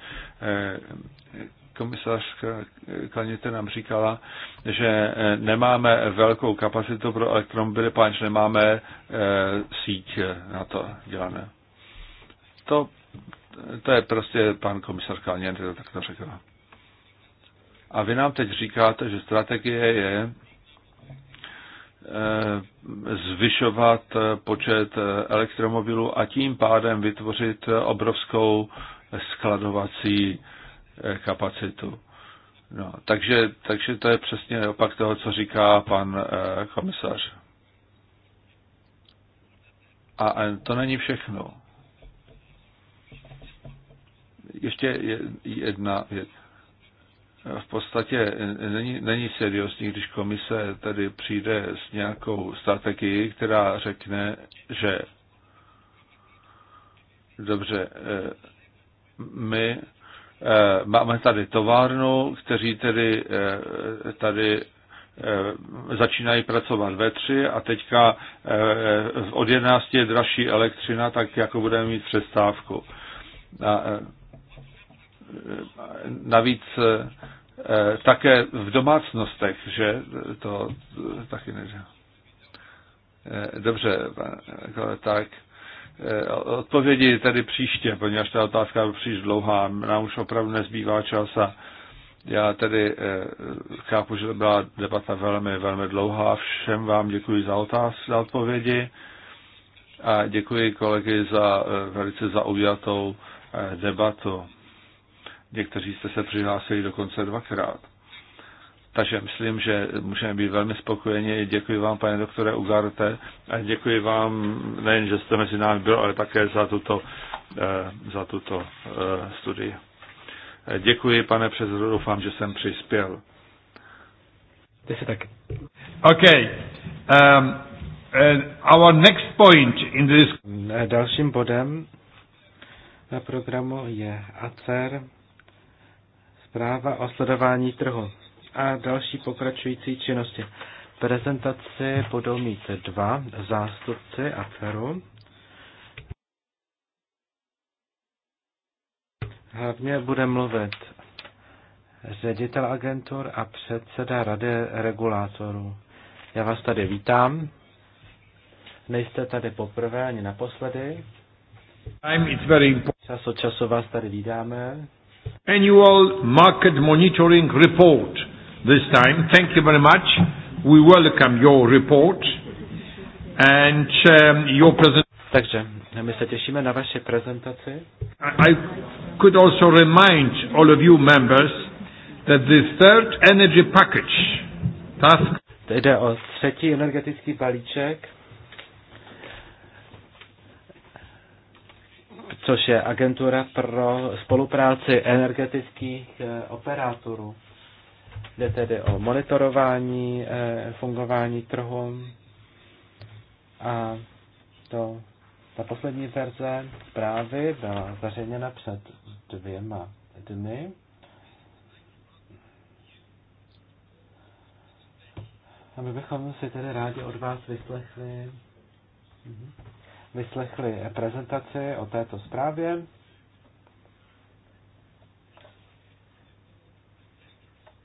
Komisařka Klaněte nám říkala, že nemáme velkou kapacitu pro elektromobily, páč nemáme síť na to dělané. To, to je prostě pan komisař Klaněte, tak to řekla. A vy nám teď říkáte, že strategie je eh, zvyšovat eh, počet eh, elektromobilů a tím pádem vytvořit obrovskou skladovací kapacitu. No, takže, takže to je přesně opak toho, co říká pan komisař. A to není všechno. Ještě jedna věc v podstatě není, není seriózní, když komise tady přijde s nějakou strategií, která řekne, že dobře, eh, my eh, máme tady továrnu, kteří tedy eh, tady začínají pracovat ve tři a teďka od 11 je dražší elektřina, tak jako budeme mít přestávku. A navíc eh, také v domácnostech, že to taky nejde. Eh, dobře, tak eh, odpovědi tady příště, poněvadž ta otázka je příliš dlouhá, nám už opravdu nezbývá čas a já tedy chápu, že to byla debata velmi, velmi dlouhá. Všem vám děkuji za otázky, za odpovědi a děkuji kolegy za velice zaujatou debatu. Někteří jste se přihlásili dokonce dvakrát. Takže myslím, že můžeme být velmi spokojeni. Děkuji vám, pane doktore Ugarte, a děkuji vám nejen, že jste mezi námi byl, ale také za tuto, eh, za tuto eh, studii. Děkuji, pane předsedo, doufám, že jsem přispěl. Ty se taky. OK. Um, eh, our next point in this... Dalším bodem na programu je ACER Práva o sledování trhu a další pokračující činnosti. Prezentaci budou mít dva zástupci AFERu. Hlavně bude mluvit ředitel agentur a předseda rady regulátorů. Já vás tady vítám. Nejste tady poprvé ani naposledy. Čas od času vás tady vídáme annual market monitoring report this time. Thank you very much. We welcome your report and um, your presentation. Takže my na prezentaci. I could also remind all of you members that the third energy package task Jde o třetí energetický balíček což je agentura pro spolupráci energetických eh, operátorů. Jde tedy o monitorování eh, fungování trhu a to, ta poslední verze zprávy byla zveřejněna před dvěma dny. A my bychom si tedy rádi od vás vyslechli. Mm-hmm vyslechli prezentaci o této zprávě.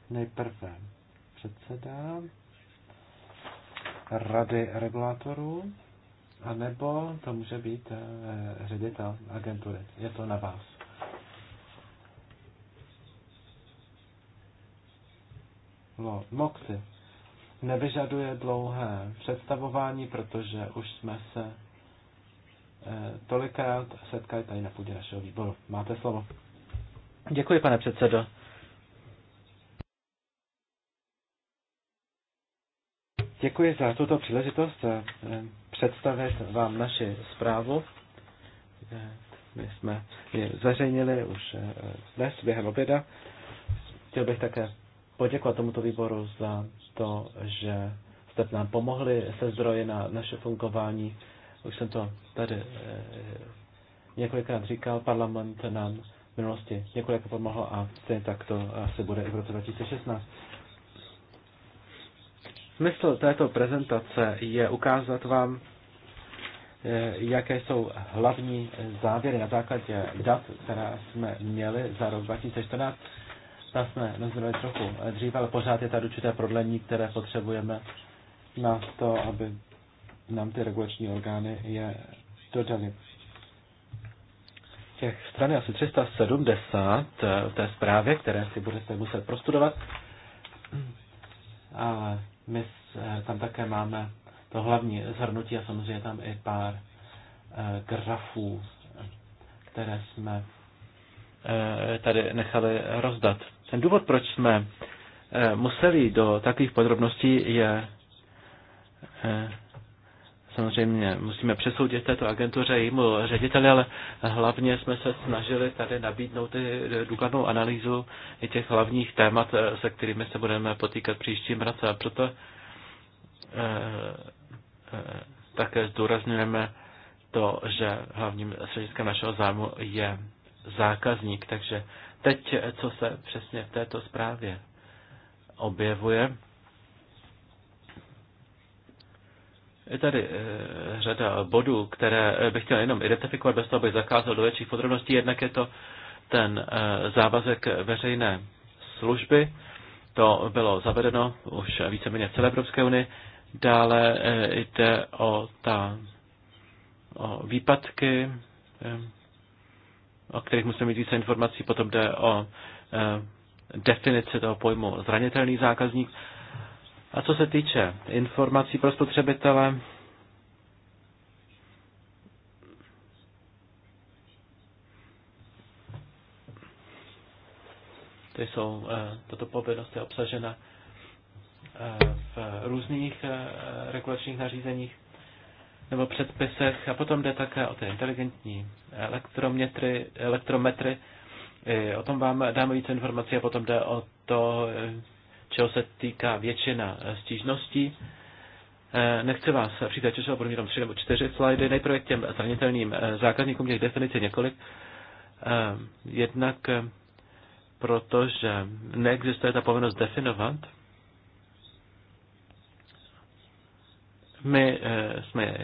Nejprve předseda rady regulátorů, anebo to může být eh, ředitel agentury. Je to na vás. No, Moxy nevyžaduje dlouhé představování, protože už jsme se Eh, tolikrát setkali tady na půdě našeho výboru. Máte slovo. Děkuji, pane předsedo. Děkuji za tuto příležitost eh, představit vám naši zprávu. My jsme ji zveřejnili už eh, dnes během oběda. Chtěl bych také poděkovat tomuto výboru za to, že jste nám pomohli se zdroje na naše fungování už jsem to tady eh, několikrát říkal, parlament nám v minulosti několik pomohl a stejně tak to asi bude i v roce 2016. Smysl této prezentace je ukázat vám, eh, jaké jsou hlavní závěry na základě dat, která jsme měli za rok 2014. Ta jsme nazvali trochu dříve, ale pořád je tady určité prodlení, které potřebujeme na to, aby nám ty regulační orgány je dodali. Těch strany asi 370 eh, v té zprávě, které si budete muset prostudovat, ale my eh, tam také máme to hlavní zhrnutí a samozřejmě tam i pár eh, grafů, které jsme tady nechali rozdat. Ten důvod, proč jsme museli do takových podrobností, je samozřejmě musíme přesoudit této agentuře jejímu řediteli, ale hlavně jsme se snažili tady nabídnout ty důkladnou analýzu i těch hlavních témat, eh, se kterými se budeme potýkat příštím roce. A proto e, e, také zdůrazňujeme to, že hlavním střediskem našeho zájmu je zákazník. Takže teď, co se přesně v této zprávě objevuje, Je tady eh, řada bodů, které bych chtěl jenom identifikovat bez toho, bych zakázal do větších podrobností. Jednak je to ten eh, závazek veřejné služby. To bylo zavedeno už víceméně v celé Evropské unii. Dále eh, jde o, ta, o výpadky, o kterých musíme mít více informací. Potom jde o definici toho pojmu zranitelný zákazník. A co se týče informací pro spotřebitele, ty jsou, eh, tato povinnost je obsažena eh, v různých eh, regulačních nařízeních nebo předpisech. A potom jde také o ty inteligentní elektrometry, elektrometry. O tom vám dáme více informací a potom jde o to, čeho se týká většina eh, stížností. Eh, nechci vás přijít že budu mít tam tři nebo čtyři slajdy. Nejprve k těm zranitelným eh, zákazníkům těch definic je několik. Jednak protože neexistuje ta povinnost definovat. My jsme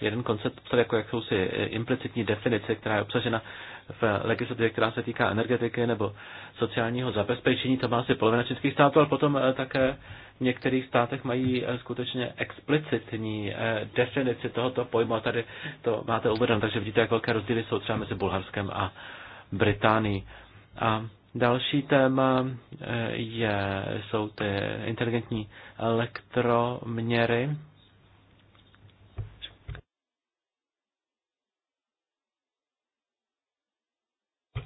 jeden koncept, jako jakousi implicitní definice, která je obsažena v legislativě, která se týká energetiky nebo sociálního zabezpečení, to má asi polovina českých států, ale potom eh, také v některých státech mají eh, skutečně explicitní eh, definici tohoto pojmu a tady to máte uvedeno, takže vidíte, jak velké rozdíly jsou třeba mezi Bulharskem a Británií. A Další téma je, jsou ty inteligentní elektroměry.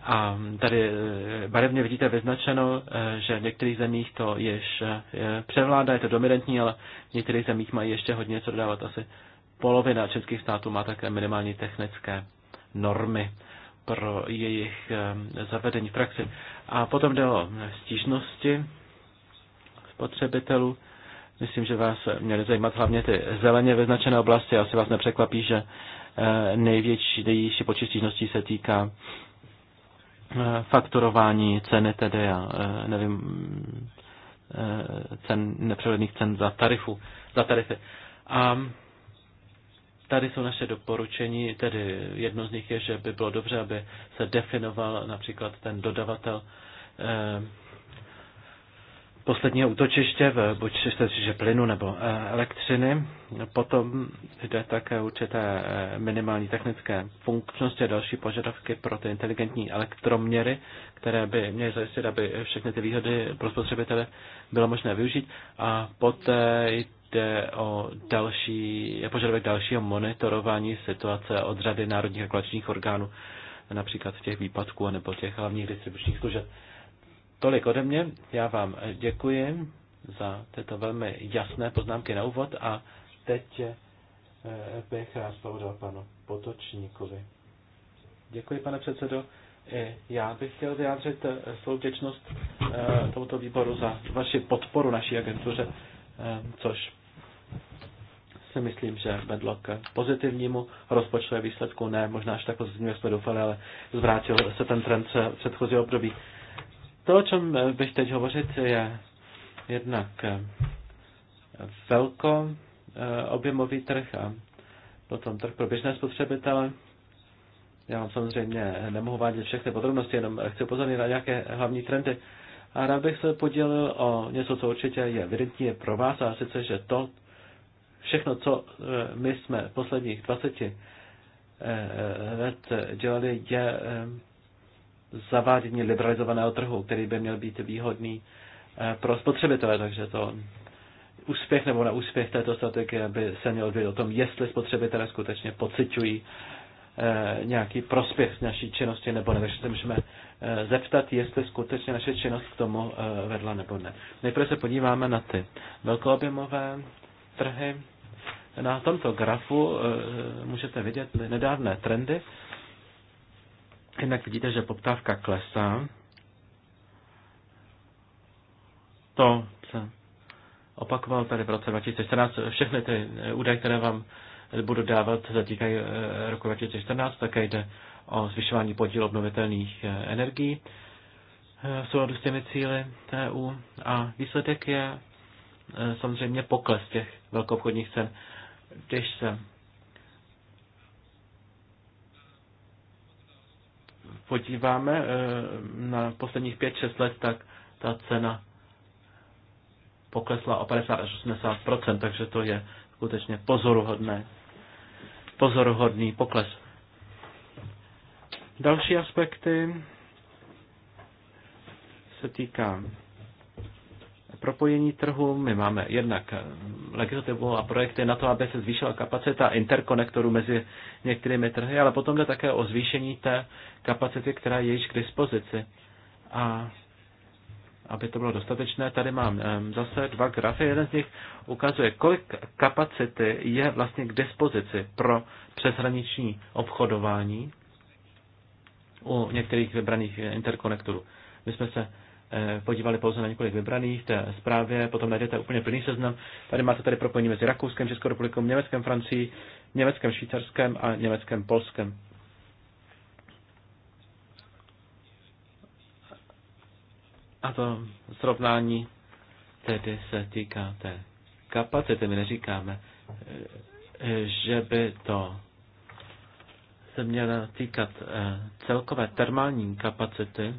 A tady eh, barevně vidíte vyznačeno, eh, že v některých zemích to již eh, převládá, je to dominantní, ale v některých zemích mají ještě hodně co dodávat. Asi polovina českých států má také minimální technické normy pro jejich zavedení v praxi. A potom jde o stížnosti spotřebitelů. Myslím, že vás měly zajímat hlavně ty zeleně vyznačené oblasti. Asi vás nepřekvapí, že největší, největší počet stížností se týká Eh, fakturování ceny tedy, já eh, nevím, eh, cen, nepřehledných cen za, tarifu, za tarify. A tady jsou naše doporučení, tedy jedno z nich je, že by bylo dobře, aby se definoval například ten dodavatel posledního útočiště, v, buď že plynu nebo eh, elektřiny. Potom jde také určité eh, minimální technické funkčnosti a další požadavky pro ty inteligentní elektroměry, které by měly zajistit, aby všechny ty výhody pro spotřebitele bylo možné využít. A poté jde o další, požadavek dalšího monitorování situace od řady národních regulačních orgánů, například těch výpadků nebo těch hlavních distribučních služeb. Tolik ode mě. Já vám děkuji za tyto velmi jasné poznámky na úvod a teď eh, bych rád slovo panu Potočníkovi. Děkuji, pane předsedo. Já bych chtěl vyjádřit eh, svou vděčnost eh, tomuto výboru za vaši podporu naší agentuře, což si myslím, že vedlo k pozitivnímu rozpočtové výsledku. Ne, možná až tak pozitivně jsme doufali, ale zvrátil se ten trend předchozího období. To, o čem eh, bych teď hovořit, je jednak eh, velko objemový trh a potom trh pro běžné spotřebitele. Já vám samozřejmě nemohu vádět všechny podrobnosti, jenom chci upozornit na nějaké hlavní trendy. A rád bych se podělil o něco, co určitě je evidentní pro vás, a sice, že to všechno, co eh, my jsme v posledních 20 let dělali, je zavádění liberalizovaného trhu, který by měl být výhodný eh, pro spotřebitele, takže to úspěch nebo neúspěch této strategie by se měl být o tom, jestli spotřebitelé skutečně pociťují eh, nějaký prospěch z naší činnosti nebo ne. Takže se můžeme eh, zeptat, jestli skutečně naše činnost k tomu vedla nebo ne. Nejprve se podíváme na ty velkoobjemové trhy. Na tomto grafu můžete vidět nedávné trendy jednak vidíte, že poptávka klesá. To se opakoval tady v roce 2014. Všechny ty eh, údaje, které vám budu dávat, se týkají eh, roku 2014, také jde o zvyšování podílu obnovitelných eh, energií v souladu s těmi cíly EU a výsledek je samozřejmě pokles těch velkoobchodních cen. Když se podíváme eh, na posledních 5-6 let, tak ta cena poklesla o 50 80 takže to je skutečně pozoruhodné, pozoruhodný pokles. Další aspekty se týká propojení trhu. My máme jednak legislativu a projekty na to, aby se zvýšila kapacita interkonektorů mezi některými trhy, ale potom jde také o zvýšení té kapacity, která je již k dispozici. A aby to bylo dostatečné, tady mám zase dva grafy. Jeden z nich ukazuje, kolik kapacity je vlastně k dispozici pro přeshraniční obchodování u některých vybraných interkonektorů. My jsme se Eh, podívali pouze na několik vybraných té zprávě, potom najdete úplně plný seznam. Tady máte tady propojení mezi Rakouskem, Českou republikou, Německem, Francií, Německem, Švýcarskem a Německem, Polskem. A to srovnání tedy se týká té kapacity. My neříkáme, eh, že by to se měla týkat eh, celkové termální kapacity,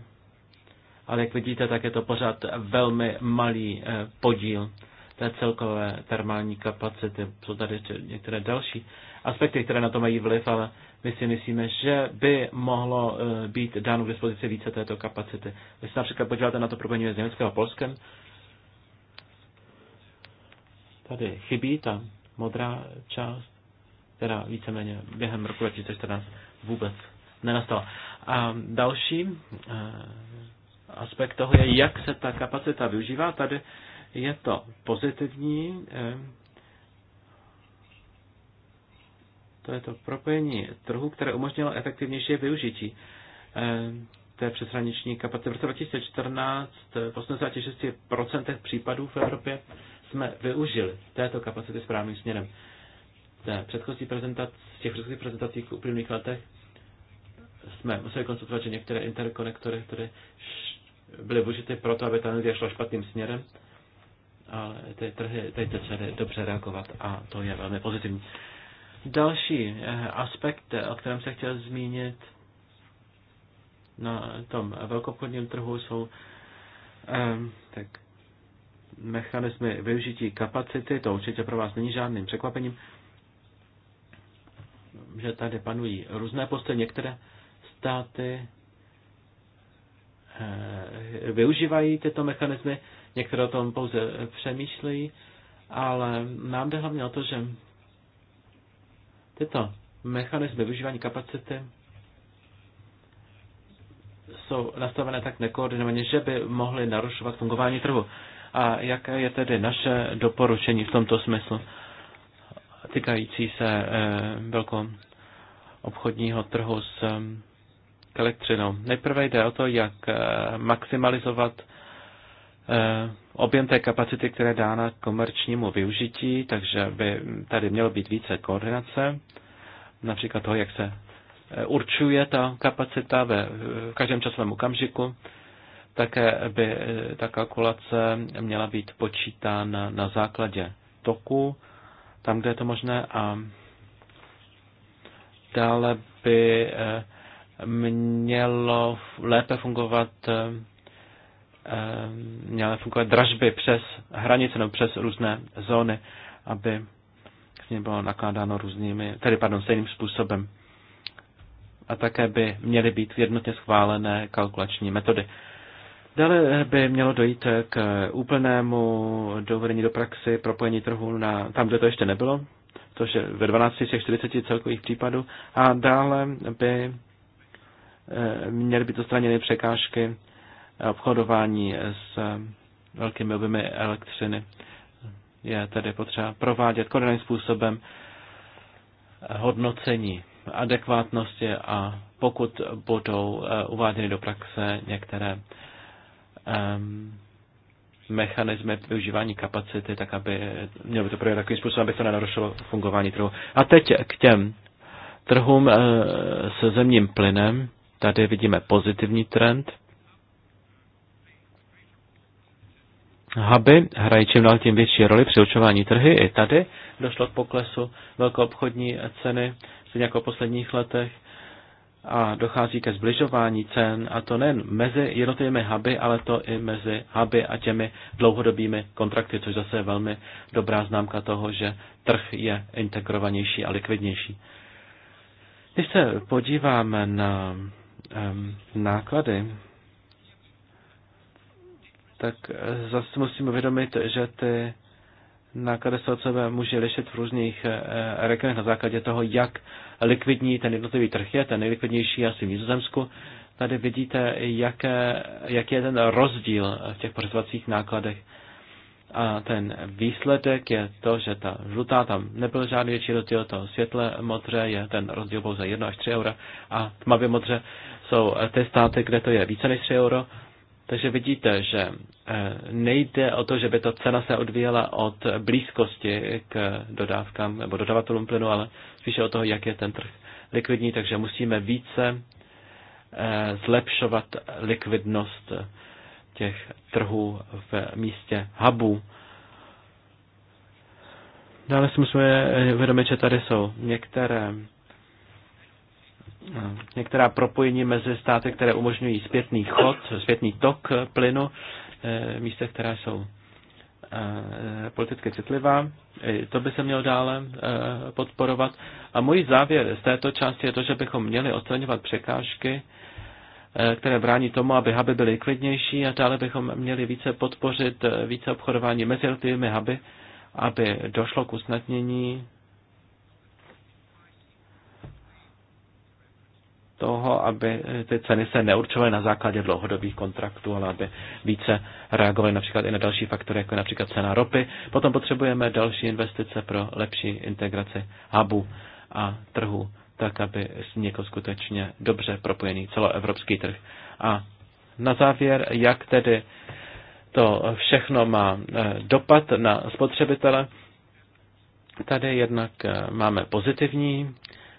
ale jak vidíte, tak je to pořád velmi malý eh, podíl té celkové termální kapacity. Jsou tady některé další aspekty, které na to mají vliv, ale my si myslíme, že by mohlo eh, být dáno k dispozici více této kapacity. Vy se například podíváte na to propojení s Německem a Polskem, tady chybí ta modrá část, která víceméně během roku 2014 vůbec nenastala. A další eh, aspekt toho je, jak se ta kapacita využívá. Tady je to pozitivní, eh, to je to propojení trhu, které umožnilo efektivnější využití eh, té přeshraniční kapacity. V roce 2014 eh, v 86% případů v Evropě jsme využili této kapacity správným směrem. Té předchozí prezentace, z těch předchozích prezentací v uplynulých letech jsme museli konstatovat, že některé interkonektory, které byly využity proto, aby ta energie šla špatným směrem, ale ty trhy teď začaly dobře reagovat a to je velmi pozitivní. Další eh, aspekt, o kterém se chtěl zmínit na tom velkoobchodním trhu, jsou eh, tak mechanismy využití kapacity, to určitě pro vás není žádným překvapením, že tady panují různé postoje. Některé státy Eh, využívají tyto mechanismy, některé o tom pouze přemýšlejí, ale nám jde hlavně o to, že tyto mechanismy využívání kapacity jsou nastavené tak nekoordinovaně, že by mohly narušovat fungování trhu. A jaké je tedy naše doporučení v tomto smyslu týkající se eh, velkou obchodního trhu s eh, elektřinu. Nejprve jde o to, jak eh, maximalizovat eh, objem té kapacity, která je dána komerčnímu využití, takže by tady mělo být více koordinace, například toho, jak se eh, určuje ta kapacita ve každém časovém okamžiku. Také by ta kalkulace měla být počítána na základě toku, tam, kde je to možné, a dále by mělo lépe fungovat eh, eh, měly fungovat dražby přes hranice nebo přes různé zóny, aby s ním bylo nakládáno různými, tedy pardon, stejným způsobem. A také by měly být jednotně schválené kalkulační metody. Dále by mělo dojít k úplnému dovedení do praxi propojení trhu na, tam, kde to ještě nebylo, což je ve 12 z 40 celkových případů. A dále by Eh, měly být odstraněny překážky obchodování s eh, velkými objemy elektřiny. Je tedy potřeba provádět koordinovaným způsobem eh, hodnocení adekvátnosti a pokud budou uváděny do praxe některé ehm, mechanismy využívání kapacity, tak aby mělo by to projít takovým způsobem, aby to nenarušilo fungování trhu. A teď k těm trhům se zemním plynem. Tady vidíme pozitivní trend. Huby hrají čím dál tím větší roli při učování trhy. I tady došlo k poklesu velkoobchodní ceny, stejně jako v posledních letech a dochází ke zbližování cen, a to nejen mezi jednotlivými huby, ale to i mezi huby a těmi dlouhodobými kontrakty, což zase je velmi dobrá známka toho, že trh je integrovanější a likvidnější. Když se podíváme na náklady, tak zase musíme uvědomit, že ty náklady se od sebe může lišit v různých eh, regionech na základě toho, jak likvidní ten jednotlivý trh je, ten nejlikvidnější asi v Nizozemsku. Tady vidíte, jaké, jaký je ten rozdíl v těch pořizovacích nákladech. A ten výsledek je to, že ta žlutá tam nebyl žádný větší rozdíl, to světle modře je ten rozdíl pouze 1 až 3 eura a tmavě modře jsou eh, ty státy, kde to je více než 3 euro. Takže vidíte, že eh, nejde o to, že by ta cena se odvíjela od blízkosti k dodávkám nebo dodavatelům plynu, ale spíše o toho, jak je ten trh likvidní, takže musíme více eh, zlepšovat likvidnost těch trhů v místě Habu. Dále si musíme uvědomit, že tady jsou některé některá propojení mezi státy, které umožňují zpětný chod, zpětný tok plynu, eh, místa, která jsou eh, politicky citlivá. To by se mělo dále eh, podporovat. A můj závěr z této části je to, že bychom měli odstraňovat překážky Eh, které brání tomu, aby huby byly klidnější a dále bychom měli více podpořit eh, více obchodování mezi jednotlivými huby, aby došlo k usnadnění toho, aby eh, ty ceny se neurčovaly na základě dlouhodobých kontraktů, ale aby více reagovaly například i na další faktory, jako je například cena ropy. Potom potřebujeme další investice pro lepší integraci hubu a trhu tak aby vznikl jako skutečně dobře propojený celoevropský trh. A na závěr, jak tedy to všechno má eh, dopad na spotřebitele. Tady jednak eh, máme pozitivní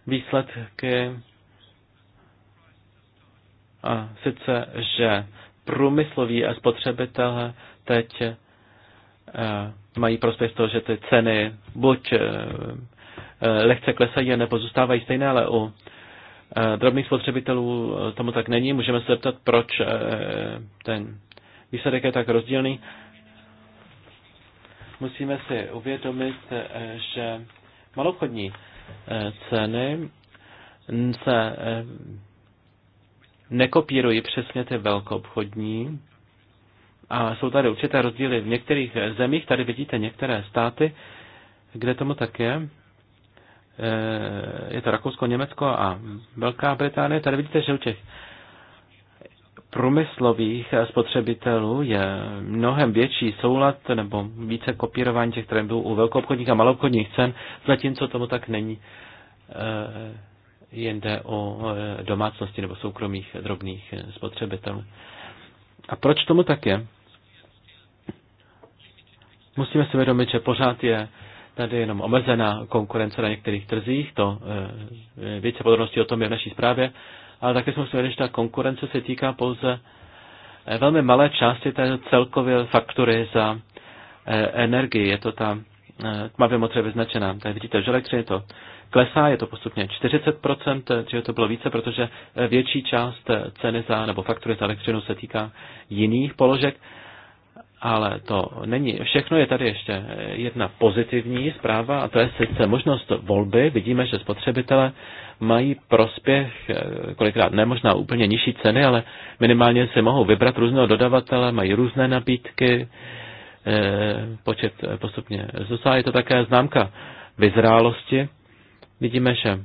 výsledky, a sice, že průmysloví a spotřebitelé teď eh, mají prospěch z toho, že ty ceny buď Eh, lehce klesají a nebo zůstávají stejné, ale u eh, drobných spotřebitelů eh, tomu tak není. Můžeme se zeptat, proč ten výsledek je tak rozdílný. Musíme si uvědomit, že malobchodní ceny se nekopírují přesně ty velkoobchodní a jsou tady určité rozdíly v některých zemích. Tady vidíte některé státy, kde tomu tak je. Eh, je to Rakousko, Německo a Velká Británie. Tady vidíte, že u těch průmyslových spotřebitelů je mnohem větší soulad nebo více kopírování těch trendů u velkoobchodních a maloobchodních cen, zatímco tomu tak není eh, Jde o eh, domácnosti nebo soukromých drobných spotřebitelů. A proč tomu tak je? Musíme si vědomit, že pořád je tady jenom omezená konkurence na některých trzích, to eh, více podrobností o tom je v naší zprávě, ale také jsme si že ta konkurence se týká pouze eh, velmi malé části té celkové faktury za eh, energii. Je to ta tmavě modře vyznačená. Tak vidíte, že elektřiny to klesá, je to postupně 40%, dříve to bylo více, protože větší část ceny za, nebo faktury za elektřinu se týká jiných položek. Ale to není všechno, je tady ještě jedna pozitivní zpráva, a to je sice možnost volby. Vidíme, že spotřebitele mají prospěch, eh, kolikrát ne možná úplně nižší ceny, ale minimálně si mohou vybrat různého dodavatele, mají různé nabídky, eh, počet postupně zůstává. Je to také známka vyzrálosti. Vidíme, že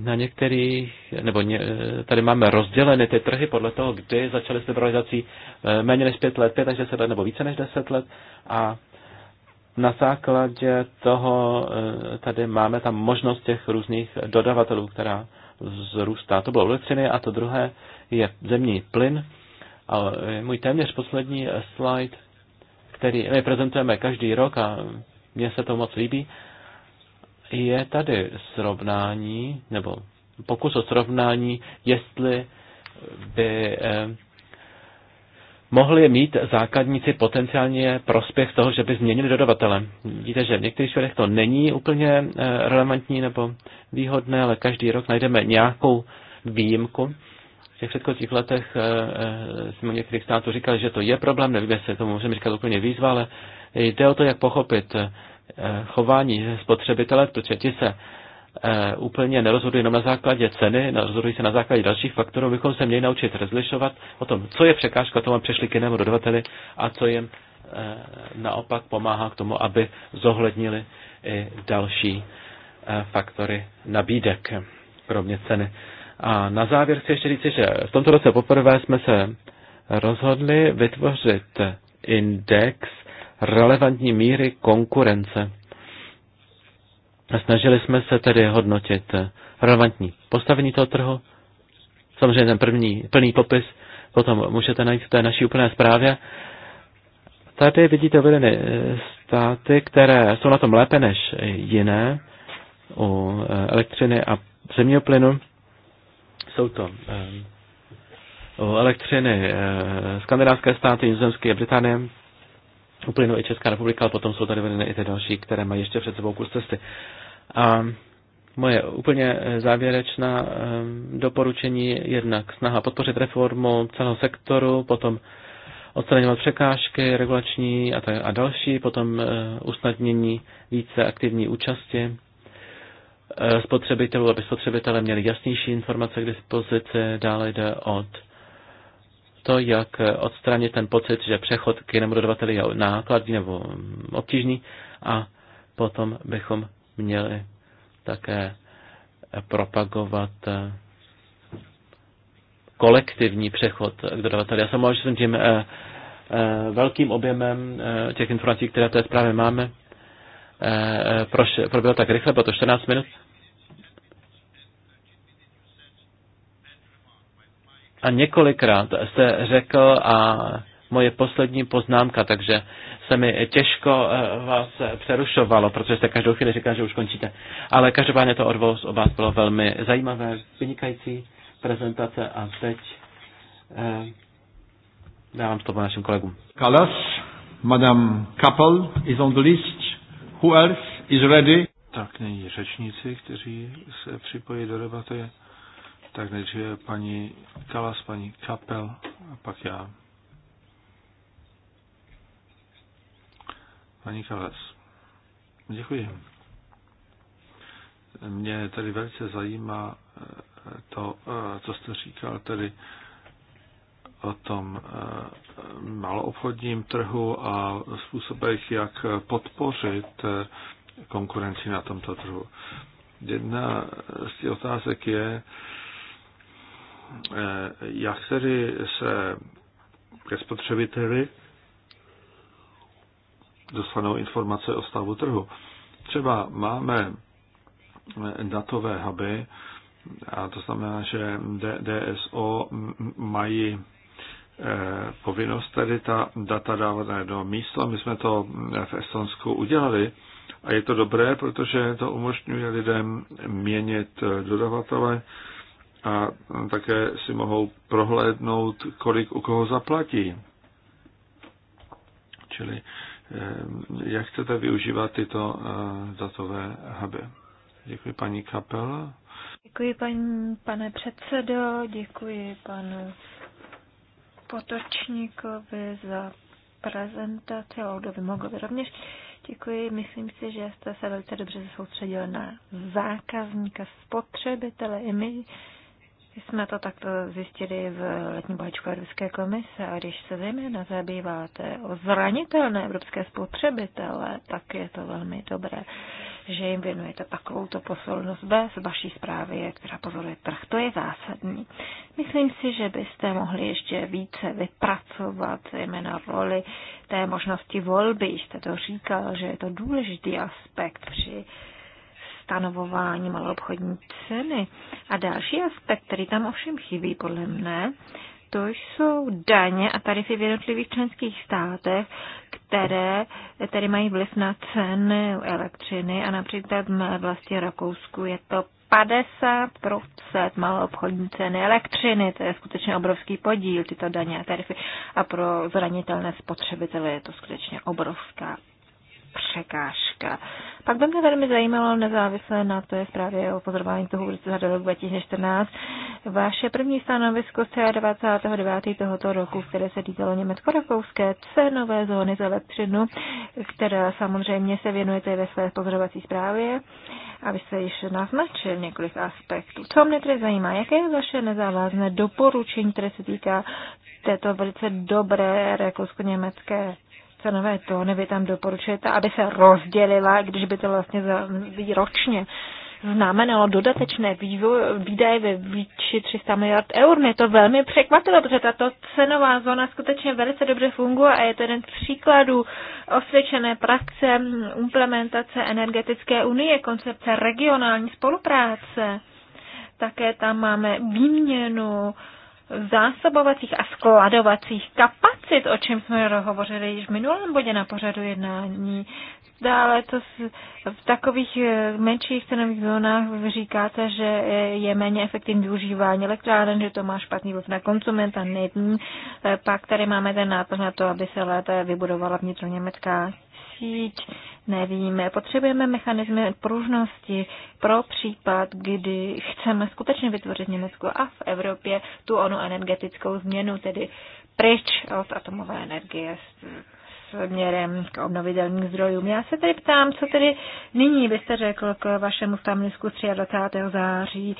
na některých, nebo ně, tady máme rozděleny ty trhy podle toho, kdy začaly s liberalizací eh, méně než pět let, pět až deset let nebo více než deset let a na základě toho eh, tady máme tam možnost těch různých dodavatelů, která zrůstá. To bylo elektřiny a to druhé je zemní plyn. A eh, můj téměř poslední slide, který my prezentujeme každý rok a mně se to moc líbí, je tady srovnání, nebo pokus o srovnání, jestli by eh, mohli mít základníci potenciálně prospěch z toho, že by změnili dodavatele. Víte, že v některých světech to není úplně eh, relevantní nebo výhodné, ale každý rok najdeme nějakou výjimku. V těch předchozích letech eh, jsme některých států říkali, že to je problém, nevím, jestli tomu můžeme říkat úplně výzva, ale jde o to, jak pochopit Eh, chování spotřebitele, protože ti se eh, úplně nerozhodují jenom na základě ceny, rozhodují se na základě dalších faktorů, bychom se měli naučit rozlišovat o tom, co je překážka tomu, aby přešli k jinému dodavateli a co jim eh, naopak pomáhá k tomu, aby zohlednili i další faktory nabídek, kromě ceny. A na závěr chci ještě říct, že v tomto roce poprvé jsme se rozhodli vytvořit index relevantní míry konkurence. Snažili jsme se tedy hodnotit eh, relevantní postavení toho trhu, samozřejmě ten první, plný popis, potom můžete najít v té naší úplné zprávě. Tady vidíte uvedeny eh, státy, které jsou na tom lépe než jiné u eh, elektřiny a zemního plynu. Jsou to u elektřiny skandinávské státy, Nizozemské a Británie, uplynu i Česká republika, ale potom jsou tady vedeny i ty další, které mají ještě před sebou kus cesty. A moje úplně eh, závěrečná eh, doporučení jednak snaha podpořit reformu celého sektoru, potom odstraňovat překážky regulační a, tak, a další, potom eh, usnadnění více aktivní účasti spotřebitelů, aby spotřebitelé měli jasnější informace k dispozici, dále jde od to, jak odstranit ten pocit, že přechod k jinému dodavateli je nákladný nebo obtížný a potom bychom měli také propagovat eh, kolektivní přechod k dodavateli. Já jsem že jsem tím eh, eh, velkým objemem těch informací, které v té zprávě máme, proběhlo tak rychle, bylo to 14 minut, a několikrát jste řekl a moje poslední poznámka, takže se mi těžko eh, vás přerušovalo, protože jste každou chvíli říkal, že už končíte. Ale každopádně to od vás, od vás bylo velmi zajímavé, vynikající prezentace a teď eh, dávám slovo našim kolegům. Kalas, Madame Kappel is on the list. Who else is ready? Tak nyní řečníci, kteří se připojí do debaty. Tak nejdříve paní Kalas, paní Kapel a pak já. Paní Kalas, děkuji. Mě tady velice zajímá eh, to, eh, co jste říkal, tedy o tom eh, maloobchodním trhu a způsobech, jak podpořit konkurenci na tomto trhu. Jedna z těch otázek je, Eh, jachteři se ke spotřebiteli dostanou informace o stavu trhu. Třeba máme eh, datové huby, a to znamená, že DSO mají eh, povinnost tedy ta data dávat na jedno místo. My jsme to v Estonsku udělali a je to dobré, protože to umožňuje lidem měnit dodavatele a také si mohou prohlédnout, kolik u koho zaplatí. Čili eh, jak chcete využívat tyto eh, datové huby. Děkuji paní Kapel. Děkuji paní, pane předsedo, děkuji panu Potočníkovi za prezentaci a Odovi Mogovi rovněž. Děkuji, myslím si, že jste se velice dobře soustředil na zákazníka, spotřebitele. I my jsme to takto zjistili v letní bohačku Evropské komise a když se zejména zabýváte o zranitelné evropské spotřebitele, tak je to velmi dobré, že jim věnujete to posolnost bez vaší zprávy, která pozoruje trh. To je zásadní. Myslím si, že byste mohli ještě více vypracovat zejména roli té možnosti volby. Jste to říkal, že je to důležitý aspekt při uh, stanovování maloobchodní ceny. A další aspekt, který tam ovšem chybí podle mne, to jsou daně a tarify v jednotlivých členských státech, které tedy mají vliv na ceny elektřiny a například v vlastně Rakousku je to 50% maloobchodní ceny elektřiny, to je skutečně obrovský podíl, tyto daně a tarify. A pro zranitelné spotřebitele je to skutečně obrovská překážka. Pak by mě velmi zajímalo, nezávisle na té zprávě o pozorování toho za rok 2014, vaše první stanovisko z 29. tohoto roku, které se týkalo německo-rakouské cenové zóny za elektřinu, která samozřejmě se věnujete ve své pozorovací zprávě, aby se již naznačil několik aspektů. Co mě tedy zajímá, jaké je vaše nezávazné doporučení, které se týká této velice dobré rakousko-německé cenové tóny, vy tam doporučujete, aby se rozdělila, když by to vlastně za, ročně znamenalo dodatečné výdaje ve výči 300 miliard eur. Mě to velmi překvapilo, protože tato cenová zóna skutečně velice dobře funguje a je to jeden z příkladů osvědčené praxe implementace energetické unie, koncepce regionální spolupráce. Také tam máme výměnu zásobovacích a skladovacích kapacit, o čem jsme hovořili již v minulém bodě na pořadu jednání. Dále to v takových eh, menších cenových zónách říkáte, že eh, je méně efektivní využívání elektráren, že to má špatný vliv na konsumenta, nevím. Eh, pak tady máme ten nápad na to, aby se lépe vybudovala vnitroněmecká síť, nevíme. Potřebujeme mechanizmy pružnosti pro případ, kdy chceme skutečně vytvořit Německo a v Evropě tu onu energetickou změnu, tedy pryč od atomové energie směrem k obnovitelným zdrojům. Já se tedy ptám, co tedy nyní byste řekl k vašemu stanovisku 23. září,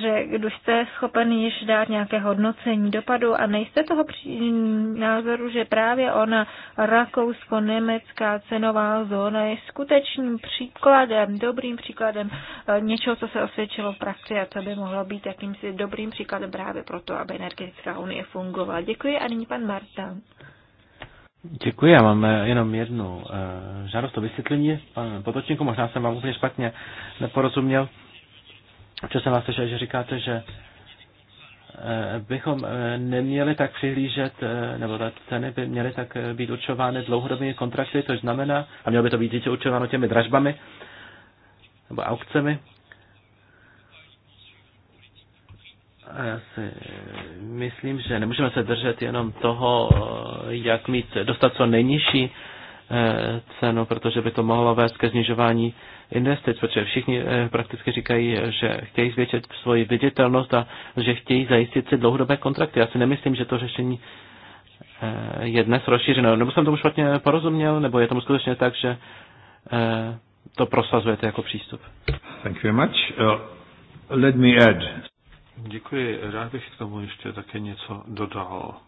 že když jste schopen již dát nějaké hodnocení dopadu a nejste toho při... názoru, že právě ona rakousko-německá cenová zóna je skutečným příkladem, dobrým příkladem eh, něčeho, co se osvědčilo v praxi a co by mohlo být jakýmsi dobrým příkladem právě proto, aby energetická unie fungovala. Děkuji a nyní pan Marta. Děkuji, já mám eh, jenom jednu uh, žádost o vysvětlení. Pan Potočníku, možná jsem vám úplně špatně neporozuměl. Co jsem vás slyšel, že říkáte, že eh, bychom neměli tak přihlížet, nebo ta ceny by měly tak být určovány dlouhodobými kontrakty, což znamená, a mělo by to být určováno těmi dražbami nebo aukcemi, A já si myslím, že nemůžeme se držet jenom toho, jak mít, dostat co nejnižší eh, cenu, protože by to mohlo vést ke snižování investic, protože všichni eh, prakticky říkají, že chtějí zvětšit svoji viditelnost a že chtějí zajistit si dlouhodobé kontrakty. Já si nemyslím, že to řešení eh, je dnes rozšířeno. Nebo jsem tomu špatně porozuměl, nebo je tomu skutečně tak, že to prosazujete jako přístup. Thank you very much. Uh, let me add. Děkuji. Rád bych k tomu ještě také něco dodal.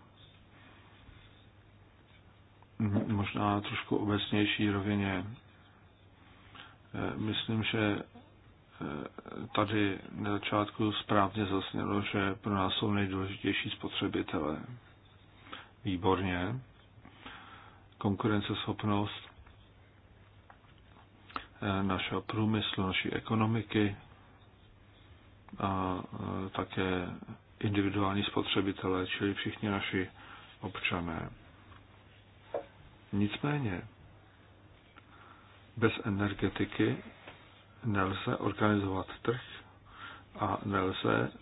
Možná trošku obecnější rovině. Eh, myslím, že eh, tady na začátku správně zasnělo, že pro nás jsou nejdůležitější spotřebitelé. Výborně. Konkurenceschopnost eh, našeho průmyslu, naší ekonomiky, a také individuální spotřebitelé, čili všichni naši občané. Nicméně, bez energetiky nelze organizovat trh a nelze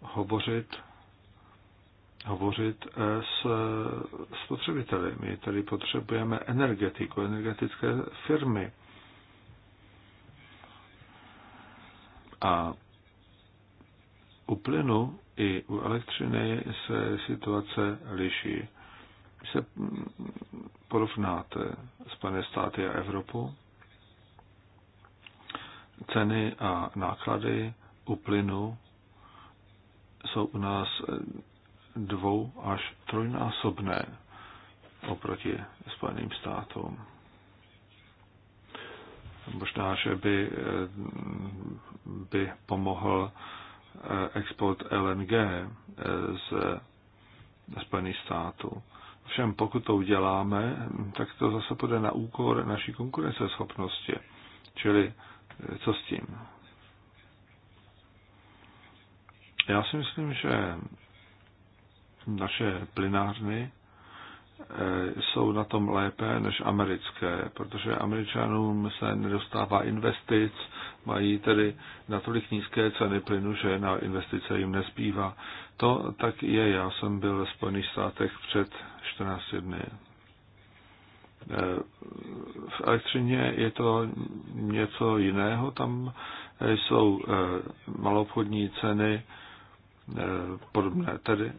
hovořit, hovořit eh, s eh, spotřebiteli. My tedy potřebujeme energetiku, energetické firmy. A u plynu i u elektřiny se situace liší. Když se porovnáte Spojené státy a Evropu, ceny a náklady u plynu jsou u nás dvou až trojnásobné oproti Spojeným státům. Možná, že by, by pomohl Eh, export LNG eh, z Spojených států. Všem pokud to uděláme, tak to zase půjde na úkor naší konkurenceschopnosti. Čili eh, co s tím? Já si myslím, že naše plynárny Eh, jsou na tom lépe než americké, protože američanům se nedostává investic, mají tedy natolik nízké ceny plynu, že na investice jim nespívá. To tak je, já jsem byl ve Spojených státech před 14 dny. Eh, v elektřině je to něco jiného, tam jsou eh, malobchodní ceny podobné. Tedy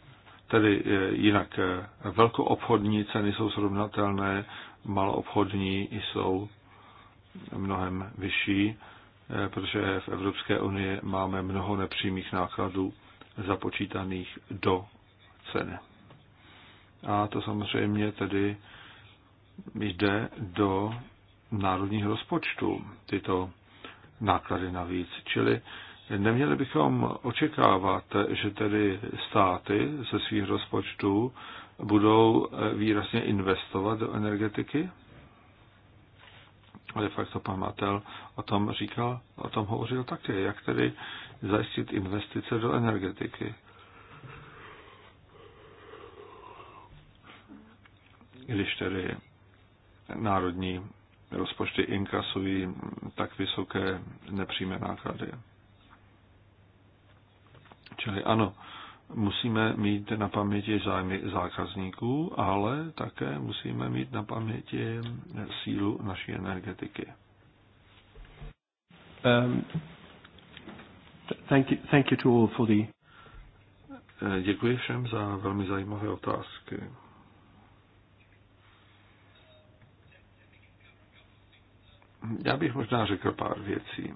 Tedy eh, jinak eh, velkoobchodní ceny jsou srovnatelné, maloobchodní jsou mnohem vyšší, eh, protože v Evropské unii máme mnoho nepřímých nákladů započítaných do ceny. A to samozřejmě tedy jde do národních rozpočtů, tyto náklady navíc. Čili Neměli bychom očekávat, že tedy státy ze svých rozpočtů budou eh, výrazně investovat do energetiky? De facto pan Matel o tom říkal, o tom hovořil také, jak tedy zajistit investice do energetiky. Když tedy národní rozpočty inkasují tak vysoké nepřímé náklady. Čili ano, musíme mít na paměti zájmy zákazníků, ale také musíme mít na paměti sílu naší energetiky. Um, thank you, thank you to all for the... Eh, děkuji všem za velmi zajímavé otázky. Já bych možná řekl pár věcí.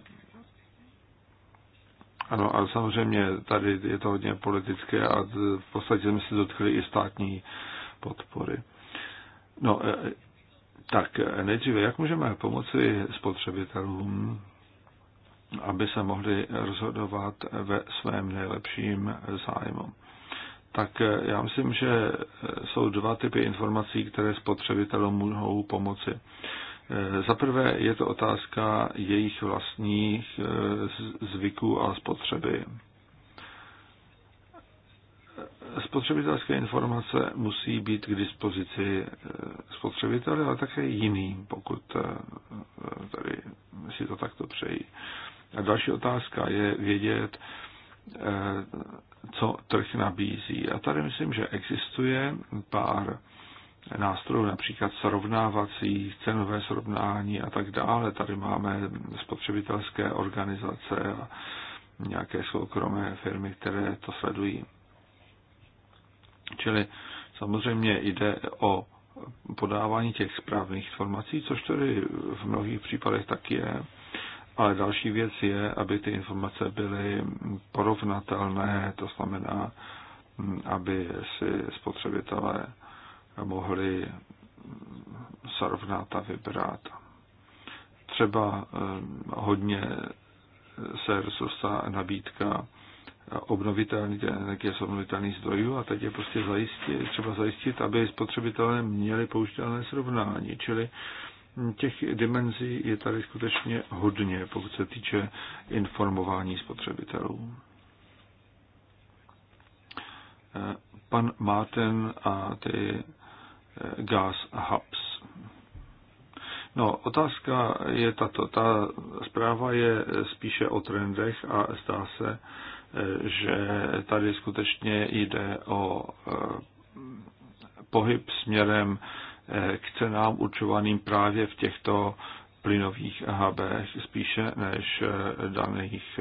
Ano, a samozřejmě tady je to hodně politické a v podstatě jsme se dotkli i státní podpory. No, e, e, tak e, nejdříve, jak můžeme pomoci spotřebitelům, aby se mohli rozhodovat ve svém nejlepším zájmu? Tak já myslím, že jsou dva typy informací, které spotřebitelům mohou pomoci. Eh, za prvé je to otázka jejich vlastních eh, zvyků a spotřeby. Eh, spotřebitelské informace musí být k dispozici spotřebiteli, ale také jiným, pokud tady si to takto přejí. A další otázka je vědět, co trh nabízí. A tady myslím, že existuje pár nástrojů, například srovnávací cenové srovnání a tak dále. Tady máme spotřebitelské organizace a nějaké soukromé firmy, které to sledují. Čili samozřejmě jde o podávání těch správných informací, což tedy v mnohých případech tak je. Ale další věc je, aby ty informace byly porovnatelné, to znamená, aby si spotřebitelé mohli srovnat a vybrat. Třeba eh, hodně se rozrostá nabídka obnovitelných energie z obnovitelných zdrojů a teď je prostě zajistit, třeba zajistit, aby spotřebitelé měli použitelné srovnání, čili těch dimenzí je tady skutečně hodně, pokud se týče informování spotřebitelů. Eh, pan Máten a ty Gas Hubs. No, otázka je tato. Ta zpráva je spíše o trendech a zdá se, že tady skutečně jde o eh, pohyb směrem eh, k cenám určovaným právě v těchto plynových HB spíše než eh, daných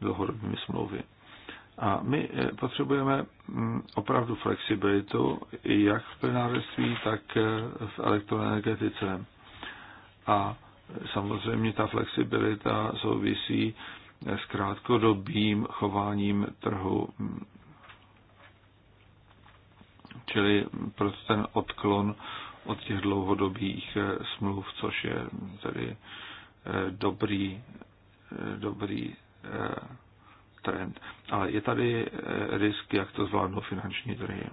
dlouhodobými smlouvy. A my eh, potřebujeme mm, opravdu flexibilitu, jak v plynářství, tak eh, v elektroenergetice. A eh, samozřejmě ta flexibilita souvisí s krátkodobým chováním trhu. Čili proto ten odklon od těch dlouhodobých smluv, což je tedy dobrý, dobrý trend. Ale je tady eh, risk, jak to zvládnou finanční trhy.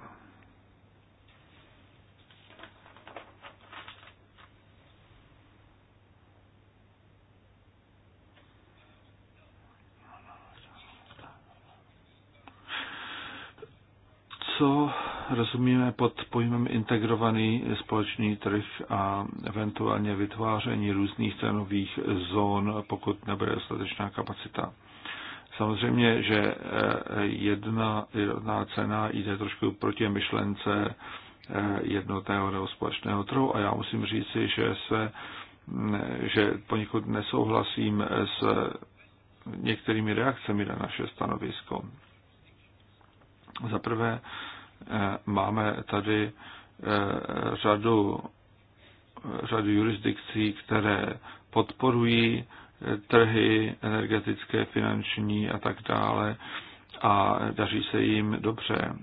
Co rozumíme pod pojmem integrovaný společný trh a eventuálně vytváření různých cenových zón, pokud nebude dostatečná kapacita. Samozřejmě, že eh, jedna, jedna cena jde trošku proti myšlence eh, jednotného nebo společného trhu a já musím říci, že se mm, že poněkud nesouhlasím s některými reakcemi na naše stanovisko. Za prvé eh, máme tady řadu, řadu jurisdikcí, které podporují trhy energetické, finanční a tak dále a daří se jim dobře.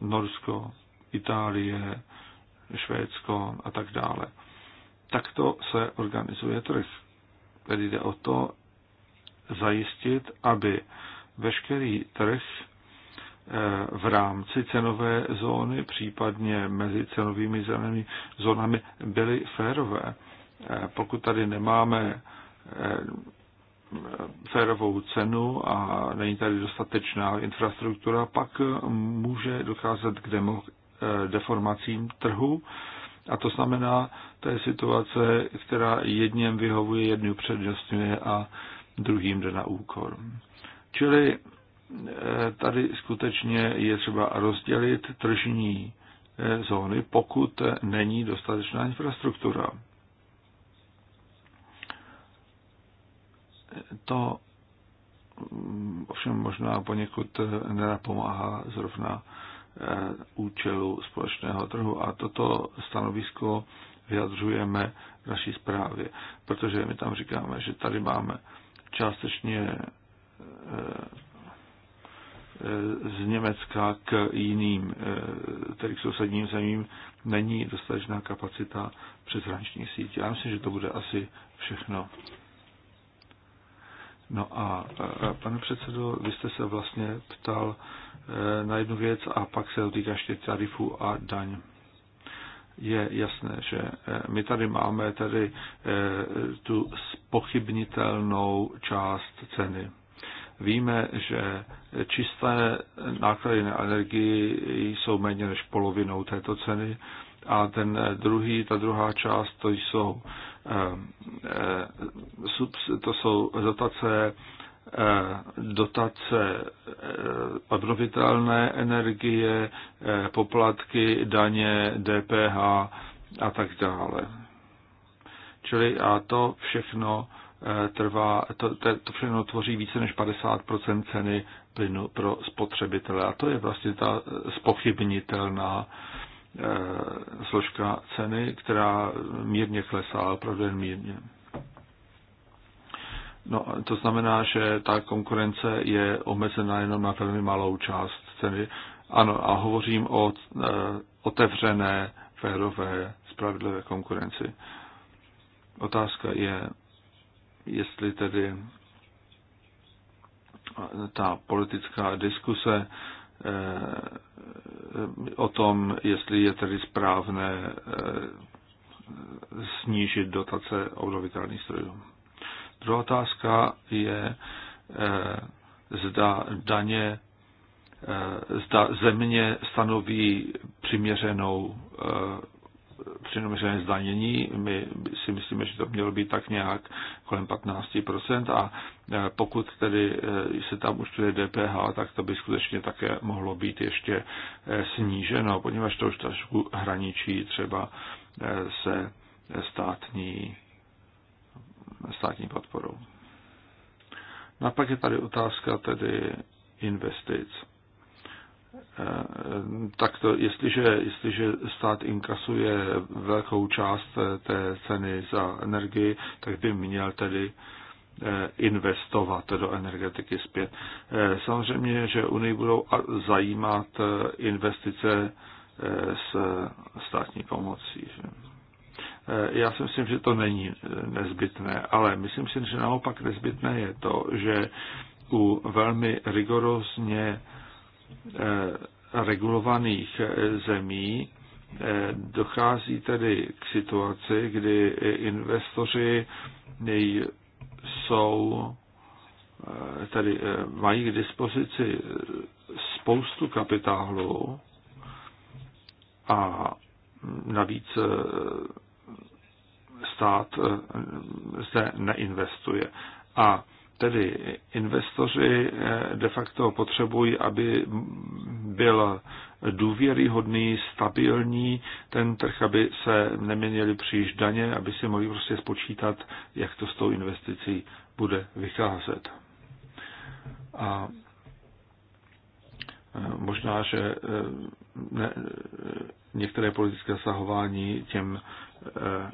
Norsko, Itálie, Švédsko a tak dále. Takto se organizuje trh. Tedy jde o to zajistit, aby veškerý trh eh, v rámci cenové zóny, případně mezi cenovými zónami, byly férové. Eh, pokud tady nemáme Eh, férovou cenu a není tady dostatečná infrastruktura, pak může docházet k demo, eh, deformacím trhu. A to znamená, to je situace, která jedním vyhovuje, jednu přednostňuje a druhým jde na úkor. Čili eh, tady skutečně je třeba rozdělit tržní zóny, pokud není dostatečná infrastruktura. To mm, ovšem možná poněkud eh, nenapomáhá zrovna eh, účelu společného trhu a toto stanovisko vyjadřujeme v naší zprávě, protože my tam říkáme, že tady máme částečně eh, z Německa k jiným, tedy k sousedním zemím, není dostatečná kapacita přeshraniční sítě. Já myslím, že to bude asi všechno. No a pane předsedo, vy jste se vlastně ptal e, na jednu věc a pak se dotýká ještě tarifu a daň. Je jasné, že e, my tady máme tady e, tu spochybnitelnou část ceny. Víme, že čisté náklady na energii jsou méně než polovinou této ceny a ten druhý, ta druhá část, to jsou Eh, eh, to jsou dotace, eh, dotace obnovitelné energie, poplatky, daně, DPH a tak dále. Čili a to všechno trvá, to, to všechno tvoří více než 50% ceny plynu pro spotřebitele. A to je vlastně ta spochybnitelná Eh, složka ceny, která mírně klesá, opravdu jen mírně. No, to znamená, že ta konkurence je omezena jenom na velmi malou část ceny. Ano, a hovořím o eh, otevřené, férové, spravedlivé konkurenci. Otázka je, jestli tedy ta politická diskuse o tom, jestli je tedy správné eh, snížit dotace obnovitelných strojů. Druhá otázka je, eh, zda daně, eh, zda země stanoví přiměřenou přiměřené zdanění. My si myslíme, že to mělo být tak nějak kolem 15% a e, pokud tedy e, se tam účtuje DPH, tak to by skutečně také mohlo být ještě e, sníženo, poněvadž to už trošku hraničí třeba se státní, státní podporou. No a pak je tady otázka tedy investic tak to, jestliže, jestliže stát inkasuje velkou část té ceny za energii, tak by měl tedy eh, investovat do energetiky zpět. Eh, samozřejmě, že Unii budou zajímat eh, investice s státní pomocí. Já si myslím, že to není nezbytné, ale myslím si, že naopak nezbytné je to, že u velmi rigorózně Eh, regulovaných eh, zemí eh, dochází tedy k situaci, kdy investoři jsou tedy mají k dispozici spoustu kapitálu a navíc stát zde neinvestuje. A Tedy investoři eh, de facto potřebují, aby byl důvěryhodný, stabilní ten trh, aby se neměnili příliš daně, aby si mohli prostě spočítat, jak to s tou investicí bude vycházet. A eh, možná, že eh, ne, některé politické zahování těm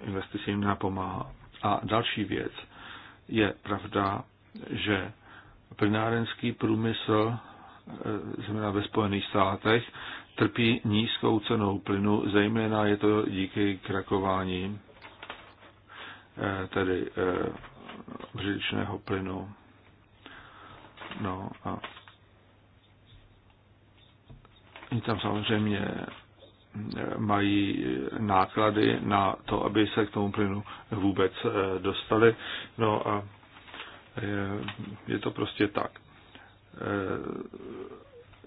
investicím napomáhá. A další věc je pravda, že plynárenský průmysl, eh, zejména ve Spojených státech, trpí nízkou cenou plynu, zejména je to díky krakování eh, tedy eh, břidličného plynu. No a oni tam samozřejmě mají náklady na to, aby se k tomu plynu vůbec dostali. No a je to prostě tak. Eh,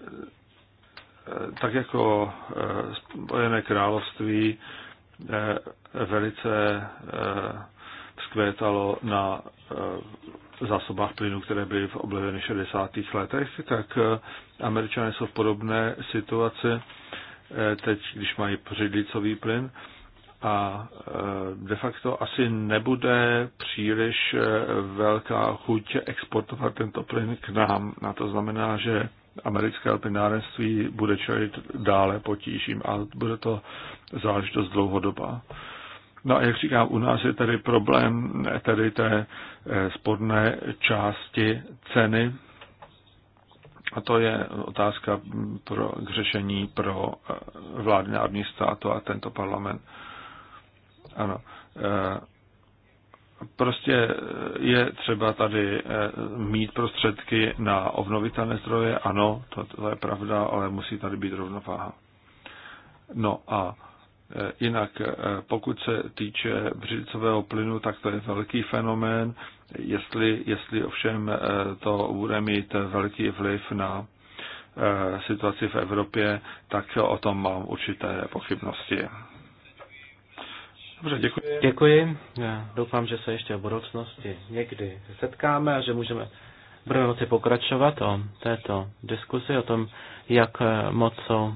eh, tak jako eh, Spojené království velice vzkvétalo na zásobách plynu, které byly v oblivě 60. letech, tak američané jsou v podobné situaci teď, když mají břidlicový plyn a e, de facto asi nebude příliš e, velká chuť exportovat tento plyn k nám. A to znamená, že americké plynárenství bude čelit dále potížím a bude to záležitost dlouhodobá. No a jak říkám, u nás je tady problém tady té e, sporné části ceny a to je otázka pro, k řešení pro vládní administrátu a tento parlament. Ano. Eh, prostě eh, je třeba tady eh, mít prostředky na obnovitelné zdroje, ano, to, to je pravda, ale musí tady být rovnováha. No a Jinak, pokud se týče břidicového plynu, tak to je velký fenomén. Jestli, jestli ovšem to bude mít velký vliv na situaci v Evropě, tak o tom mám určité pochybnosti. Dobře, děkuji. Děkuji. Já doufám, že se ještě v budoucnosti někdy setkáme a že můžeme budeme moci pokračovat o této diskusi, o tom, jak eh, moc jsou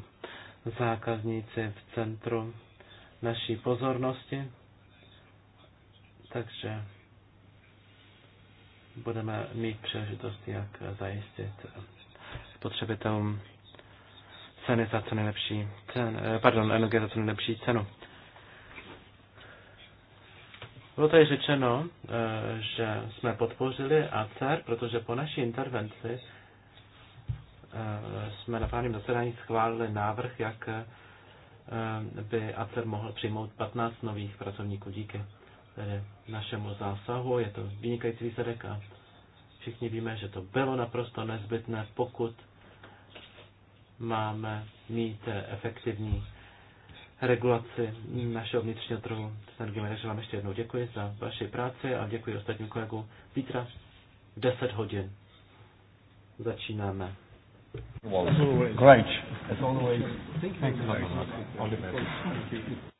zákazníci v centru naší pozornosti. Takže budeme mít příležitost, jak zajistit spotřebitelům ceny za co nejlepší, cenu, eh, pardon, energie za co nejlepší cenu. Bylo tady řečeno, eh, že jsme podpořili ACER, protože po naší intervenci eh, jsme na pánem zasedání schválili návrh, jak eh, by ACER mohl přijmout 15 nových pracovníků díky tedy našemu zásahu. Je to vynikající výsledek a všichni víme, že to bylo naprosto nezbytné, pokud máme mít efektivní regulaci našeho vnitřního trhu s energiemi. Takže vám ještě jednou děkuji za vaši práci a děkuji ostatním kolegům. Zítra v 10 hodin začínáme. Great. As always, thank you. Thank you. Thank you.